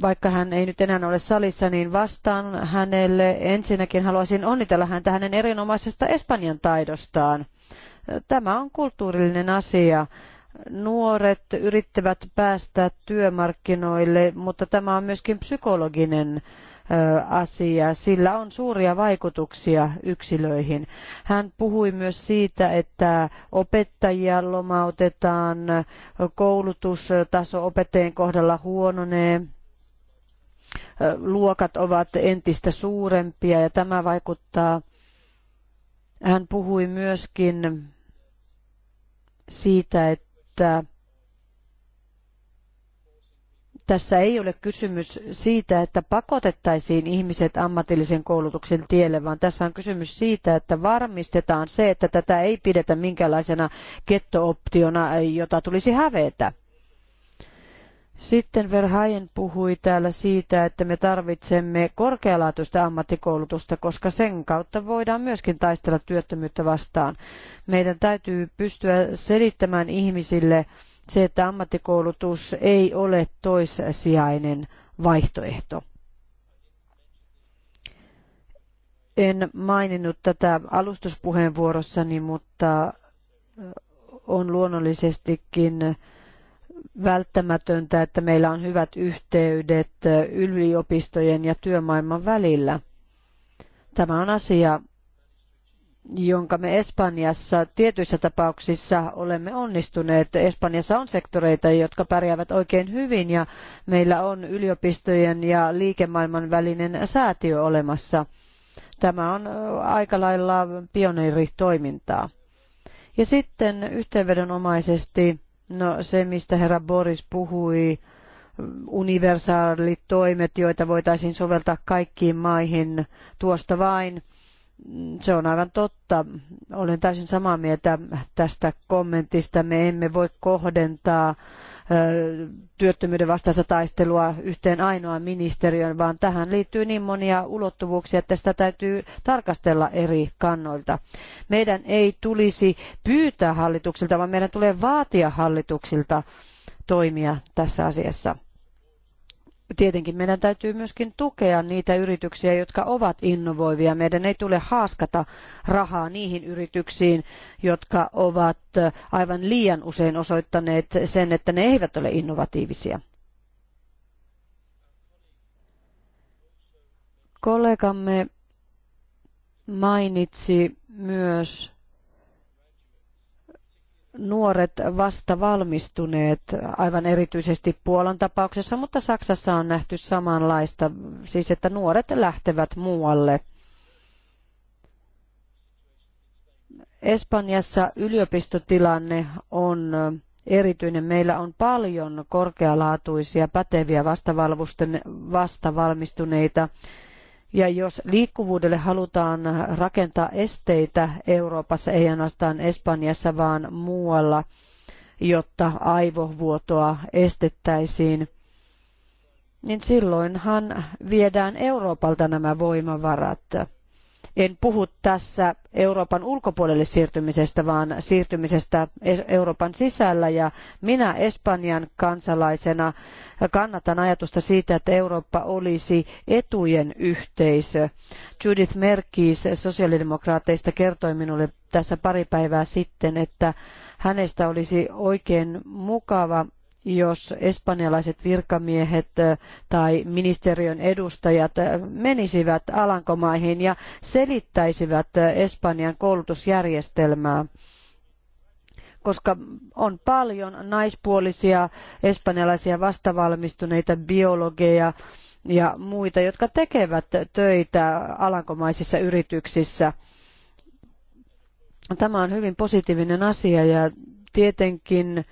vaikka hän ei nyt enää ole salissa, niin vastaan hänelle. Ensinnäkin haluaisin onnitella häntä hänen erinomaisesta Espanjan taidostaan. Tämä on kulttuurillinen asia. Nuoret yrittävät päästä työmarkkinoille, mutta tämä on myöskin psykologinen asia asia. Sillä on suuria vaikutuksia yksilöihin. Hän puhui myös siitä, että opettajia lomautetaan, koulutustaso opettajien kohdalla huononee, luokat ovat entistä suurempia ja tämä vaikuttaa. Hän puhui myöskin siitä, että tässä ei ole kysymys siitä, että pakotettaisiin ihmiset ammatillisen koulutuksen tielle, vaan tässä on kysymys siitä, että varmistetaan se, että tätä ei pidetä minkäänlaisena kettooptiona, jota tulisi hävetä. Sitten Verhaien puhui täällä siitä, että me tarvitsemme korkealaatuista ammattikoulutusta, koska sen kautta voidaan myöskin taistella työttömyyttä vastaan. Meidän täytyy pystyä selittämään ihmisille, se, että ammattikoulutus ei ole toissijainen vaihtoehto. En maininnut tätä alustuspuheenvuorossani, mutta on luonnollisestikin välttämätöntä, että meillä on hyvät yhteydet yliopistojen ja työmaailman välillä. Tämä on asia, jonka me Espanjassa tietyissä tapauksissa olemme onnistuneet. Espanjassa on sektoreita, jotka pärjäävät oikein hyvin ja meillä on yliopistojen ja liikemaailman välinen säätiö olemassa. Tämä on aika lailla pioneeritoimintaa. Ja sitten yhteenvedonomaisesti, no se mistä herra Boris puhui, universaalit toimet, joita voitaisiin soveltaa kaikkiin maihin tuosta vain – se on aivan totta. Olen täysin samaa mieltä tästä kommentista. Me emme voi kohdentaa työttömyyden vastaista taistelua yhteen ainoaan ministeriön, vaan tähän liittyy niin monia ulottuvuuksia, että sitä täytyy tarkastella eri kannoilta. Meidän ei tulisi pyytää hallituksilta, vaan meidän tulee vaatia hallituksilta toimia tässä asiassa. Tietenkin meidän täytyy myöskin tukea niitä yrityksiä, jotka ovat innovoivia. Meidän ei tule haaskata rahaa niihin yrityksiin, jotka ovat aivan liian usein osoittaneet sen, että ne eivät ole innovatiivisia. Kollegamme mainitsi myös nuoret vastavalmistuneet, aivan erityisesti Puolan tapauksessa, mutta Saksassa on nähty samanlaista, siis että nuoret lähtevät muualle. Espanjassa yliopistotilanne on erityinen. Meillä on paljon korkealaatuisia, päteviä vastavalmistuneita ja jos liikkuvuudelle halutaan rakentaa esteitä Euroopassa, ei ainoastaan Espanjassa, vaan muualla, jotta aivovuotoa estettäisiin, niin silloinhan viedään Euroopalta nämä voimavarat. En puhu tässä Euroopan ulkopuolelle siirtymisestä, vaan siirtymisestä Euroopan sisällä. Ja minä Espanjan kansalaisena kannatan ajatusta siitä, että Eurooppa olisi etujen yhteisö. Judith Merkis sosiaalidemokraateista kertoi minulle tässä pari päivää sitten, että hänestä olisi oikein mukava jos espanjalaiset virkamiehet eh, tai ministeriön edustajat eh, menisivät Alankomaihin ja selittäisivät eh, Espanjan koulutusjärjestelmää koska on paljon naispuolisia espanjalaisia vastavalmistuneita biologeja ja muita, jotka tekevät töitä alankomaisissa yrityksissä. Tämä on hyvin positiivinen asia ja tietenkin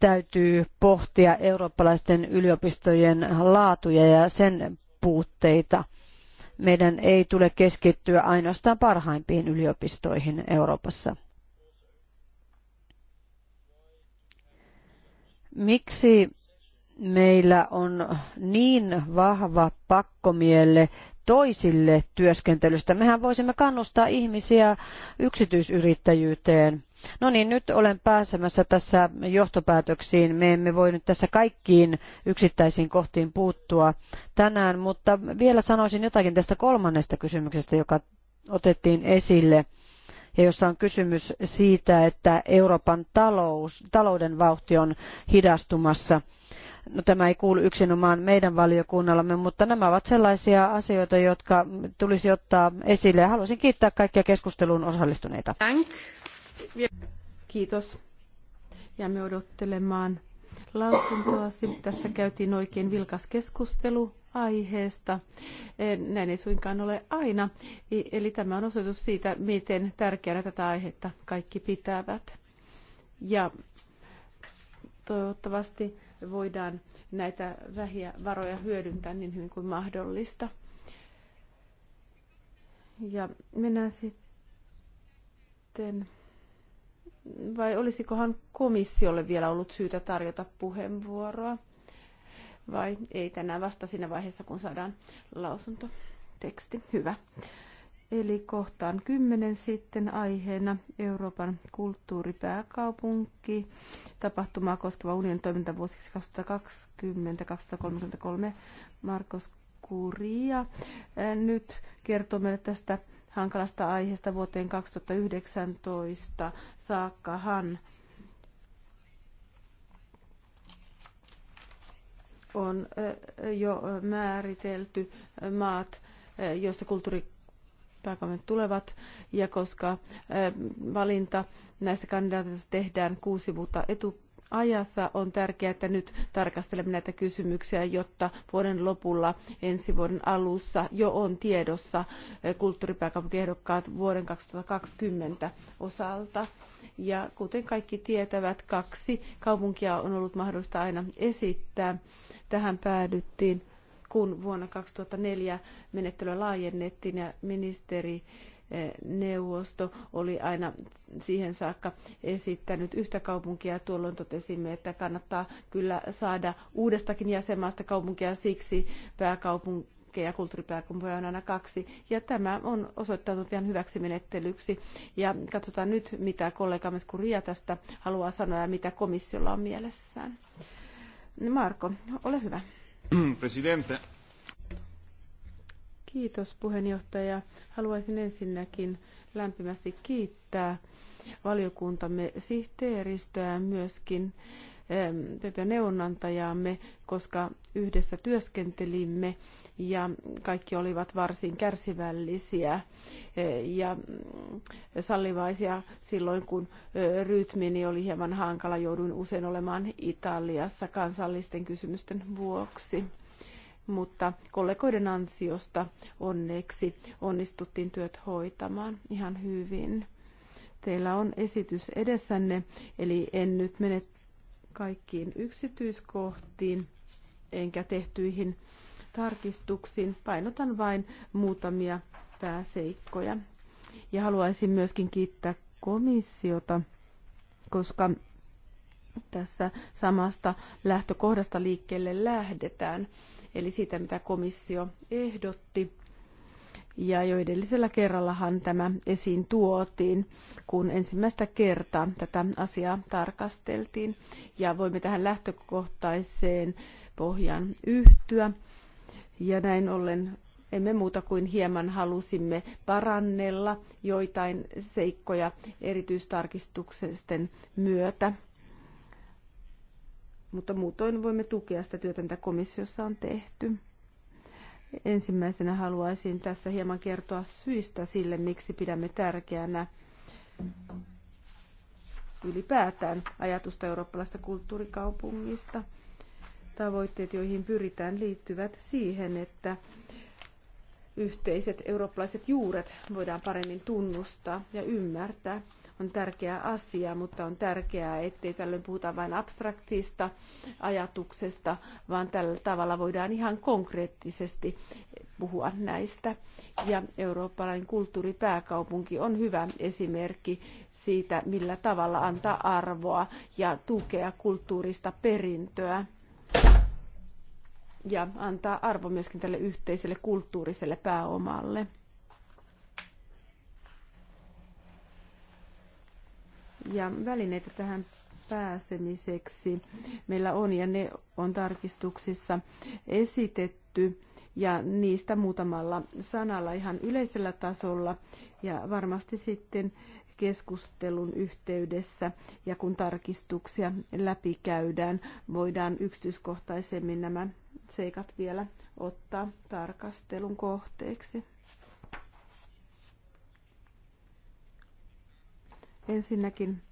täytyy pohtia eurooppalaisten yliopistojen laatuja ja sen puutteita. Meidän ei tule keskittyä ainoastaan parhaimpiin yliopistoihin Euroopassa. Miksi meillä on niin vahva pakkomielle toisille työskentelystä? Mehän voisimme kannustaa ihmisiä yksityisyrittäjyyteen No niin, nyt olen pääsemässä tässä johtopäätöksiin. Me emme voi nyt tässä kaikkiin yksittäisiin kohtiin puuttua tänään, mutta vielä sanoisin jotakin tästä kolmannesta kysymyksestä, joka otettiin esille ja jossa on kysymys siitä, että Euroopan talous, talouden vauhti on hidastumassa. No, tämä ei kuulu yksinomaan meidän valiokunnallamme, mutta nämä ovat sellaisia asioita, jotka tulisi ottaa esille. Haluaisin kiittää kaikkia keskusteluun osallistuneita. Thank. Kiitos. Jäämme odottelemaan lausuntoa. Tässä käytiin oikein vilkas keskustelu aiheesta. Näin ei suinkaan ole aina. Eli tämä on osoitus siitä, miten tärkeänä tätä aihetta kaikki pitävät. Ja toivottavasti voidaan näitä vähiä varoja hyödyntää niin hyvin kuin mahdollista. Ja mennään sitten vai olisikohan komissiolle vielä ollut syytä tarjota puheenvuoroa? Vai ei tänään vasta siinä vaiheessa, kun saadaan lausuntoteksti? Hyvä. Eli kohtaan kymmenen sitten aiheena Euroopan kulttuuripääkaupunki. Tapahtumaa koskeva unionin toiminta vuosiksi 2020-2033. Markus Kuria nyt kertoo meille tästä hankalasta aiheesta vuoteen 2019 hän on jo määritelty maat, joissa kulttuuripääkomet tulevat, ja koska valinta näistä kandidaateista tehdään kuusi vuotta etupäin, ajassa. On tärkeää, että nyt tarkastelemme näitä kysymyksiä, jotta vuoden lopulla ensi vuoden alussa jo on tiedossa eh, kulttuuripääkaupunkiehdokkaat vuoden 2020 osalta. Ja kuten kaikki tietävät, kaksi kaupunkia on ollut mahdollista aina esittää. Tähän päädyttiin, kun vuonna 2004 menettelyä laajennettiin ja ministeri neuvosto oli aina siihen saakka esittänyt yhtä kaupunkia. Tuolloin totesimme, että kannattaa kyllä saada uudestakin jäsenmaasta kaupunkia siksi pääkaupunki ja kulttuuripääkumpuja on aina kaksi. Ja tämä on osoittanut ihan hyväksi menettelyksi. Ja katsotaan nyt, mitä kollegamme Meskuria tästä haluaa sanoa ja mitä komissiolla on mielessään. Marko, ole hyvä. Presidente, Kiitos puheenjohtaja. Haluaisin ensinnäkin lämpimästi kiittää valiokuntamme sihteeristöä myöskin tätä neuvonantajaamme, koska yhdessä työskentelimme ja kaikki olivat varsin kärsivällisiä e, ja mm, sallivaisia silloin, kun e, rytmini oli hieman hankala. Jouduin usein olemaan Italiassa kansallisten kysymysten vuoksi mutta kollegoiden ansiosta onneksi onnistuttiin työt hoitamaan ihan hyvin. Teillä on esitys edessänne, eli en nyt mene kaikkiin yksityiskohtiin enkä tehtyihin tarkistuksiin. Painotan vain muutamia pääseikkoja. Ja haluaisin myöskin kiittää komissiota, koska tässä samasta lähtökohdasta liikkeelle lähdetään eli siitä mitä komissio ehdotti. Ja jo edellisellä kerrallahan tämä esiin tuotiin, kun ensimmäistä kertaa tätä asiaa tarkasteltiin. Ja voimme tähän lähtökohtaiseen pohjan yhtyä. Ja näin ollen emme muuta kuin hieman halusimme parannella joitain seikkoja erityistarkistusten myötä mutta muutoin voimme tukea sitä työtä, mitä komissiossa on tehty. Ensimmäisenä haluaisin tässä hieman kertoa syistä sille, miksi pidämme tärkeänä ylipäätään ajatusta eurooppalaista kulttuurikaupungista. Tavoitteet, joihin pyritään, liittyvät siihen, että yhteiset eurooppalaiset juuret voidaan paremmin tunnustaa ja ymmärtää. On tärkeä asia, mutta on tärkeää, ettei tällöin puhuta vain abstraktista ajatuksesta, vaan tällä tavalla voidaan ihan konkreettisesti puhua näistä. Ja eurooppalainen kulttuuripääkaupunki on hyvä esimerkki siitä, millä tavalla antaa arvoa ja tukea kulttuurista perintöä ja antaa arvo myöskin tälle yhteiselle kulttuuriselle pääomalle. Ja välineitä tähän pääsemiseksi meillä on ja ne on tarkistuksissa esitetty ja niistä muutamalla sanalla ihan yleisellä tasolla ja varmasti sitten keskustelun yhteydessä ja kun tarkistuksia läpikäydään, voidaan yksityiskohtaisemmin nämä seikat vielä ottaa tarkastelun kohteeksi. Ensinnäkin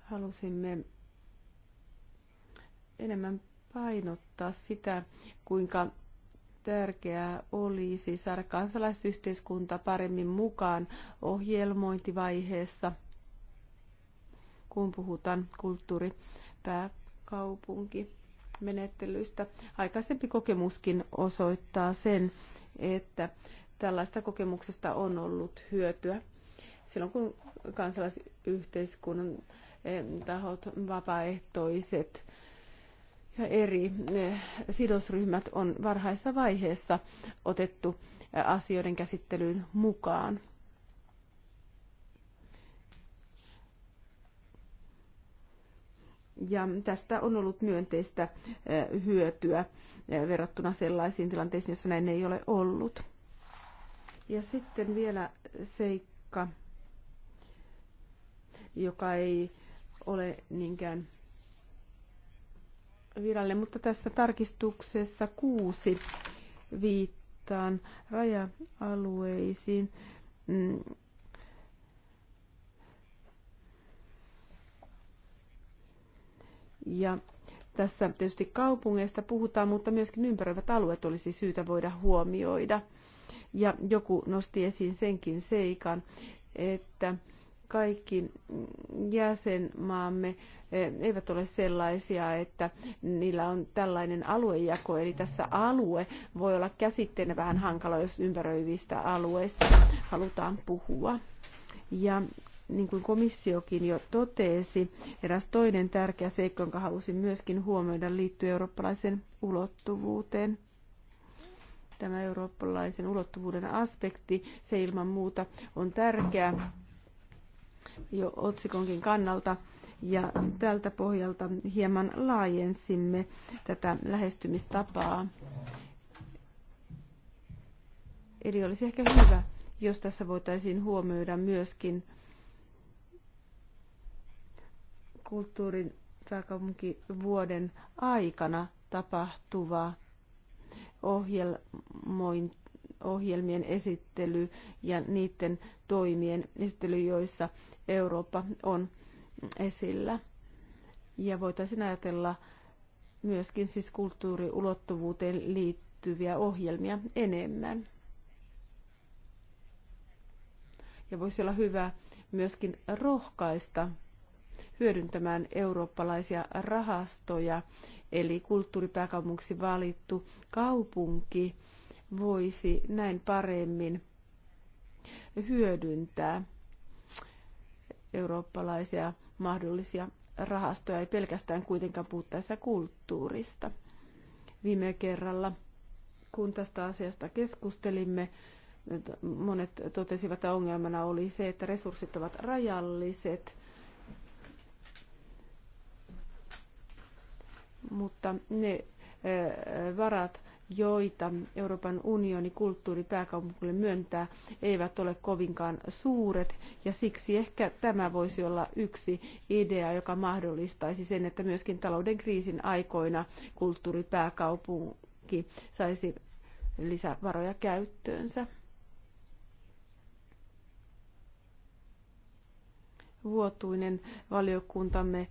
halusimme enemmän painottaa sitä, kuinka tärkeää olisi saada kansalaisyhteiskunta paremmin mukaan ohjelmointivaiheessa, kun puhutaan kulttuuripääkaupunki menettelyistä. Aikaisempi kokemuskin osoittaa sen, että tällaista kokemuksesta on ollut hyötyä. Silloin kun kansalaisyhteiskunnan eh, tahot, vapaaehtoiset ja eri eh, sidosryhmät on varhaisessa vaiheessa otettu eh, asioiden käsittelyyn mukaan. Ja tästä on ollut myönteistä hyötyä verrattuna sellaisiin tilanteisiin, joissa näin ei ole ollut. Ja sitten vielä seikka, joka ei ole niinkään viralle, mutta tässä tarkistuksessa kuusi viittaan raja-alueisiin mm, Ja tässä tietysti kaupungeista puhutaan, mutta myöskin ympäröivät alueet olisi syytä voida huomioida. Ja joku nosti esiin senkin seikan, että kaikki jäsenmaamme eh, eivät ole sellaisia, että niillä on tällainen aluejako, eli tässä alue voi olla käsitteenä vähän hankala, jos ympäröivistä alueista halutaan puhua. Ja niin kuin komissiokin jo totesi, eräs toinen tärkeä seikka, jonka halusin myöskin huomioida, liittyy eurooppalaisen ulottuvuuteen. Tämä eurooppalaisen ulottuvuuden aspekti, se ilman muuta on tärkeä jo otsikonkin kannalta. Ja tältä pohjalta hieman laajensimme tätä lähestymistapaa. Eli olisi ehkä hyvä, jos tässä voitaisiin huomioida myöskin kulttuurin vuoden aikana tapahtuva ohjelmoin ohjelmien esittely ja niiden toimien esittely, joissa Eurooppa on esillä. Ja voitaisiin ajatella myöskin siis kulttuuriulottuvuuteen liittyviä ohjelmia enemmän. Ja voisi olla hyvä myöskin rohkaista hyödyntämään eurooppalaisia rahastoja, eli kulttuuripääkaupunksi valittu kaupunki voisi näin paremmin hyödyntää eurooppalaisia mahdollisia rahastoja, ei pelkästään kuitenkaan puhuttaessa kulttuurista. Viime kerralla, kun tästä asiasta keskustelimme, monet totesivat, että ongelmana oli se, että resurssit ovat rajalliset mutta ne varat, joita Euroopan unioni kulttuuripääkaupunkille myöntää, eivät ole kovinkaan suuret, ja siksi ehkä tämä voisi olla yksi idea, joka mahdollistaisi sen, että myöskin talouden kriisin aikoina kulttuuripääkaupunki saisi lisävaroja käyttöönsä. Vuotuinen valiokuntamme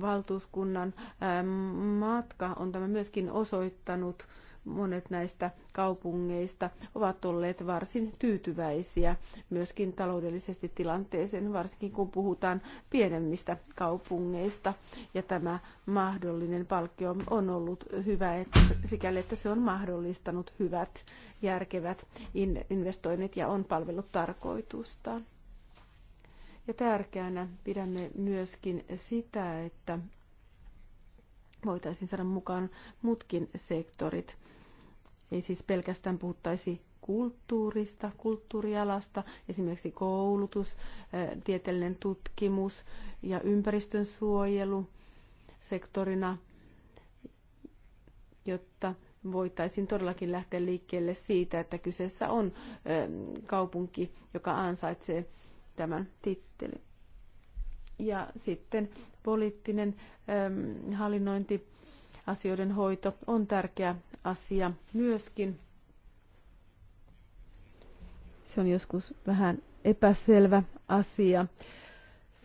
valtuuskunnan matka on tämä myöskin osoittanut. Monet näistä kaupungeista ovat olleet varsin tyytyväisiä myöskin taloudellisesti tilanteeseen, varsinkin kun puhutaan pienemmistä kaupungeista. Ja tämä mahdollinen palkkio on ollut hyvä että, sikäli, että se on mahdollistanut hyvät, järkevät investoinnit ja on palvellut tarkoitustaan ja tärkeänä pidämme myöskin sitä, että voitaisiin saada mukaan muutkin sektorit. Ei siis pelkästään puhuttaisi kulttuurista, kulttuurialasta, esimerkiksi koulutus, tieteellinen tutkimus ja ympäristön suojelu sektorina, jotta voitaisiin todellakin lähteä liikkeelle siitä, että kyseessä on kaupunki, joka ansaitsee tämän titteli. Ja sitten poliittinen ähm, hallinnointi, asioiden hoito on tärkeä asia myöskin. Se on joskus vähän epäselvä asia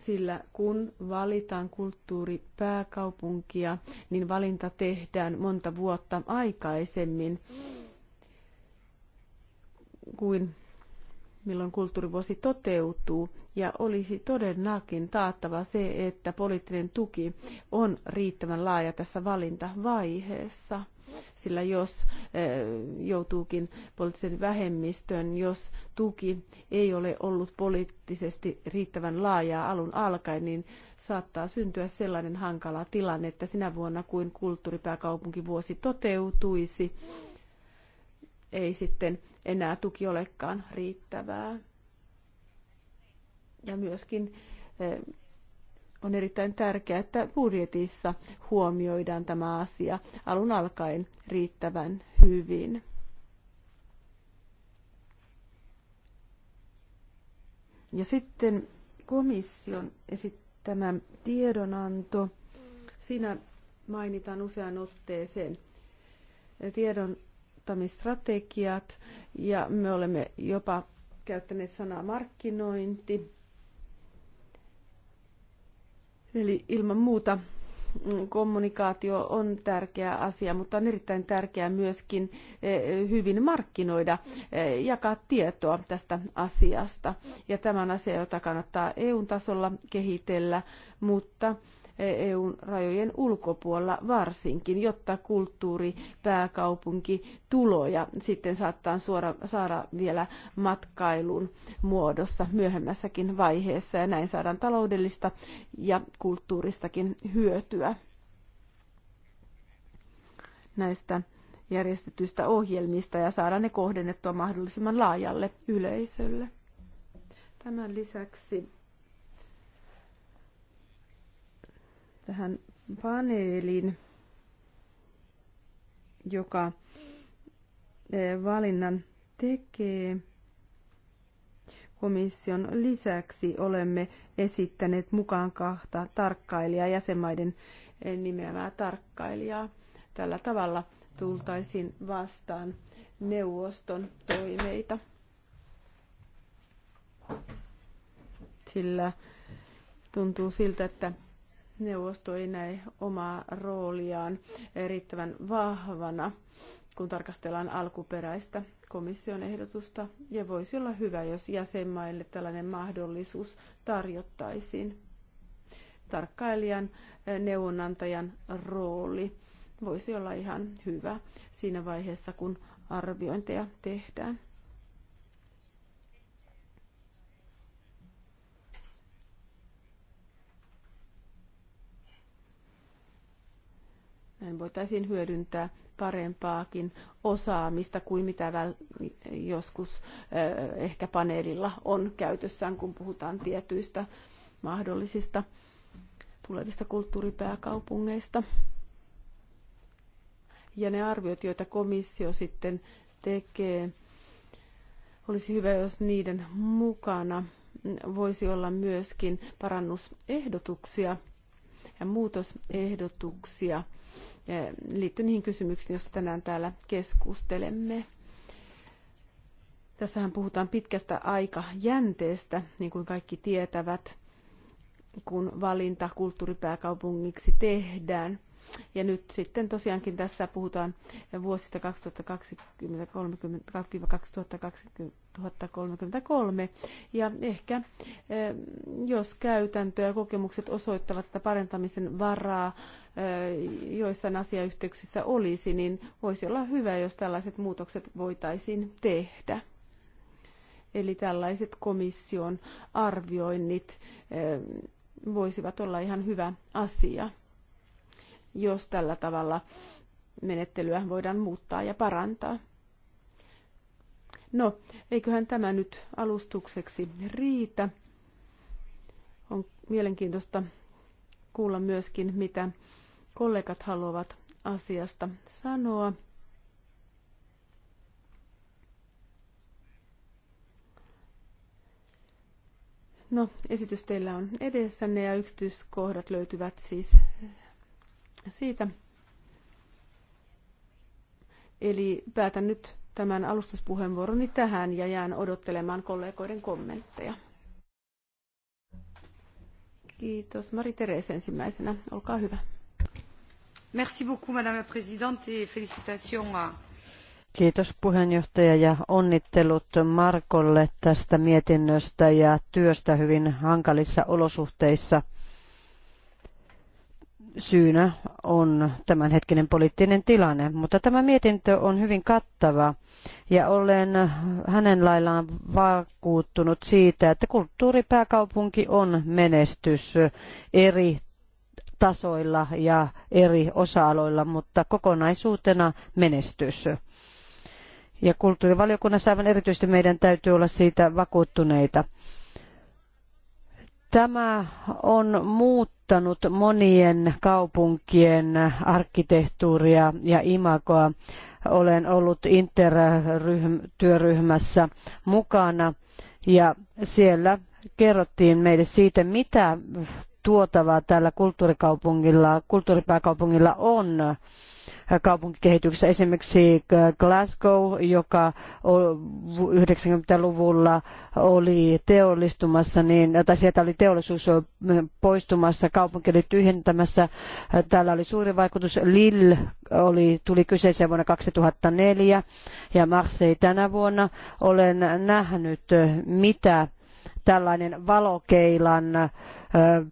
sillä kun valitaan kulttuuripääkaupunkia, niin valinta tehdään monta vuotta aikaisemmin kuin milloin kulttuurivuosi toteutuu, ja olisi todennakin taattava se, että poliittinen tuki on riittävän laaja tässä valintavaiheessa. Sillä jos eh, joutuukin poliittisen vähemmistön, jos tuki ei ole ollut poliittisesti riittävän laajaa alun alkaen, niin saattaa syntyä sellainen hankala tilanne, että sinä vuonna kuin kulttuuripääkaupunkivuosi toteutuisi, ei sitten enää tuki olekaan riittävää. Ja myöskin eh, on erittäin tärkeää, että budjetissa huomioidaan tämä asia alun alkaen riittävän hyvin. Ja sitten komission esittämä tiedonanto. Siinä mainitaan usean otteeseen tiedon toteuttamistrategiat ja me olemme jopa käyttäneet sanaa markkinointi. Eli ilman muuta kommunikaatio on tärkeä asia, mutta on erittäin tärkeää myöskin eh, hyvin markkinoida, eh, jakaa tietoa tästä asiasta. Ja tämä on asia, jota kannattaa EU-tasolla kehitellä, mutta E EUn rajojen ulkopuolella varsinkin, jotta kulttuuri, pääkaupunki, tuloja sitten saattaa suora, saada vielä matkailun muodossa myöhemmässäkin vaiheessa ja näin saadaan taloudellista ja kulttuuristakin hyötyä näistä järjestetyistä ohjelmista ja saada ne kohdennettua mahdollisimman laajalle yleisölle. Tämän lisäksi tähän paneelin, joka eh, valinnan tekee. Komission lisäksi olemme esittäneet mukaan kahta tarkkailijaa, jäsenmaiden eh, nimeämää tarkkailijaa. Tällä tavalla tultaisiin vastaan neuvoston toimeita. Sillä tuntuu siltä, että neuvosto ei näe omaa rooliaan riittävän vahvana, kun tarkastellaan alkuperäistä komission ehdotusta, ja voisi olla hyvä, jos jäsenmaille tällainen mahdollisuus tarjottaisiin. Tarkkailijan eh, neuvonantajan rooli voisi olla ihan hyvä siinä vaiheessa, kun arviointeja tehdään. Näin voitaisiin hyödyntää parempaakin osaamista kuin mitä joskus ehkä paneelilla on käytössään, kun puhutaan tietyistä mahdollisista tulevista kulttuuripääkaupungeista. Ja ne arviot, joita komissio sitten tekee, olisi hyvä, jos niiden mukana voisi olla myöskin parannusehdotuksia – muutosehdotuksia liittyen niihin kysymyksiin, joista tänään täällä keskustelemme. Tässähän puhutaan pitkästä aikajänteestä, niin kuin kaikki tietävät, kun valinta kulttuuripääkaupungiksi tehdään – ja nyt sitten tosiaankin tässä puhutaan vuosista 2020-2033. Ja ehkä eh, jos käytäntö ja kokemukset osoittavat, että parentamisen varaa eh, joissain asiayhteyksissä olisi, niin voisi olla hyvä, jos tällaiset muutokset voitaisiin tehdä. Eli tällaiset komission arvioinnit eh, voisivat olla ihan hyvä asia jos tällä tavalla menettelyä voidaan muuttaa ja parantaa. No, eiköhän tämä nyt alustukseksi riitä. On mielenkiintoista kuulla myöskin, mitä kollegat haluavat asiasta sanoa. No, esitys teillä on edessänne ja yksityiskohdat löytyvät siis siitä. Eli päätän nyt tämän alustuspuheenvuoroni tähän ja jään odottelemaan kollegoiden kommentteja. Kiitos. Mari Teres ensimmäisenä. Olkaa hyvä. Merci beaucoup, Madame la Présidente, et félicitations à... Kiitos puheenjohtaja ja onnittelut Markolle tästä mietinnöstä ja työstä hyvin hankalissa olosuhteissa – syynä on tämänhetkinen poliittinen tilanne. Mutta tämä mietintö on hyvin kattava ja olen hänen laillaan vakuuttunut siitä, että kulttuuripääkaupunki on menestys eri tasoilla ja eri osa-aloilla, mutta kokonaisuutena menestys. Ja kulttuurivaliokunnassa aivan erityisesti meidän täytyy olla siitä vakuuttuneita. Tämä on muuttanut monien kaupunkien arkkitehtuuria ja imagoa. Olen ollut Inter-työryhmässä mukana ja siellä kerrottiin meille siitä, mitä tuotavaa tällä kulttuurikaupungilla, kulttuuripääkaupungilla on kaupunkikehityksessä. Esimerkiksi äh, Glasgow, joka 90-luvulla oli teollistumassa, niin, tai sieltä oli teollisuus poistumassa, kaupunki oli tyhjentämässä. Äh, Täällä oli suuri vaikutus. Lille oli, tuli kyseeseen vuonna 2004 ja Marseille tänä vuonna. Olen nähnyt, mitä tällainen valokeilan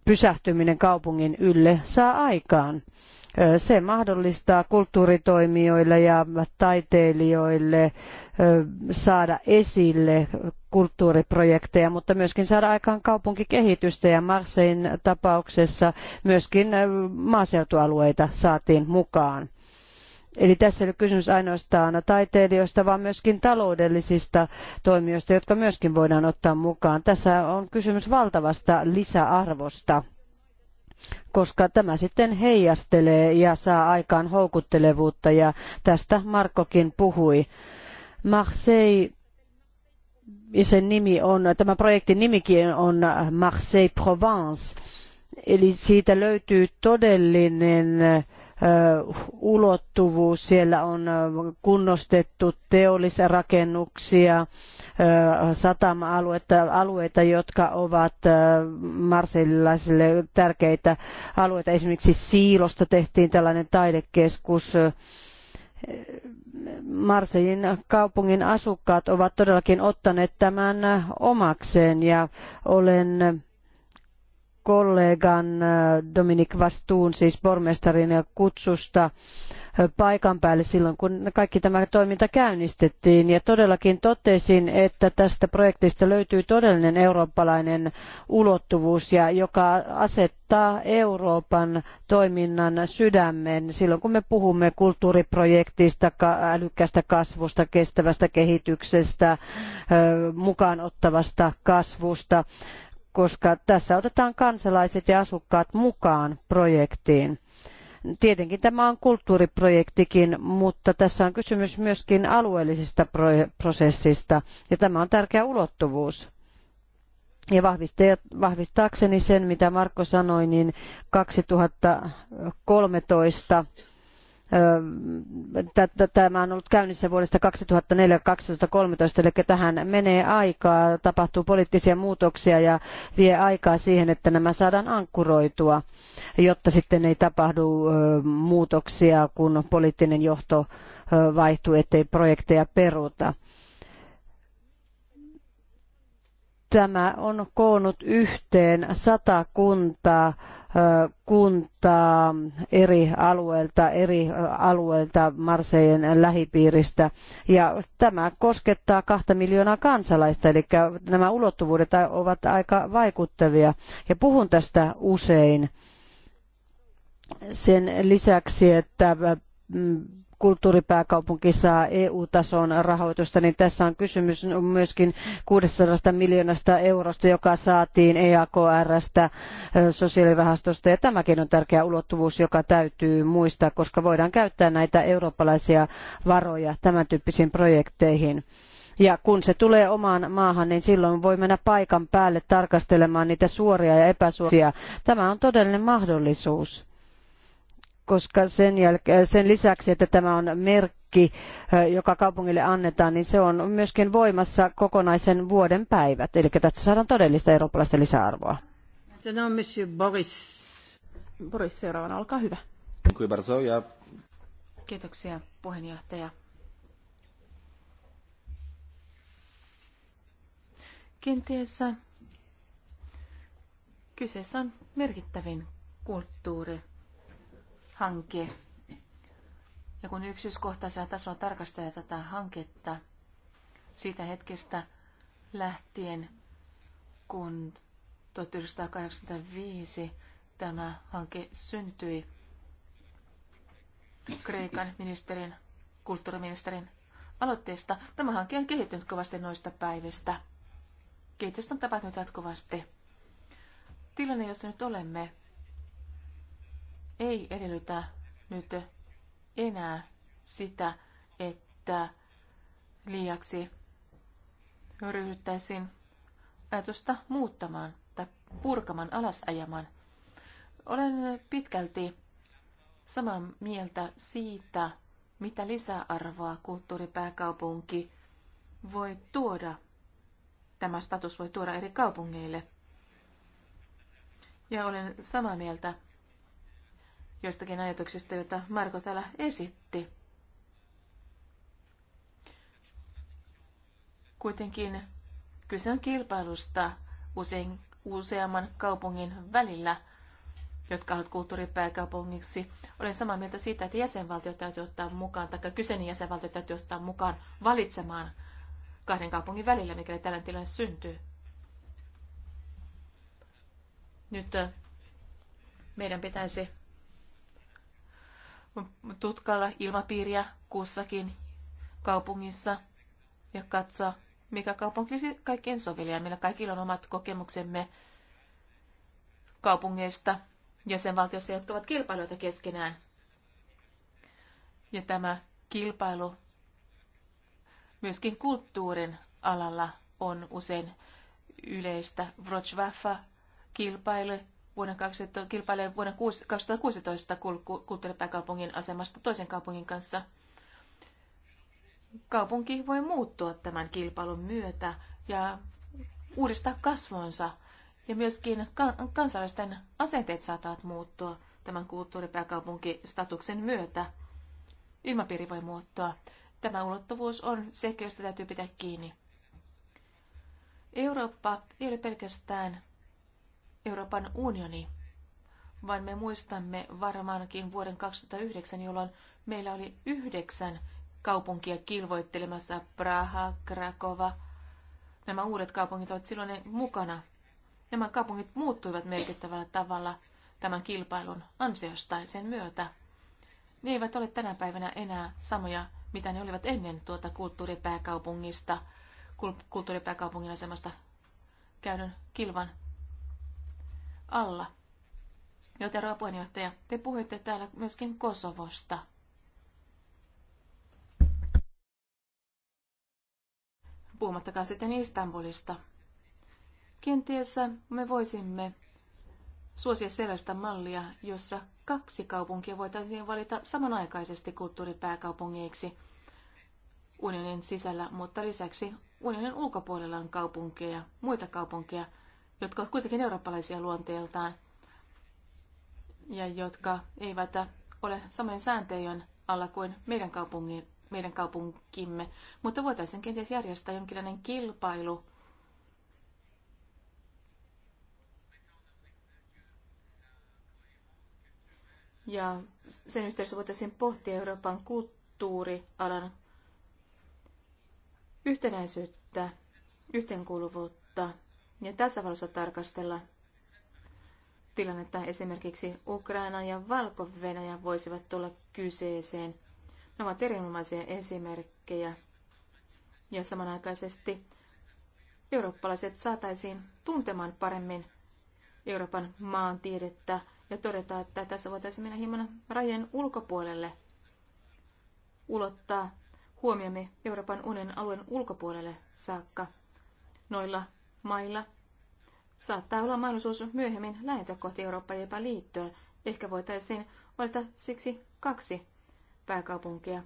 pysähtyminen kaupungin ylle saa aikaan. Se mahdollistaa kulttuuritoimijoille ja taiteilijoille saada esille kulttuuriprojekteja, mutta myöskin saada aikaan kaupunkikehitystä ja Marsein tapauksessa myöskin maaseutualueita saatiin mukaan. Eli tässä ei ole kysymys ainoastaan taiteilijoista, vaan myöskin taloudellisista toimijoista, jotka myöskin voidaan ottaa mukaan. Tässä on kysymys valtavasta lisäarvosta koska tämä sitten heijastelee ja saa aikaan houkuttelevuutta ja tästä Markkokin puhui. Marseille sen nimi on, tämä projektin nimikin on Marseille Provence, eli siitä löytyy todellinen ulottuvuus. Siellä on kunnostettu teollisrakennuksia, satama-alueita, alueita, jotka ovat marseililaisille tärkeitä alueita. Esimerkiksi Siilosta tehtiin tällainen taidekeskus. Marseillin kaupungin asukkaat ovat todellakin ottaneet tämän omakseen ja olen kollegan äh, Dominik Vastuun, siis pormestarin ja kutsusta äh, paikan päälle silloin, kun kaikki tämä toiminta käynnistettiin. Ja todellakin totesin, että tästä projektista löytyy todellinen eurooppalainen ulottuvuus, ja joka asettaa Euroopan toiminnan sydämen silloin, kun me puhumme kulttuuriprojektista, älykkäästä kasvusta, kestävästä kehityksestä, mukaan ottavasta kasvusta koska tässä otetaan kansalaiset ja asukkaat mukaan projektiin. Tietenkin tämä on kulttuuriprojektikin, mutta tässä on kysymys myöskin alueellisesta prosessista ja tämä on tärkeä ulottuvuus. Ja vahvistaakseni sen, mitä Marko sanoi, niin 2013 Tämä on ollut käynnissä vuodesta 2004-2013, eli tähän menee aikaa, tapahtuu poliittisia muutoksia ja vie aikaa siihen, että nämä saadaan ankkuroitua, jotta sitten ei tapahdu muutoksia, kun poliittinen johto vaihtuu, ettei projekteja peruta. Tämä on koonnut yhteen sata kuntaa kuntaa eri alueilta, eri alueilta Marseien lähipiiristä. Ja tämä koskettaa kahta miljoonaa kansalaista, eli nämä ulottuvuudet ovat aika vaikuttavia. Ja puhun tästä usein sen lisäksi, että mm, kulttuuripääkaupunki saa EU-tason rahoitusta, niin tässä on kysymys myöskin 600 miljoonasta eurosta, joka saatiin EAKRstä, sosiaalirahastosta. Ja tämäkin on tärkeä ulottuvuus, joka täytyy muistaa, koska voidaan käyttää näitä eurooppalaisia varoja tämän tyyppisiin projekteihin. Ja kun se tulee omaan maahan, niin silloin voi mennä paikan päälle tarkastelemaan niitä suoria ja epäsuoria. Tämä on todellinen mahdollisuus koska sen, jälkeen, sen lisäksi, että tämä on merkki, joka kaupungille annetaan, niin se on myöskin voimassa kokonaisen vuoden päivät. Eli tästä saadaan todellista eurooppalaista lisäarvoa. on no, monsieur Boris. Boris, seuraavana, olkaa hyvä. Kiitoksia, puheenjohtaja. Kenties kyseessä on merkittävin kulttuuri hanke. Ja kun yksityiskohtaisella tasolla tarkastelee tätä hanketta siitä hetkestä lähtien, kun 1985 tämä hanke syntyi Kreikan ministerin, kulttuuriministerin aloitteesta. Tämä hanke on kehittynyt kovasti noista päivistä. Kehitystä on tapahtunut jatkuvasti. Tilanne, jossa nyt olemme, ei edellytä nyt enää sitä, että liiaksi ryhdyttäisiin ajatusta muuttamaan tai purkamaan, alasajamaan. Olen pitkälti samaa mieltä siitä, mitä lisäarvoa kulttuuripääkaupunki voi tuoda, tämä status voi tuoda eri kaupungeille. Ja olen samaa mieltä joistakin ajatuksista, joita Marko täällä esitti. Kuitenkin kyse on kilpailusta usein, useamman kaupungin välillä, jotka ovat kulttuuripääkaupungiksi. Olen samaa mieltä siitä, että jäsenvaltiot täytyy ottaa mukaan, tai kyseinen jäsenvaltio täytyy ottaa mukaan valitsemaan kahden kaupungin välillä, mikäli tällainen tilanne syntyy. Nyt eh, meidän pitäisi tutkalla ilmapiiriä kussakin kaupungissa ja katsoa, mikä kaupunki olisi kaikkein soveliaan. Meillä kaikilla on omat kokemuksemme kaupungeista jäsenvaltiossa, jotka ovat kilpailijoita keskenään. Ja tämä kilpailu myöskin kulttuurin alalla on usein yleistä. Wrocław kilpailu vuonna 2000, kilpailee vuonna 2016 kulttuuripääkaupungin asemasta toisen kaupungin kanssa. Kaupunki voi muuttua tämän kilpailun myötä ja uudistaa kasvonsa. Ja myöskin kansalaisten asenteet saattavat muuttua tämän kulttuuripääkaupunkistatuksen myötä. Ilmapiiri voi muuttua. Tämä ulottuvuus on se, josta täytyy pitää kiinni. Eurooppa ei ole pelkästään Euroopan unioni, vaan me muistamme varmaankin vuoden 2009, jolloin meillä oli yhdeksän kaupunkia kilvoittelemassa Praha, Krakova. Nämä uudet kaupungit ovat silloin mukana. Nämä kaupungit muuttuivat merkittävällä tavalla tämän kilpailun ansiosta ja sen myötä. Ne eivät ole tänä päivänä enää samoja, mitä ne olivat ennen tuota kulttuuripääkaupungista, kulttuuripääkaupungin asemasta käydyn kilvan alla. Joten rapuenjohtaja, te puhuitte täällä myöskin Kosovosta. Puhumattakaan sitten Istanbulista. Kenties me voisimme suosia sellaista mallia, jossa kaksi kaupunkia voitaisiin valita samanaikaisesti kulttuuripääkaupungeiksi unionin sisällä, mutta lisäksi unionin ulkopuolella on kaupunkeja, muita kaupunkeja, jotka ovat kuitenkin eurooppalaisia luonteeltaan ja jotka eivät ole samojen sääntöjen alla kuin meidän, kaupungin, meidän kaupunkimme, mutta voitaisiin kenties järjestää jonkinlainen kilpailu Ja sen yhteydessä voitaisiin pohtia Euroopan kulttuurialan yhtenäisyyttä, yhteenkuuluvuutta ja tässä valossa tarkastella tilannetta esimerkiksi Ukraina ja valko voisivat tulla kyseeseen. Ne ovat erinomaisia esimerkkejä. Ja samanaikaisesti eurooppalaiset saataisiin tuntemaan paremmin Euroopan maantiedettä ja todeta, että tässä voitaisiin mennä hieman rajan ulkopuolelle, ulottaa huomiomme Euroopan unen alueen ulkopuolelle saakka. Noilla mailla saattaa olla mahdollisuus myöhemmin lähentyä kohti Eurooppaa ja jopa liittyä. Ehkä voitaisiin valita siksi kaksi pääkaupunkia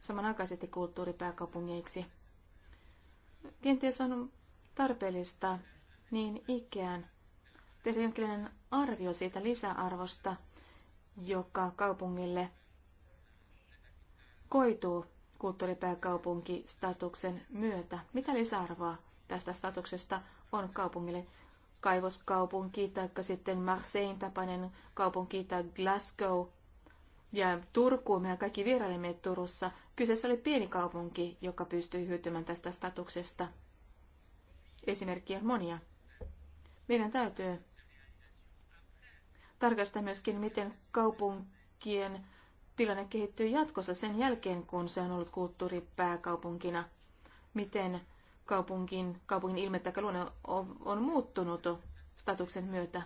samanaikaisesti kulttuuripääkaupungeiksi. Kenties on tarpeellista niin ikään tehdä jonkinlainen arvio siitä lisäarvosta, joka kaupungille koituu kulttuuripääkaupunkistatuksen myötä. Mitä lisäarvoa tästä statuksesta on kaupungille? Kaivoskaupunki tai sitten Marseille tapainen kaupunki tai Glasgow ja Turku mehän kaikki vierailimme Turussa. Kyseessä oli pieni kaupunki, joka pystyi hyötymään tästä statuksesta. Esimerkkiä monia. Meidän täytyy tarkastaa myöskin, miten kaupunkien tilanne kehittyy jatkossa sen jälkeen, kun se on ollut kulttuuripääkaupunkina? Miten kaupunkin, kaupungin ilme tai luonne on, on muuttunut statuksen myötä?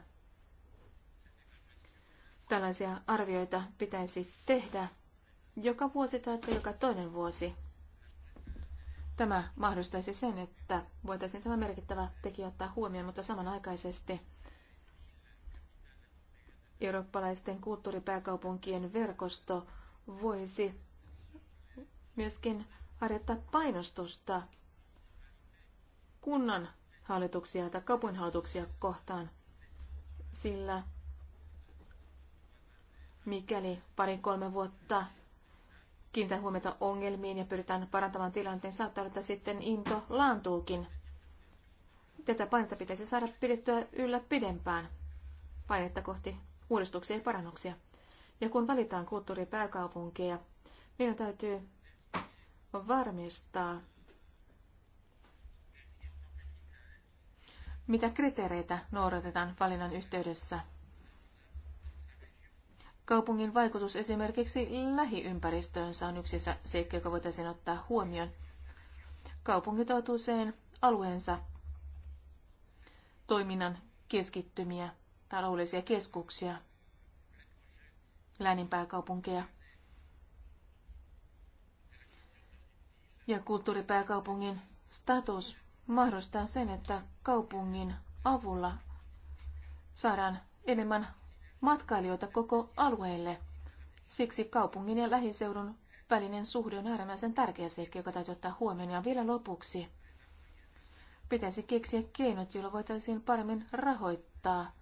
Tällaisia arvioita pitäisi tehdä joka vuosi tai joka toinen vuosi. Tämä mahdollistaisi sen, että voitaisiin tämä merkittävä tekijä ottaa huomioon, mutta samanaikaisesti – eurooppalaisten kulttuuripääkaupunkien verkosto voisi myöskin harjoittaa painostusta kunnan hallituksia tai kaupunginhallituksia kohtaan, sillä mikäli parin kolme vuotta kiinnitän huomiota ongelmiin ja pyritään parantamaan tilanteen, saattaa olla, että sitten into laantuukin. Tätä painetta pitäisi saada pidettyä yllä pidempään painetta kohti uudistuksia ja parannuksia. Ja kun valitaan kulttuuripääkaupunkeja, meidän täytyy varmistaa, mitä kriteereitä noudatetaan valinnan yhteydessä. Kaupungin vaikutus esimerkiksi lähiympäristöönsä on yksi seikka, joka voitaisiin ottaa huomioon. Kaupungit ovat usein alueensa toiminnan keskittymiä taloudellisia keskuksia, läänin Ja kulttuuripääkaupungin status mahdollistaa sen, että kaupungin avulla saadaan enemmän matkailijoita koko alueelle. Siksi kaupungin ja lähiseudun välinen suhde on äärimmäisen tärkeä seikka, joka täytyy ottaa huomioon. Ja vielä lopuksi pitäisi keksiä keinot, joilla voitaisiin paremmin rahoittaa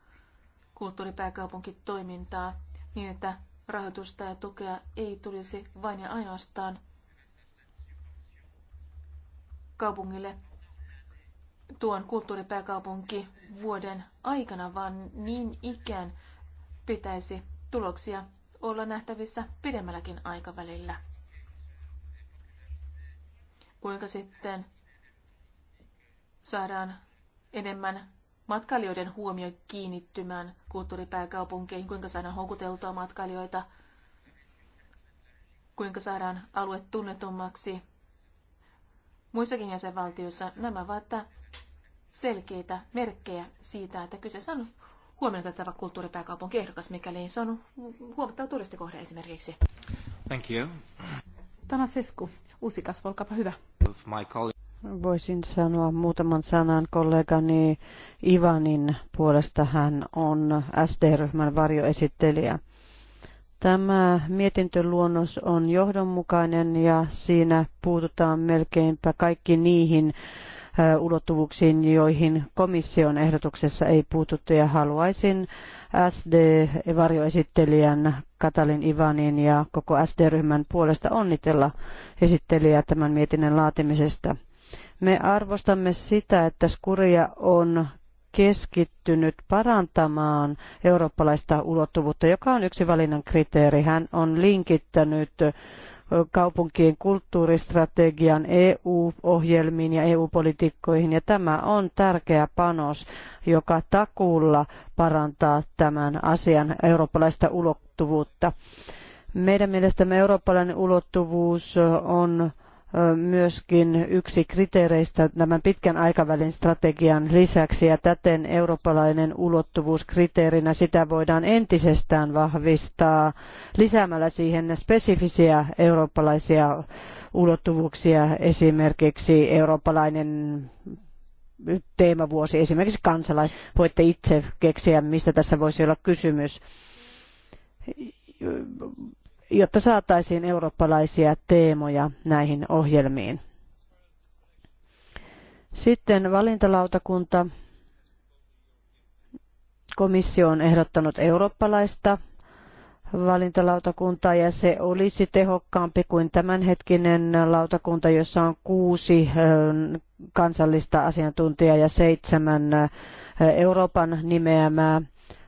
kulttuuripääkaupunkitoimintaa niin, että rahoitusta ja tukea ei tulisi vain ja ainoastaan kaupungille tuon kulttuuripääkaupunki vuoden aikana, vaan niin ikään pitäisi tuloksia olla nähtävissä pidemmälläkin aikavälillä. Kuinka sitten saadaan enemmän matkailijoiden huomio kiinnittymään kulttuuripääkaupunkeihin, kuinka saadaan houkuteltua matkailijoita, kuinka saadaan alue tunnetummaksi. Muissakin jäsenvaltioissa nämä ovat selkeitä merkkejä siitä, että kyseessä on huomioitettava kulttuuripääkaupunki ehdokas, mikäli se on huomattava turistikohde esimerkiksi. Thank you. Tanasescu, uusi kasvu, olkaapa hyvä. My colleague voisin sanoa muutaman sanan kollegani Ivanin puolesta. Hän on SD-ryhmän varjoesittelijä. Tämä mietintöluonnos on johdonmukainen ja siinä puututaan melkeinpä kaikki niihin ulottuvuuksiin, joihin komission ehdotuksessa ei puututtu ja haluaisin SD-varjoesittelijän Katalin Ivanin ja koko SD-ryhmän puolesta onnitella esittelijää tämän mietinnön laatimisesta. Me arvostamme sitä, että Skuria on keskittynyt parantamaan eurooppalaista ulottuvuutta, joka on yksi valinnan kriteeri. Hän on linkittänyt kaupunkien kulttuuristrategian EU-ohjelmiin ja EU-politiikkoihin, ja tämä on tärkeä panos, joka takuulla parantaa tämän asian eurooppalaista ulottuvuutta. Meidän mielestämme eurooppalainen ulottuvuus on myöskin yksi kriteereistä tämän pitkän aikavälin strategian lisäksi ja täten eurooppalainen ulottuvuus kriteerinä sitä voidaan entisestään vahvistaa lisäämällä siihen spesifisiä eurooppalaisia ulottuvuuksia esimerkiksi eurooppalainen teemavuosi, esimerkiksi kansalais. Voitte itse keksiä, mistä tässä voisi olla kysymys jotta saataisiin eurooppalaisia teemoja näihin ohjelmiin. Sitten valintalautakunta. Komissio on ehdottanut eurooppalaista valintalautakuntaa ja se olisi tehokkaampi kuin tämänhetkinen lautakunta, jossa on kuusi kansallista asiantuntijaa ja seitsemän Euroopan nimeämää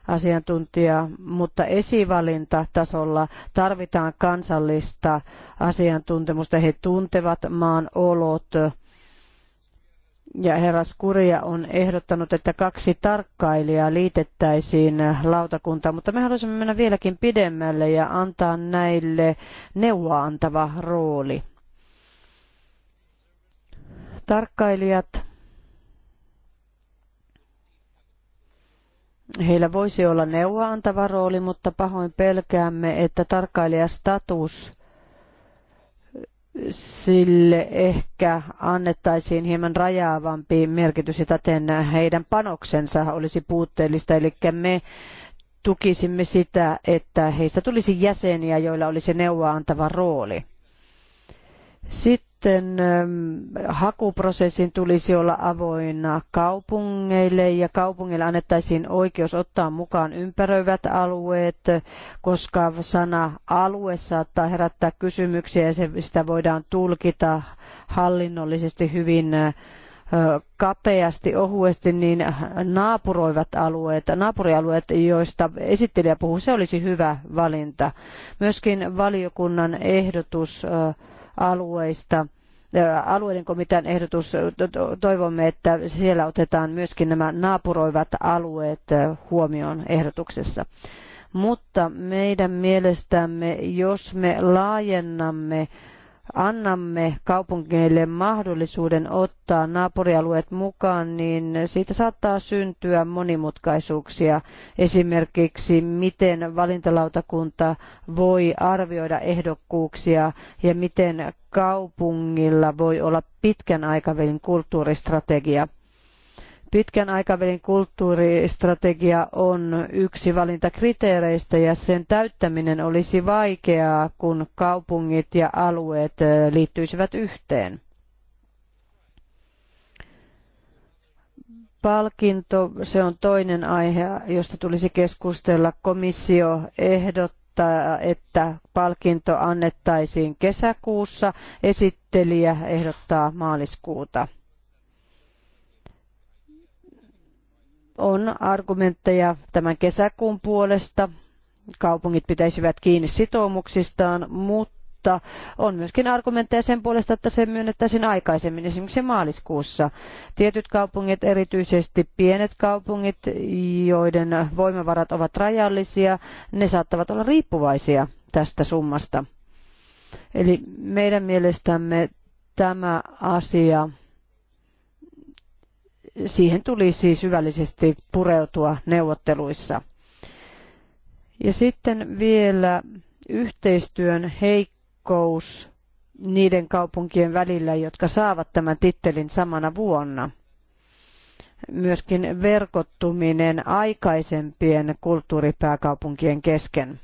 asiantuntijaa, mutta esivalintatasolla tarvitaan kansallista asiantuntemusta. He tuntevat maan olot. Ja herra Skuria on ehdottanut, että kaksi tarkkailijaa liitettäisiin lautakuntaan, mutta me haluaisimme mennä vieläkin pidemmälle ja antaa näille neuvoa antava rooli. Tarkkailijat Heillä voisi olla neuvoa antava rooli, mutta pahoin pelkäämme, että tarkkailijastatus sille ehkä annettaisiin hieman rajaavampi merkitys ja täten heidän panoksensa olisi puutteellista. Eli me tukisimme sitä, että heistä tulisi jäseniä, joilla olisi neuvoa antava rooli. Sitten sitten ähm, hakuprosessin tulisi olla avoinna kaupungeille ja kaupungeille annettaisiin oikeus ottaa mukaan ympäröivät alueet, koska sana alue saattaa herättää kysymyksiä ja sitä voidaan tulkita hallinnollisesti hyvin äh, kapeasti, ohuesti, niin naapuroivat alueet, naapurialueet, joista esittelijä puhuu, se olisi hyvä valinta. Myöskin valiokunnan ehdotus äh, alueista alueiden komitean ehdotus. Toivomme, että siellä otetaan myöskin nämä naapuroivat alueet huomioon ehdotuksessa. Mutta meidän mielestämme, jos me laajennamme annamme kaupungeille mahdollisuuden ottaa naapurialueet mukaan, niin siitä saattaa syntyä monimutkaisuuksia. Esimerkiksi miten valintalautakunta voi arvioida ehdokkuuksia ja miten kaupungilla voi olla pitkän aikavälin kulttuuristrategia. Pitkän aikavälin kulttuuristrategia on yksi valintakriteereistä ja sen täyttäminen olisi vaikeaa, kun kaupungit ja alueet liittyisivät yhteen. Palkinto, se on toinen aihe, josta tulisi keskustella. Komissio ehdottaa, että palkinto annettaisiin kesäkuussa. Esittelijä ehdottaa maaliskuuta. on argumentteja tämän kesäkuun puolesta. Kaupungit pitäisivät kiinni sitoumuksistaan, mutta on myöskin argumentteja sen puolesta, että se myönnettäisiin aikaisemmin, esimerkiksi maaliskuussa. Tietyt kaupungit, erityisesti pienet kaupungit, joiden voimavarat ovat rajallisia, ne saattavat olla riippuvaisia tästä summasta. Eli meidän mielestämme tämä asia siihen tulisi siis syvällisesti pureutua neuvotteluissa. Ja sitten vielä yhteistyön heikkous niiden kaupunkien välillä, jotka saavat tämän tittelin samana vuonna. Myöskin verkottuminen aikaisempien kulttuuripääkaupunkien kesken.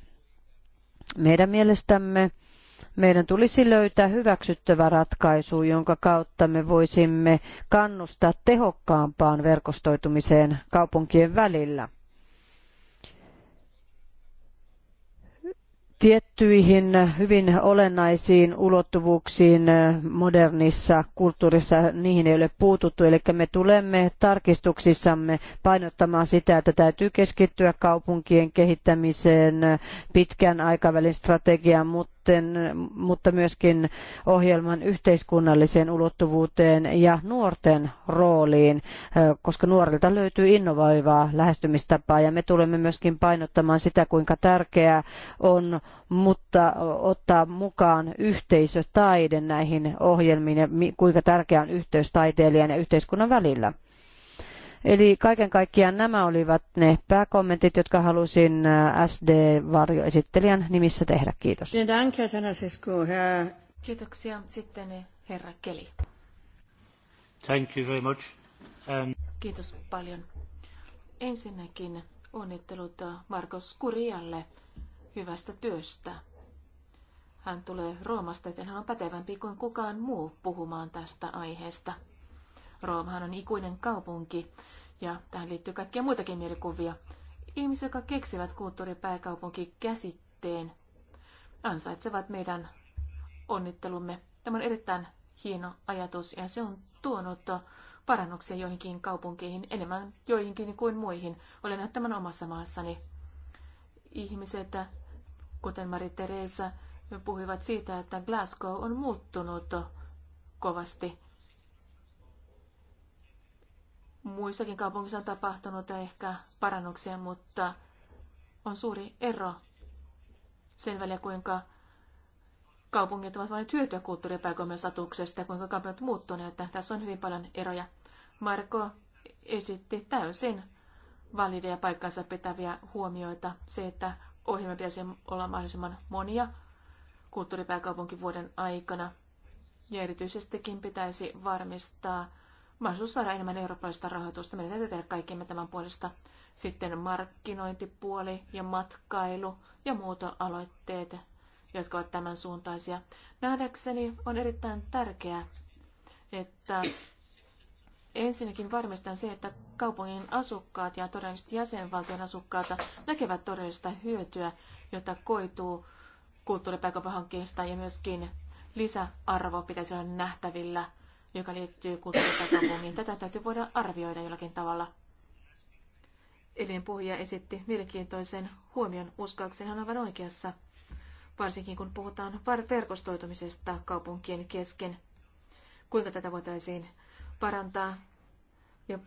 Meidän mielestämme meidän tulisi löytää hyväksyttävä ratkaisu, jonka kautta me voisimme kannustaa tehokkaampaan verkostoitumiseen kaupunkien välillä. tiettyihin hyvin olennaisiin ulottuvuuksiin modernissa kulttuurissa niihin ei ole puututtu. Eli me tulemme tarkistuksissamme painottamaan sitä, että täytyy keskittyä kaupunkien kehittämiseen pitkän aikavälin strategiaan, mutta suhteen, mutta myöskin ohjelman yhteiskunnalliseen ulottuvuuteen ja nuorten rooliin, koska nuorilta löytyy innovoivaa lähestymistapaa ja me tulemme myöskin painottamaan sitä, kuinka tärkeää on mutta ottaa mukaan yhteisötaide näihin ohjelmiin ja kuinka tärkeä on yhteys taiteilijan ja yhteiskunnan välillä. Eli kaiken kaikkiaan nämä olivat ne pääkommentit, jotka halusin äh, SD-varjoesittelijän nimissä tehdä. Kiitos. Kiitoksia. Sitten eh, herra Keli. Thank you very much. Um... Kiitos paljon. Ensinnäkin onnittelut äh, Markus Kurialle hyvästä työstä. Hän tulee Roomasta, joten hän on pätevämpi kuin kukaan muu puhumaan tästä aiheesta. Roomahan on ikuinen kaupunki ja tähän liittyy kaikkia muitakin mielikuvia. Ihmiset, jotka keksivät kulttuuripääkaupunki käsitteen, ansaitsevat meidän onnittelumme. Tämä on erittäin hieno ajatus ja se on tuonut parannuksia joihinkin kaupunkeihin, enemmän joihinkin kuin muihin. Olen nähnyt tämän omassa maassani. Ihmiset, kuten Mari Teresa, puhuivat siitä, että Glasgow on muuttunut kovasti. Muissakin kaupungissa on tapahtunut ehkä parannuksia, mutta on suuri ero sen välillä, kuinka kaupungit ovat voineet hyötyä kulttuuripäivämme satuksesta ja kuinka kaupungit ovat muuttuneet. Tässä on hyvin paljon eroja. Marko esitti täysin valideja paikkansa pitäviä huomioita. Se, että ohjelma pitäisi olla mahdollisimman monia kulttuuripääkaupunkivuoden aikana. Ja erityisestikin pitäisi varmistaa mahdollisuus saada enemmän eurooppalaista rahoitusta. Meidän täytyy tehdä kaikkemme tämän puolesta. Sitten markkinointipuoli ja matkailu ja muut aloitteet, jotka ovat tämän suuntaisia. Nähdäkseni on erittäin tärkeää, että ensinnäkin varmistan se, että kaupungin asukkaat ja todennäköisesti jäsenvaltion asukkaat näkevät todellista hyötyä, jota koituu kulttuuripäivähankkeesta ja myöskin lisäarvo pitäisi olla nähtävillä – joka liittyy kulttuurikaupungin. Tätä täytyy voida arvioida jollakin tavalla. Elin puhuja esitti mielenkiintoisen huomion, uskoakseni hän aivan oikeassa, varsinkin kun puhutaan verkostoitumisesta kaupunkien kesken. Kuinka tätä voitaisiin parantaa? Ja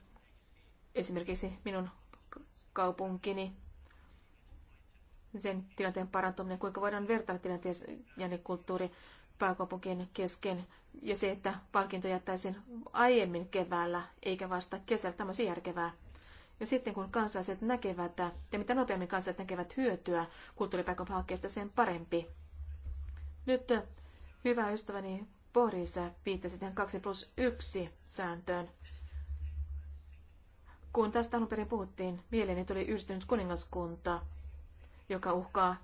esimerkiksi minun kaupunkini sen tilanteen parantuminen, kuinka voidaan vertailla tilanteen ja kulttuuri pääkaupunkien kesken ja se, että palkinto jättäisiin aiemmin keväällä eikä vasta kesällä, tämä olisi järkevää. Ja sitten kun kansalaiset näkevät, ja mitä nopeammin kansalaiset näkevät hyötyä kulttuuripääkaupunkihankkeesta, sen parempi. Nyt eh, hyvä ystäväni Porissa viittasi tähän 2 plus 1 sääntöön. Kun tästä alun perin puhuttiin, mieleeni tuli yhdistynyt kuningaskunta, joka uhkaa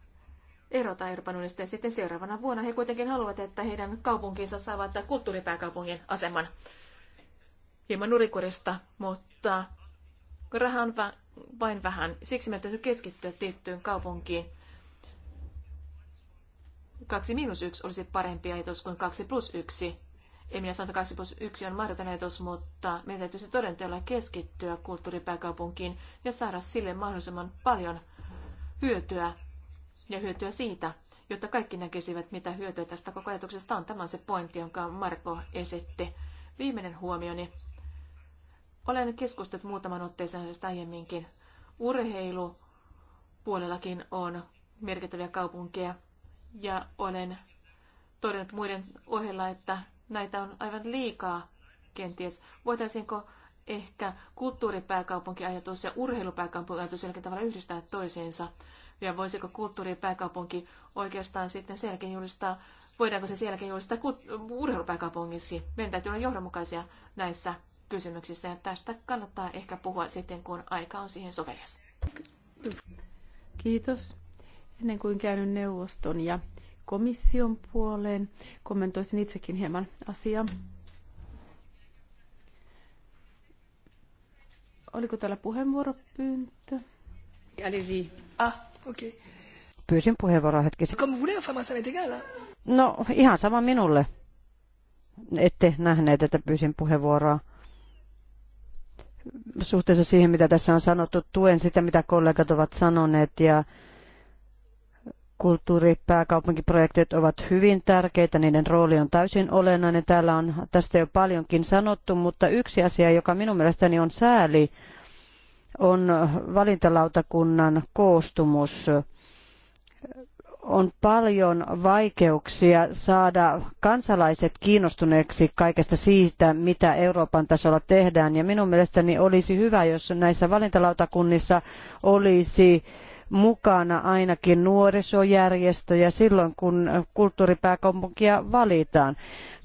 erota Euroopan unionista ja sitten seuraavana vuonna he kuitenkin haluavat, että heidän kaupunkinsa saavat kulttuuripääkaupungin aseman. Hieman nurikurista, mutta raha on vain vähän. Siksi meidän täytyy keskittyä tiettyyn kaupunkiin. 2 miinus yksi olisi parempi ajatus kuin 2 plus yksi. Ei minä sano, että 2 plus yksi on mahdoton ajatus, mutta meidän se todenteella keskittyä kulttuuripääkaupunkiin ja saada sille mahdollisimman paljon hyötyä ja hyötyä siitä, jotta kaikki näkisivät, mitä hyötyä tästä koko ajatuksesta on. Tämä on se pointti, jonka Marko esitti. Viimeinen huomioni. Olen keskustellut muutaman otteeseen tästä aiemminkin. Urheilu puolellakin on merkittäviä kaupunkeja ja olen todennut muiden ohella, että näitä on aivan liikaa kenties. Voitaisiinko ehkä kulttuuripääkaupunkiajatus ja urheilupääkaupunkiajatus jollakin tavalla yhdistää toisiinsa ja voisiko kulttuuripääkaupunki oikeastaan sitten sielläkin julistaa, voidaanko se sielläkin julistaa urheilupääkaupungiksi. Meidän täytyy olla johdonmukaisia näissä kysymyksissä ja tästä kannattaa ehkä puhua sitten, kun aika on siihen sovelias. Kiitos. Ennen kuin käyn neuvoston ja komission puoleen, kommentoisin itsekin hieman asiaa. Oliko täällä puheenvuoropyyntö? Ah, Okay. Pyysin puheenvuoroa hetkisen. Comme vous voulez, No, ihan sama minulle. Ette nähneet, että pyysin puheenvuoroa. Suhteessa siihen, mitä tässä on sanottu, tuen sitä, mitä kollegat ovat sanoneet ja kulttuuripääkaupunkiprojektit ovat hyvin tärkeitä, niiden rooli on täysin olennainen. Täällä on tästä jo paljonkin sanottu, mutta yksi asia, joka minun mielestäni on sääli, on valintalautakunnan koostumus. On paljon vaikeuksia saada kansalaiset kiinnostuneeksi kaikesta siitä, mitä Euroopan tasolla tehdään. Ja minun mielestäni olisi hyvä, jos näissä valintalautakunnissa olisi mukana ainakin nuorisojärjestöjä silloin, kun kulttuuripääkaupunkia valitaan,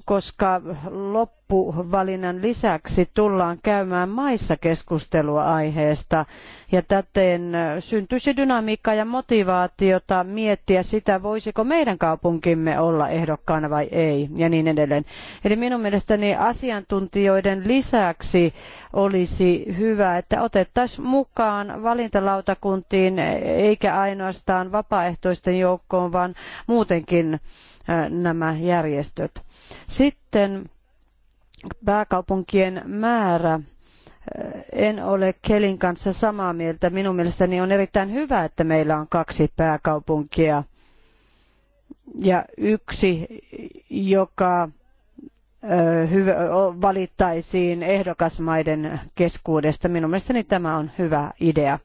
koska loppu loppuvalinnan lisäksi tullaan käymään maissa keskustelua aiheesta ja täten syntyisi dynamiikkaa ja motivaatiota miettiä sitä, voisiko meidän kaupunkimme olla ehdokkaana vai ei ja niin edelleen. Eli minun mielestäni asiantuntijoiden lisäksi olisi hyvä, että otettaisiin mukaan valintalautakuntiin eikä ainoastaan vapaaehtoisten joukkoon, vaan muutenkin nämä järjestöt. Sitten pääkaupunkien määrä. En ole Kelin kanssa samaa mieltä. Minun mielestäni on erittäin hyvä, että meillä on kaksi pääkaupunkia ja yksi, joka valittaisiin ehdokasmaiden keskuudesta. Minun mielestäni tämä on hyvä idea.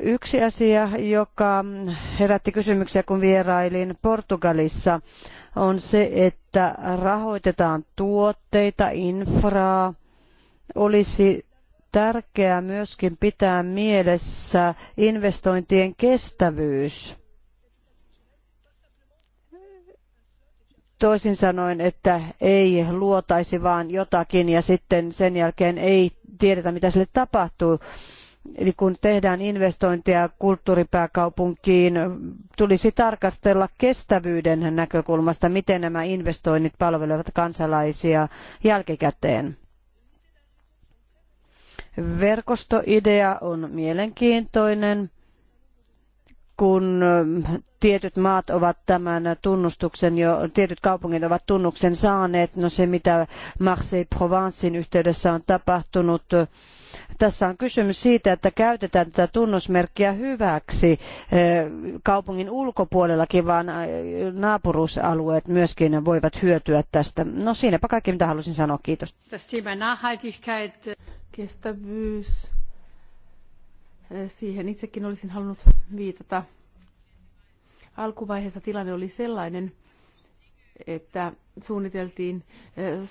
Yksi asia, joka herätti kysymyksiä, kun vierailin Portugalissa, on se, että rahoitetaan tuotteita, infraa. Olisi tärkeää myöskin pitää mielessä investointien kestävyys. Toisin sanoen, että ei luotaisi vaan jotakin ja sitten sen jälkeen ei tiedetä, mitä sille tapahtuu Eli kun tehdään investointeja kulttuuripääkaupunkiin, tulisi tarkastella kestävyyden näkökulmasta, miten nämä investoinnit palvelevat kansalaisia jälkikäteen. Verkostoidea on mielenkiintoinen kun äh, tietyt maat ovat tämän tunnustuksen jo, tietyt kaupungit ovat tunnuksen saaneet, no se mitä Marseille Provencein yhteydessä on tapahtunut, äh, tässä on kysymys siitä, että käytetään tätä tunnusmerkkiä hyväksi äh, kaupungin ulkopuolellakin, vaan naapuruusalueet myöskin voivat hyötyä tästä. No siinäpä kaikki, mitä halusin sanoa. Kiitos. Kestävyys Siihen itsekin olisin halunnut viitata. Alkuvaiheessa tilanne oli sellainen, että suunniteltiin eh,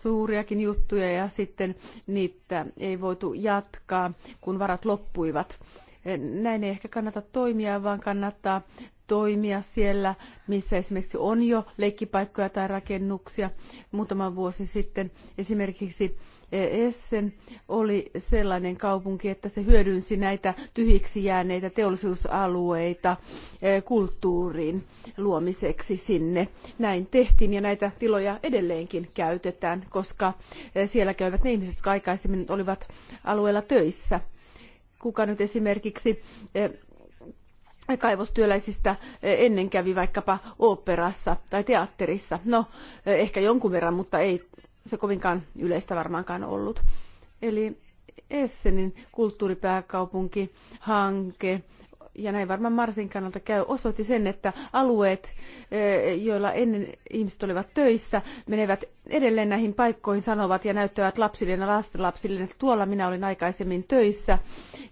suuriakin juttuja ja sitten niitä ei voitu jatkaa, kun varat loppuivat. Eh, näin ei ehkä kannata toimia, vaan kannattaa toimia siellä, missä esimerkiksi on jo leikkipaikkoja tai rakennuksia. Muutama vuosi sitten esimerkiksi Essen oli sellainen kaupunki, että se hyödynsi näitä tyhjiksi jääneitä teollisuusalueita eh, kulttuurin luomiseksi sinne. Näin tehtiin ja näitä tiloja edelleenkin käytetään, koska eh, siellä käyvät ne ihmiset, jotka aikaisemmin olivat alueella töissä kuka nyt esimerkiksi eh, kaivostyöläisistä e, ennen kävi vaikkapa oopperassa tai teatterissa. No, e, ehkä jonkun verran, mutta ei se kovinkaan yleistä varmaankaan ollut. Eli Essenin kulttuuripääkaupunkihanke ja näin varmaan Marsin kannalta käy, osoitti sen, että alueet, eh, joilla ennen ihmiset olivat töissä, menevät edelleen näihin paikkoihin, sanovat ja näyttävät lapsilleen ja lastenlapsille, että tuolla minä olin aikaisemmin töissä.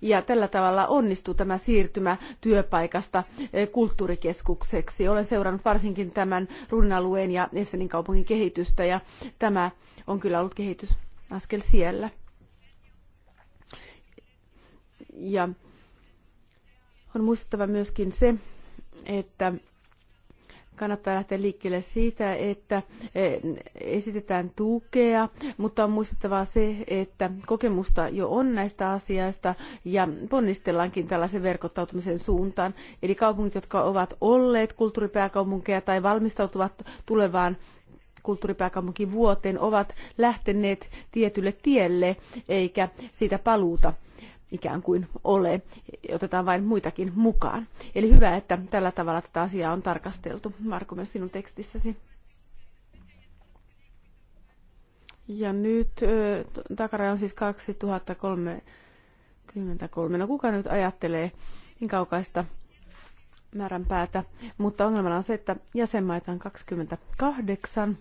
Ja tällä tavalla onnistuu tämä siirtymä työpaikasta eh, kulttuurikeskukseksi. Olen seurannut varsinkin tämän runnalueen ja Essenin kaupungin kehitystä ja tämä on kyllä ollut kehitysaskel siellä. Ja on muistettava myöskin se, että kannattaa lähteä liikkeelle siitä, että e, esitetään tukea, mutta on muistettava se, että kokemusta jo on näistä asioista ja ponnistellaankin tällaisen verkottautumisen suuntaan. Eli kaupungit, jotka ovat olleet kulttuuripääkaupunkeja tai valmistautuvat tulevaan kulttuuripääkaupunkin vuoteen, ovat lähteneet tietylle tielle eikä siitä paluuta ikään kuin ole. Otetaan vain muitakin mukaan. Eli hyvä, että tällä tavalla tätä asiaa on tarkasteltu. Marko, myös sinun tekstissäsi. Ja nyt takara on siis 2033. No kuka nyt ajattelee niin kaukaista määränpäätä, mutta ongelmana on se, että jäsenmaita on 28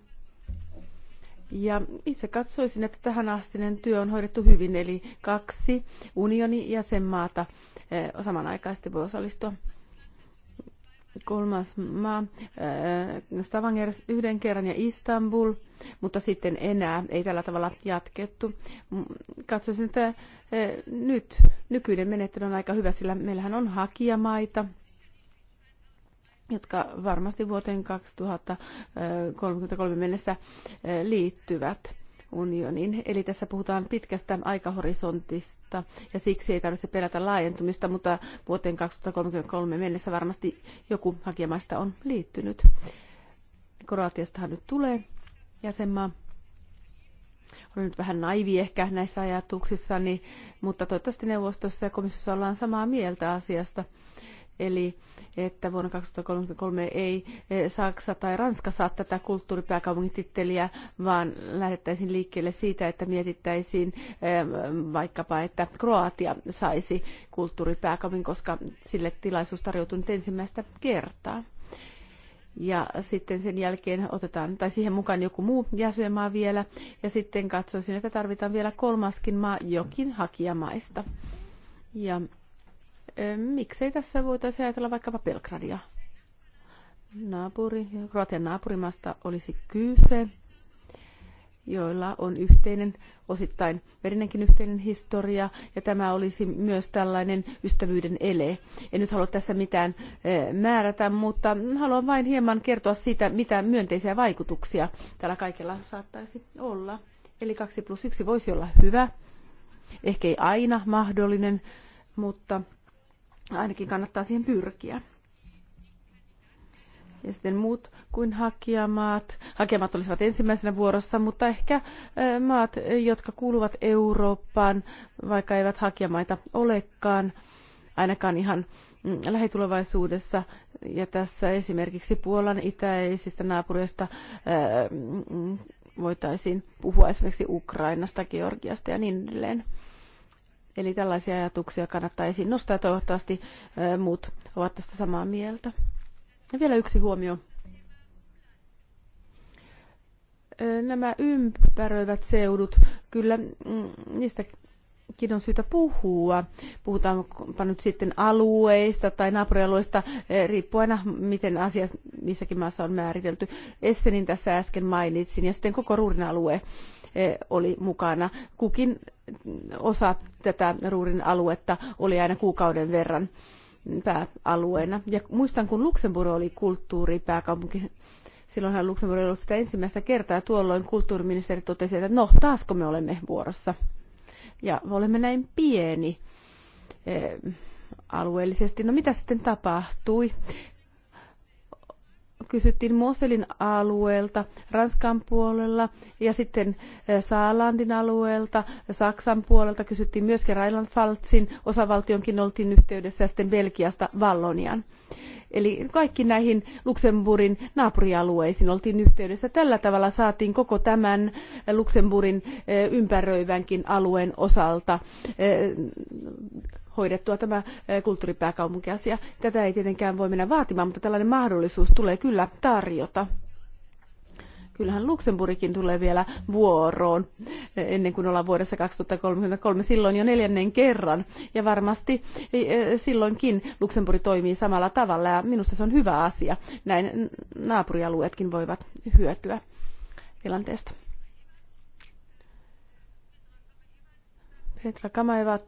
ja itse katsoisin, että tähän asti työ on hoidettu hyvin, eli kaksi unioni jäsenmaata eh, samanaikaisesti voi osallistua. Kolmas maa, eh, Stavanger yhden kerran ja Istanbul, mutta sitten enää ei tällä tavalla jatkettu. Mm, katsoisin, että eh, nyt nykyinen menettely on aika hyvä, sillä meillähän on hakijamaita, jotka varmasti vuoteen 2033 mennessä eh, liittyvät unioniin. Eli tässä puhutaan pitkästä aikahorisontista ja siksi ei tarvitse pelätä laajentumista, mutta vuoteen 2033 mennessä varmasti joku hakijamaista on liittynyt. Kroatiastahan nyt tulee jäsenmaa. Olen nyt vähän naivi ehkä näissä ajatuksissani, mutta toivottavasti neuvostossa ja komissiossa ollaan samaa mieltä asiasta. Eli että vuonna 2033 ei e, Saksa tai Ranska saa tätä kulttuuripääkaupunkititteliä, vaan lähdettäisiin liikkeelle siitä, että mietittäisiin e, vaikkapa, että Kroatia saisi kulttuuripääkaupungin, koska sille tilaisuus tarjoutui nyt ensimmäistä kertaa ja sitten sen jälkeen otetaan, tai siihen mukaan joku muu jäsenmaa vielä, ja sitten katsoisin, että tarvitaan vielä kolmaskin maa jokin hakijamaista. Ja miksei tässä voitaisiin ajatella vaikkapa Belgradia? Naapuri, Kroatian naapurimasta olisi kyse, joilla on yhteinen, osittain verinenkin yhteinen historia, ja tämä olisi myös tällainen ystävyyden ele. En nyt halua tässä mitään eh, määrätä, mutta haluan vain hieman kertoa siitä, mitä myönteisiä vaikutuksia tällä kaikella saattaisi olla. Eli 2 plus 1 voisi olla hyvä, ehkä ei aina mahdollinen, mutta Ainakin kannattaa siihen pyrkiä. Ja sitten muut kuin hakijamaat. Hakijamaat olisivat ensimmäisenä vuorossa, mutta ehkä maat, jotka kuuluvat Eurooppaan, vaikka eivät hakijamaita olekaan, ainakaan ihan mm, lähitulevaisuudessa. Ja tässä esimerkiksi Puolan itäisistä naapureista mm, voitaisiin puhua esimerkiksi Ukrainasta, Georgiasta ja niin edelleen. Eli tällaisia ajatuksia kannattaa esiin nostaa ja toivottavasti muut ovat tästä samaa mieltä. Ja vielä yksi huomio. Nämä ympäröivät seudut, kyllä mm, niistä Kin on syytä puhua. Puhutaanpa nyt sitten alueista tai naapurialueista, riippuen aina miten asia missäkin maassa on määritelty. Essenin tässä äsken mainitsin ja sitten koko Ruurin alue Eh, oli mukana. Kukin osa tätä ruurin aluetta oli aina kuukauden verran pääalueena. Ja muistan, kun Luxemburg oli kulttuuripääkaupunki, silloinhan Luxemburg oli ollut sitä ensimmäistä kertaa, ja tuolloin kulttuuriministeri totesi, että no, taasko me olemme vuorossa. Ja me olemme näin pieni eh, alueellisesti. No mitä sitten tapahtui? kysyttiin Moselin alueelta Ranskan puolella ja sitten eh, Saalandin alueelta Saksan puolelta kysyttiin myöskin Rheinland-Pfalzin osavaltionkin oltiin yhteydessä ja sitten Belgiasta Vallonian. Eli kaikki näihin Luxemburgin naapurialueisiin oltiin yhteydessä. Tällä tavalla saatiin koko tämän eh, Luxemburgin eh, ympäröivänkin alueen osalta hoidettua tämä eh, kulttuuripääkaupunkiasia. Tätä ei tietenkään voi mennä vaatimaan, mutta tällainen mahdollisuus tulee kyllä tarjota. Kyllähän Luxemburgikin tulee vielä vuoroon eh, ennen kuin ollaan vuodessa 2033, silloin jo neljännen kerran. Ja varmasti eh, silloinkin Luxemburg toimii samalla tavalla ja minusta se on hyvä asia. Näin naapurialueetkin voivat hyötyä tilanteesta. Petra Kamaivat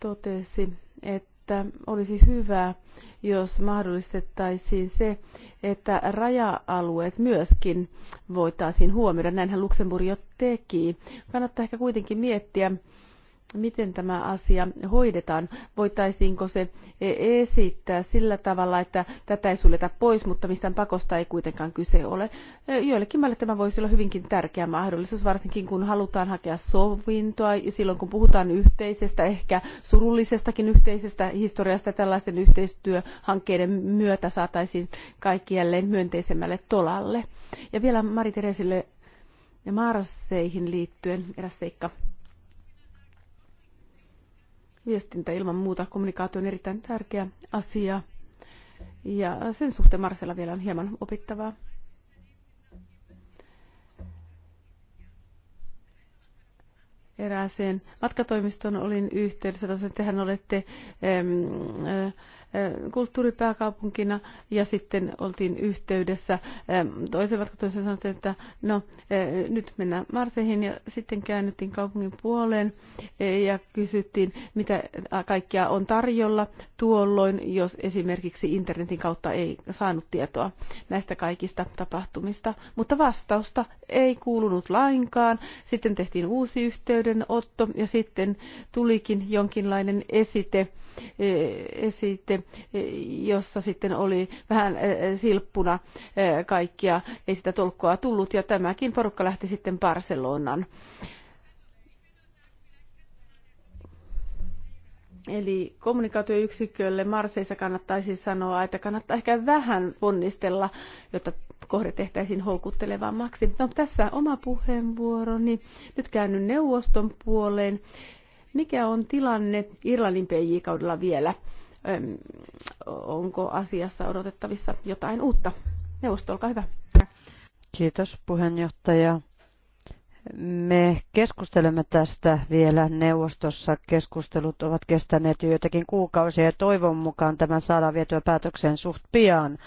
totesi, että olisi hyvä, jos mahdollistettaisiin se, että raja-alueet myöskin voitaisiin huomioida. Näinhän Luxemburg jo teki. Kannattaa ehkä kuitenkin miettiä, miten tämä asia hoidetaan. Voitaisiinko se esittää sillä tavalla, että tätä ei suljeta pois, mutta mistään pakosta ei kuitenkaan kyse ole. E, joillekin maille tämä voisi olla hyvinkin tärkeä mahdollisuus, varsinkin kun halutaan hakea sovintoa. Silloin kun puhutaan yhteisestä, ehkä surullisestakin yhteisestä historiasta, tällaisten yhteistyöhankkeiden myötä saataisiin kaikki jälleen myönteisemmälle tolalle. Ja vielä Mari Teresille Marseihin liittyen eräs seikka Viestintä ilman muuta, kommunikaatio on erittäin tärkeä asia. Ja sen suhteen Marsella vielä on hieman opittavaa. erääseen matkatoimistoon olin yhteydessä, että tehän olette äm, kulttuuripääkaupunkina ja sitten oltiin yhteydessä. Toisen toisen sanottiin, että no nyt mennään Marseihin ja sitten käännyttiin kaupungin puoleen ja kysyttiin, mitä kaikkea on tarjolla tuolloin, jos esimerkiksi internetin kautta ei saanut tietoa näistä kaikista tapahtumista. Mutta vastausta ei kuulunut lainkaan. Sitten tehtiin uusi yhteydenotto ja sitten tulikin jonkinlainen esite, esite jossa sitten oli vähän eh, eh, silppuna eh, kaikkia, ei sitä tolkkoa tullut ja tämäkin porukka lähti sitten Barcelonan. Eli kommunikaatioyksikölle Marseissa kannattaisi sanoa, että kannattaa ehkä vähän ponnistella, jotta kohde tehtäisiin houkuttelevammaksi. No, tässä oma puheenvuoroni. Nyt käännyn neuvoston puoleen. Mikä on tilanne Irlannin PJ-kaudella vielä? onko asiassa odotettavissa jotain uutta. Neuvosto, olkaa hyvä. Kiitos puheenjohtaja. Me keskustelemme tästä vielä neuvostossa. Keskustelut ovat kestäneet jo jotakin kuukausia ja toivon mukaan tämä saadaan vietyä päätökseen suht pian.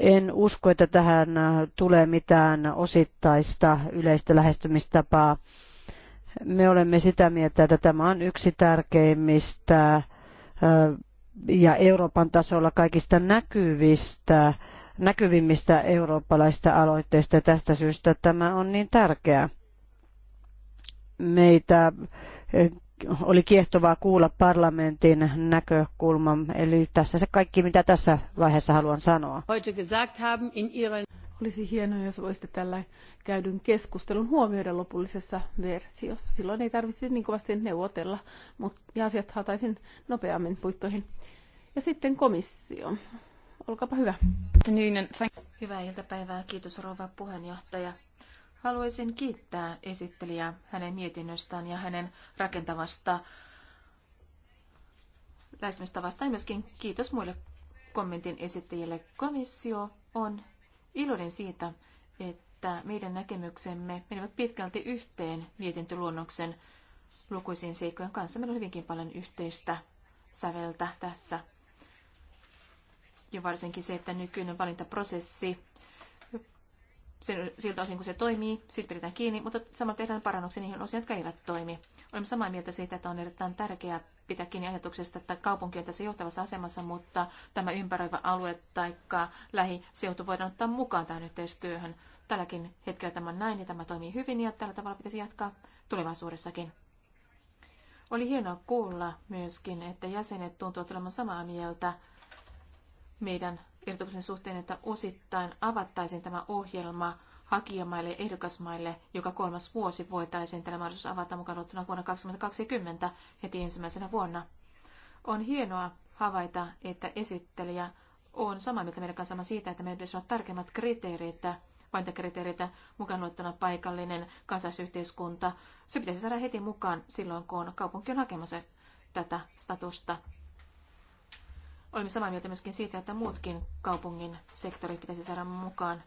En usko, että tähän tulee mitään osittaista yleistä lähestymistapaa. Me olemme sitä mieltä, että tämä on yksi tärkeimmistä ja Euroopan tasolla kaikista näkyvistä, näkyvimmistä eurooppalaista aloitteista. Tästä syystä tämä on niin tärkeää. Meitä oli kiehtovaa kuulla parlamentin näkökulma. Eli tässä se kaikki, mitä tässä vaiheessa haluan sanoa. Olisi hienoa, jos voisitte tällä käydyn keskustelun huomioida lopullisessa versiossa. Silloin ei tarvitsisi niin kovasti neuvotella, mutta ja asiat haataisin nopeammin puittoihin. Ja sitten komissio. Olkaapa hyvä. Hyvää iltapäivää. Kiitos rouva puheenjohtaja. Haluaisin kiittää esittelijää hänen mietinnöstään ja hänen rakentavasta lähestymistavasta ja myöskin kiitos muille kommentin esittäjille. Komissio on iloinen siitä, että meidän näkemyksemme menevät pitkälti yhteen mietintöluonnoksen lukuisiin seikkojen kanssa. Meillä on hyvinkin paljon yhteistä säveltä tässä. Ja varsinkin se, että nykyinen valintaprosessi sen, siltä osin, kun se toimii, siitä pidetään kiinni, mutta samalla tehdään parannuksia niihin osiin, jotka eivät toimi. Olemme samaa mieltä siitä, että on erittäin tärkeää pitää kiinni ajatuksesta, että kaupunki on tässä johtavassa asemassa, mutta tämä ympäröivä alue tai lähiseutu voidaan ottaa mukaan tähän yhteistyöhön. Tälläkin hetkellä tämä on näin ja tämä toimii hyvin ja tällä tavalla pitäisi jatkaa tulevaisuudessakin. Oli hienoa kuulla myöskin, että jäsenet tuntuvat olemaan samaa mieltä meidän ehdotuksen suhteen, että osittain avattaisiin tämä ohjelma hakijamaille ja ehdokasmaille, joka kolmas vuosi voitaisiin tällä mahdollisuus avata mukaan ottuna vuonna 2020 heti ensimmäisenä vuonna. On hienoa havaita, että esittelijä on samaa mieltä meidän kanssa siitä, että meidän pitäisi olla tarkemmat kriteerit, vaintakriteerit, mukaan luettuna paikallinen kansalaisyhteiskunta. Se pitäisi saada heti mukaan silloin, kun kaupunki on hakemassa tätä statusta. Olemme samaa mieltä myöskin siitä, että muutkin kaupungin sektorit pitäisi saada mukaan.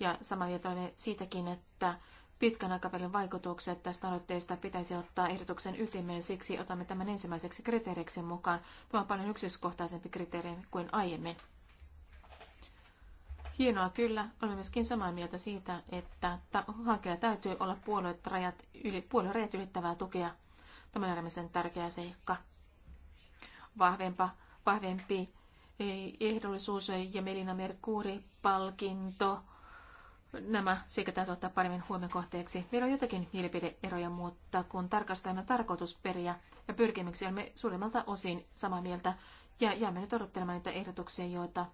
Ja samaa mieltä olemme siitäkin, että pitkän aikavälin vaikutukset tästä aloitteesta pitäisi ottaa ehdotuksen ytimeen, siksi otamme tämän ensimmäiseksi kriteeriksi mukaan. Tämä on paljon yksityiskohtaisempi kriteeri kuin aiemmin. Hienoa kyllä, olemme myöskin samaa mieltä siitä, että hankkeella täytyy olla puolueet rajat, yli, puolueet rajat ylittävää tukea. Tämä on äärimmäisen tärkeä seikka. Vahvempa vahvempi e, ehdollisuus ja Melina Merkuri-palkinto. Nämä sekä täytyy ottaa paremmin huomioon kohteeksi. Meillä on jotakin mielipideeroja, mutta kun tarkastamme tarkoitusperiä ja pyrkimyksiä, olemme suurimmalta osin samaa mieltä ja jäämme nyt odottelemaan niitä ehdotuksia, joita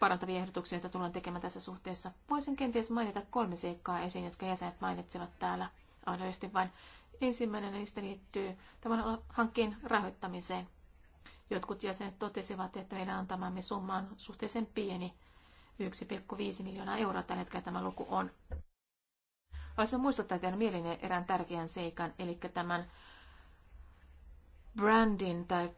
parantavia ehdotuksia, joita tullaan tekemään tässä suhteessa. Voisin kenties mainita kolme seikkaa esiin, jotka jäsenet mainitsevat täällä ainoasti vain. Ensimmäinen niistä liittyy tämän hankkeen rahoittamiseen. Jotkut jäsenet totesivat, että meidän antamamme summa on suhteellisen pieni, 1,5 miljoonaa euroa tällä hetkellä tämä luku on. Haluaisin muistuttaa teidän mielinen erään tärkeän seikan, eli tämän brändin tai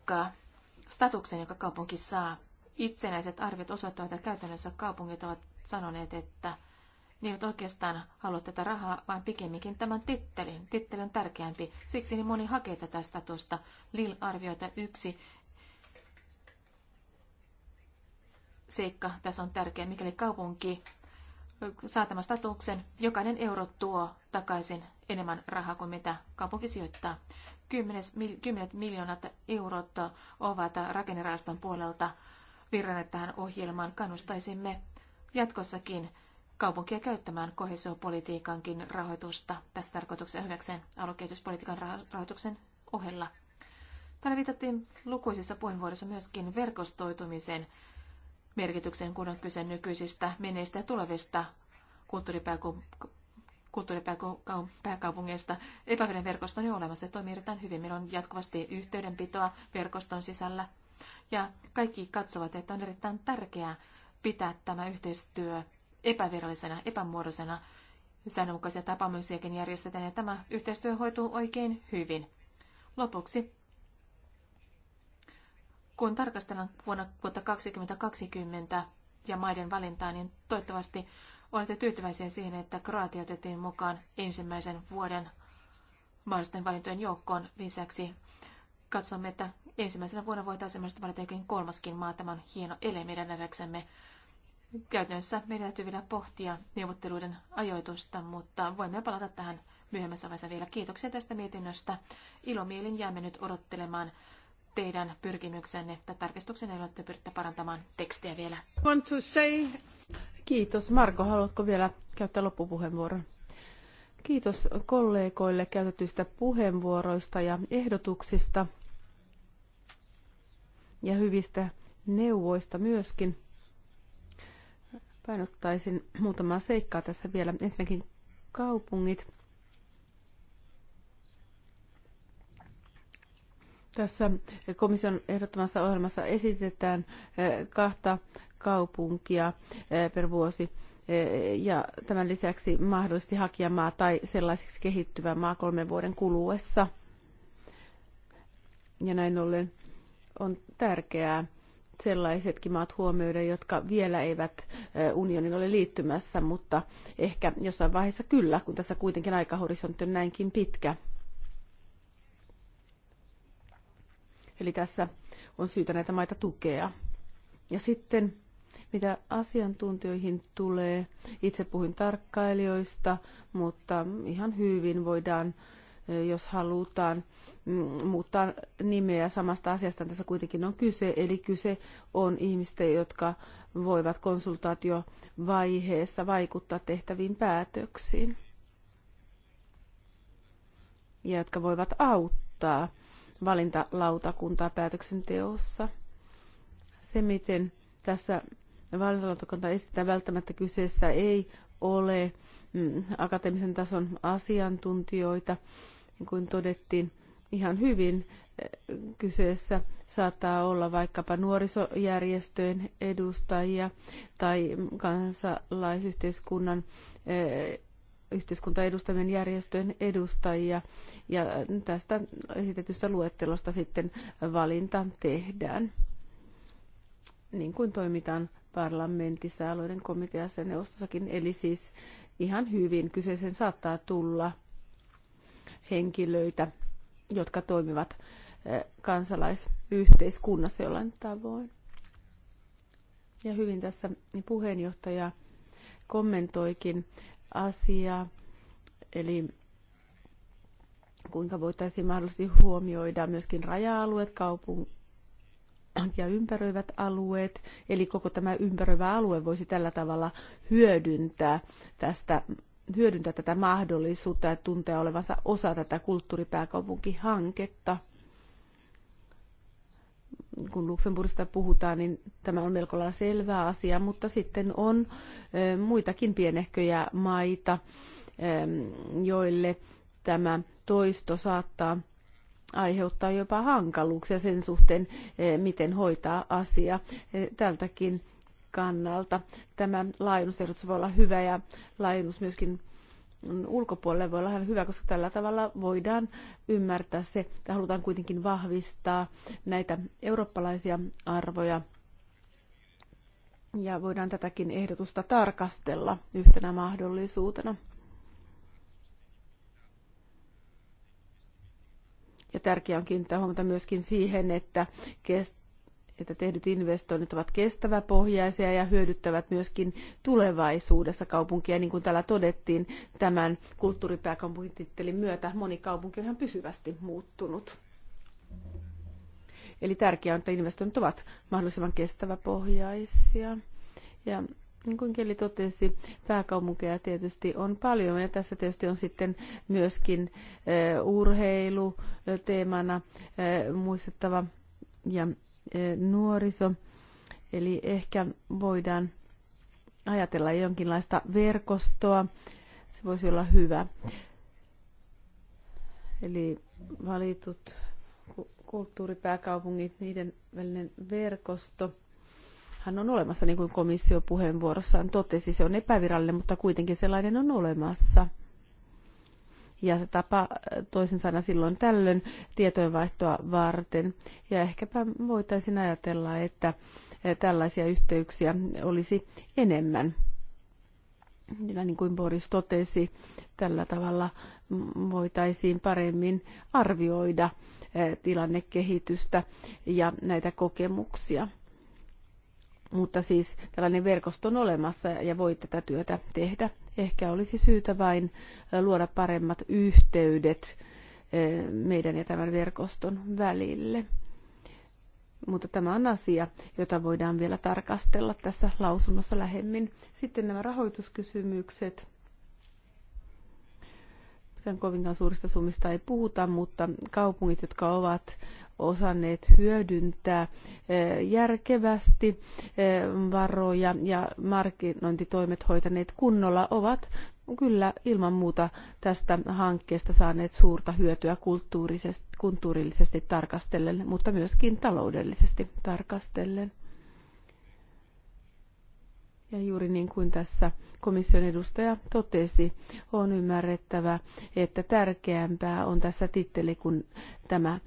statuksen, joka kaupunki saa. Itsenäiset arviot osoittavat, että käytännössä kaupungit ovat sanoneet, että ne eivät oikeastaan halua tätä rahaa, vaan pikemminkin tämän tittelin. tittelin on tärkeämpi. Siksi niin moni hakee tätä statusta. Lil arvioita yksi seikka tässä on tärkeä, mikäli kaupunki saa tämän statuksen, jokainen euro tuo takaisin enemmän rahaa kuin mitä kaupunki sijoittaa. Kymmenes, mil, kymmenet miljoonat eurot ovat rakennerahaston puolelta virranneet tähän ohjelmaan. Kannustaisimme jatkossakin kaupunkia käyttämään kohesiopolitiikankin rahoitusta tässä tarkoituksen hyväkseen aluekehityspolitiikan rahoituksen ohella. Täällä viitattiin lukuisissa puheenvuoroissa myöskin verkostoitumisen merkityksen, kun on kyse nykyisistä menneistä ja tulevista kulttuuripääkaupungeista. Epävirallinen verkosto on jo olemassa ja toimii erittäin hyvin. Meillä on jatkuvasti yhteydenpitoa verkoston sisällä. Ja kaikki katsovat, että on erittäin tärkeää pitää tämä yhteistyö epävirallisena, epämuodoisena. Säännönmukaisia tapaamisiakin järjestetään ja tämä yhteistyö hoituu oikein hyvin. Lopuksi kun tarkastellaan vuonna, vuotta 2020 ja maiden valintaa, niin toivottavasti olette tyytyväisiä siihen, että Kroatia otettiin mukaan ensimmäisen vuoden mahdollisten valintojen joukkoon. Lisäksi katsomme, että ensimmäisenä vuonna voitaisiin valita jokin kolmaskin maa. Tämä on hieno ele meidän nähdäksemme. Käytännössä meidän täytyy vielä pohtia neuvotteluiden ajoitusta, mutta voimme palata tähän myöhemmässä vaiheessa vielä. Kiitoksia tästä mietinnöstä. Ilomielin jäämme nyt odottelemaan teidän pyrkimyksenne että tarkistuksen ei ole pyritte parantamaan tekstiä vielä. Want to say... Kiitos. Marko, haluatko vielä käyttää loppupuheenvuoron? Kiitos kollegoille käytetyistä puheenvuoroista ja ehdotuksista ja hyvistä neuvoista myöskin. Painottaisin muutamaa seikkaa tässä vielä. Ensinnäkin kaupungit Tässä komission ehdottomassa ohjelmassa esitetään eh, kahta kaupunkia eh, per vuosi eh, ja tämän lisäksi mahdollisesti hakijamaa tai sellaiseksi kehittyvä maa kolmen vuoden kuluessa. Ja näin ollen on tärkeää sellaisetkin maat huomioida, jotka vielä eivät unionin ole liittymässä, mutta ehkä jossain vaiheessa kyllä, kun tässä kuitenkin aikahorisontti on näinkin pitkä. Eli tässä on syytä näitä maita tukea. Ja sitten mitä asiantuntijoihin tulee, itse puhuin tarkkailijoista, mutta ihan hyvin voidaan, eh, jos halutaan mm, muuttaa nimeä samasta asiasta, tässä kuitenkin on kyse. Eli kyse on ihmistä, jotka voivat konsultaatiovaiheessa vaikuttaa tehtäviin päätöksiin ja jotka voivat auttaa valintalautakuntaa päätöksenteossa. Se, miten tässä valintalautakunta esittää, välttämättä kyseessä ei ole mm, akateemisen tason asiantuntijoita, niin kuin todettiin ihan hyvin. Eh, kyseessä saattaa olla vaikkapa nuorisojärjestöjen edustajia tai kansalaisyhteiskunnan eh, yhteiskuntaedustamien järjestöjen edustajia ja tästä esitetystä luettelosta sitten valinta tehdään. Niin kuin toimitaan parlamentissa, alueiden komiteassa ja neuvostossakin, eli siis ihan hyvin kyseisen saattaa tulla henkilöitä, jotka toimivat eh, kansalaisyhteiskunnassa jollain tavoin. Ja hyvin tässä puheenjohtaja kommentoikin asia, eli kuinka voitaisiin mahdollisesti huomioida myöskin raja-alueet, kaupungit ja ympäröivät alueet, eli koko tämä ympäröivä alue voisi tällä tavalla hyödyntää tästä hyödyntää tätä mahdollisuutta ja tuntea olevansa osa tätä kulttuuripääkaupunkihanketta kun Luxemburgista puhutaan, niin tämä on melko lailla selvä asia, mutta sitten on muitakin pienehköjä maita, joille tämä toisto saattaa aiheuttaa jopa hankaluuksia sen suhteen, miten hoitaa asia. Tältäkin kannalta tämä laajennusehdotus voi olla hyvä ja laajennus myöskin ulkopuolelle voi olla ihan hyvä, koska tällä tavalla voidaan ymmärtää se, että halutaan kuitenkin vahvistaa näitä eurooppalaisia arvoja. Ja voidaan tätäkin ehdotusta tarkastella yhtenä mahdollisuutena. Ja tärkeää on kiinnittää huomiota myöskin siihen, että kestää että tehdyt investoinnit ovat kestäväpohjaisia ja hyödyttävät myöskin tulevaisuudessa kaupunkia. Niin kuin täällä todettiin, tämän kulttuuripääkaupunkitittelin myötä moni kaupunki on ihan pysyvästi muuttunut. Eli tärkeää on, että investoinnit ovat mahdollisimman kestäväpohjaisia. Ja niin kuin Keli totesi, pääkaupunkeja tietysti on paljon ja tässä tietysti on sitten myöskin eh, urheilu eh, teemana eh, muistettava ja nuoriso. Eli ehkä voidaan ajatella jonkinlaista verkostoa. Se voisi olla hyvä. Eli valitut kulttuuripääkaupungit, niiden välinen verkosto – hän on olemassa, niin kuin komissio puheenvuorossaan totesi. Se on epävirallinen, mutta kuitenkin sellainen on olemassa ja se tapa äh, toisin sana silloin tällöin tietojenvaihtoa varten. Ja ehkäpä voitaisiin ajatella, että äh, tällaisia yhteyksiä olisi enemmän. Ja niin kuin Boris totesi, tällä tavalla voitaisiin paremmin arvioida äh, tilannekehitystä ja näitä kokemuksia mutta siis tällainen verkosto on olemassa ja voi tätä työtä tehdä. Ehkä olisi syytä vain luoda paremmat yhteydet meidän ja tämän verkoston välille. Mutta tämä on asia, jota voidaan vielä tarkastella tässä lausunnossa lähemmin. Sitten nämä rahoituskysymykset. Sen kovinkaan suurista summista ei puhuta, mutta kaupungit, jotka ovat osanneet hyödyntää eh, järkevästi eh, varoja ja markkinointitoimet hoitaneet kunnolla ovat kyllä ilman muuta tästä hankkeesta saaneet suurta hyötyä kulttuurisesti tarkastellen, mutta myöskin taloudellisesti tarkastellen. Ja juuri niin kuin tässä komission edustaja totesi, on ymmärrettävä, että tärkeämpää on tässä titteli kuin tämä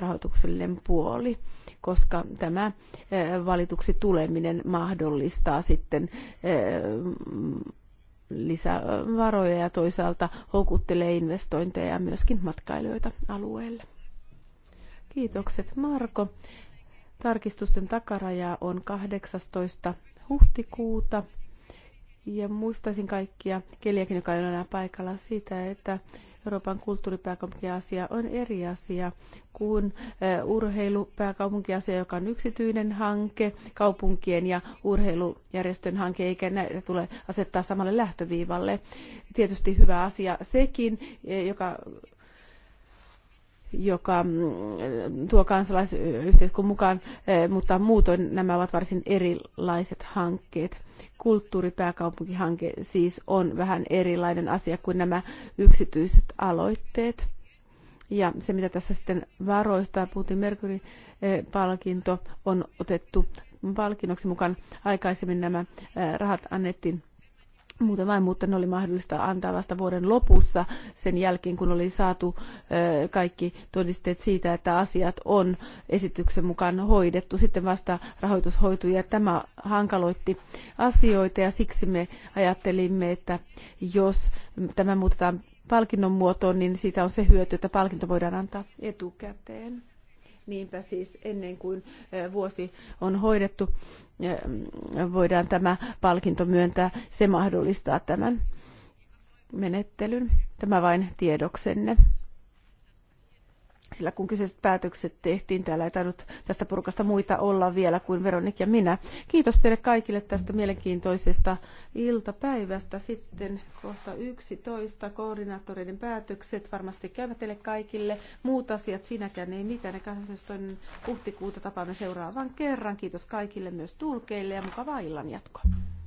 rahoituksellinen puoli, koska tämä valituksi tuleminen mahdollistaa sitten lisävaroja ja toisaalta houkuttelee investointeja ja myöskin matkailijoita alueelle. Kiitokset Marko. Tarkistusten takaraja on 18 huhtikuuta. Ja muistaisin kaikkia, keliäkin, joka ei ole enää paikalla, siitä, että Euroopan kulttuuripääkaupunkiasia on eri asia kuin eh, urheilupääkaupunkiasia, joka on yksityinen hanke, kaupunkien ja urheilujärjestön hanke, eikä näitä tule asettaa samalle lähtöviivalle. Tietysti hyvä asia sekin, eh, joka joka mm, tuo kansalaisyhteiskun mukaan, eh, mutta muutoin nämä ovat varsin erilaiset hankkeet. Kulttuuripääkaupunkihanke siis on vähän erilainen asia kuin nämä yksityiset aloitteet. Ja se, mitä tässä sitten varoista Putin merkuri eh, palkinto on otettu palkinnoksi mukaan. Aikaisemmin nämä eh, rahat annettiin Muuten vain, mutta ne oli mahdollista antaa vasta vuoden lopussa sen jälkeen, kun oli saatu kaikki todisteet siitä, että asiat on esityksen mukaan hoidettu. Sitten vasta rahoitus hoitui ja tämä hankaloitti asioita ja siksi me ajattelimme, että jos tämä muutetaan palkinnon muotoon, niin siitä on se hyöty, että palkinto voidaan antaa etukäteen. Niinpä siis ennen kuin vuosi on hoidettu, voidaan tämä palkinto myöntää. Se mahdollistaa tämän menettelyn. Tämä vain tiedoksenne sillä kun kyseiset päätökset tehtiin, täällä ei tainnut tästä porukasta muita olla vielä kuin Veronik ja minä. Kiitos teille kaikille tästä mielenkiintoisesta iltapäivästä. Sitten kohta 11 koordinaattoreiden päätökset varmasti käyvät teille kaikille. Muut asiat sinäkään ei mitään. Ne 12. huhtikuuta tapaamme seuraavan kerran. Kiitos kaikille myös tulkeille ja mukavaa illan jatkoa.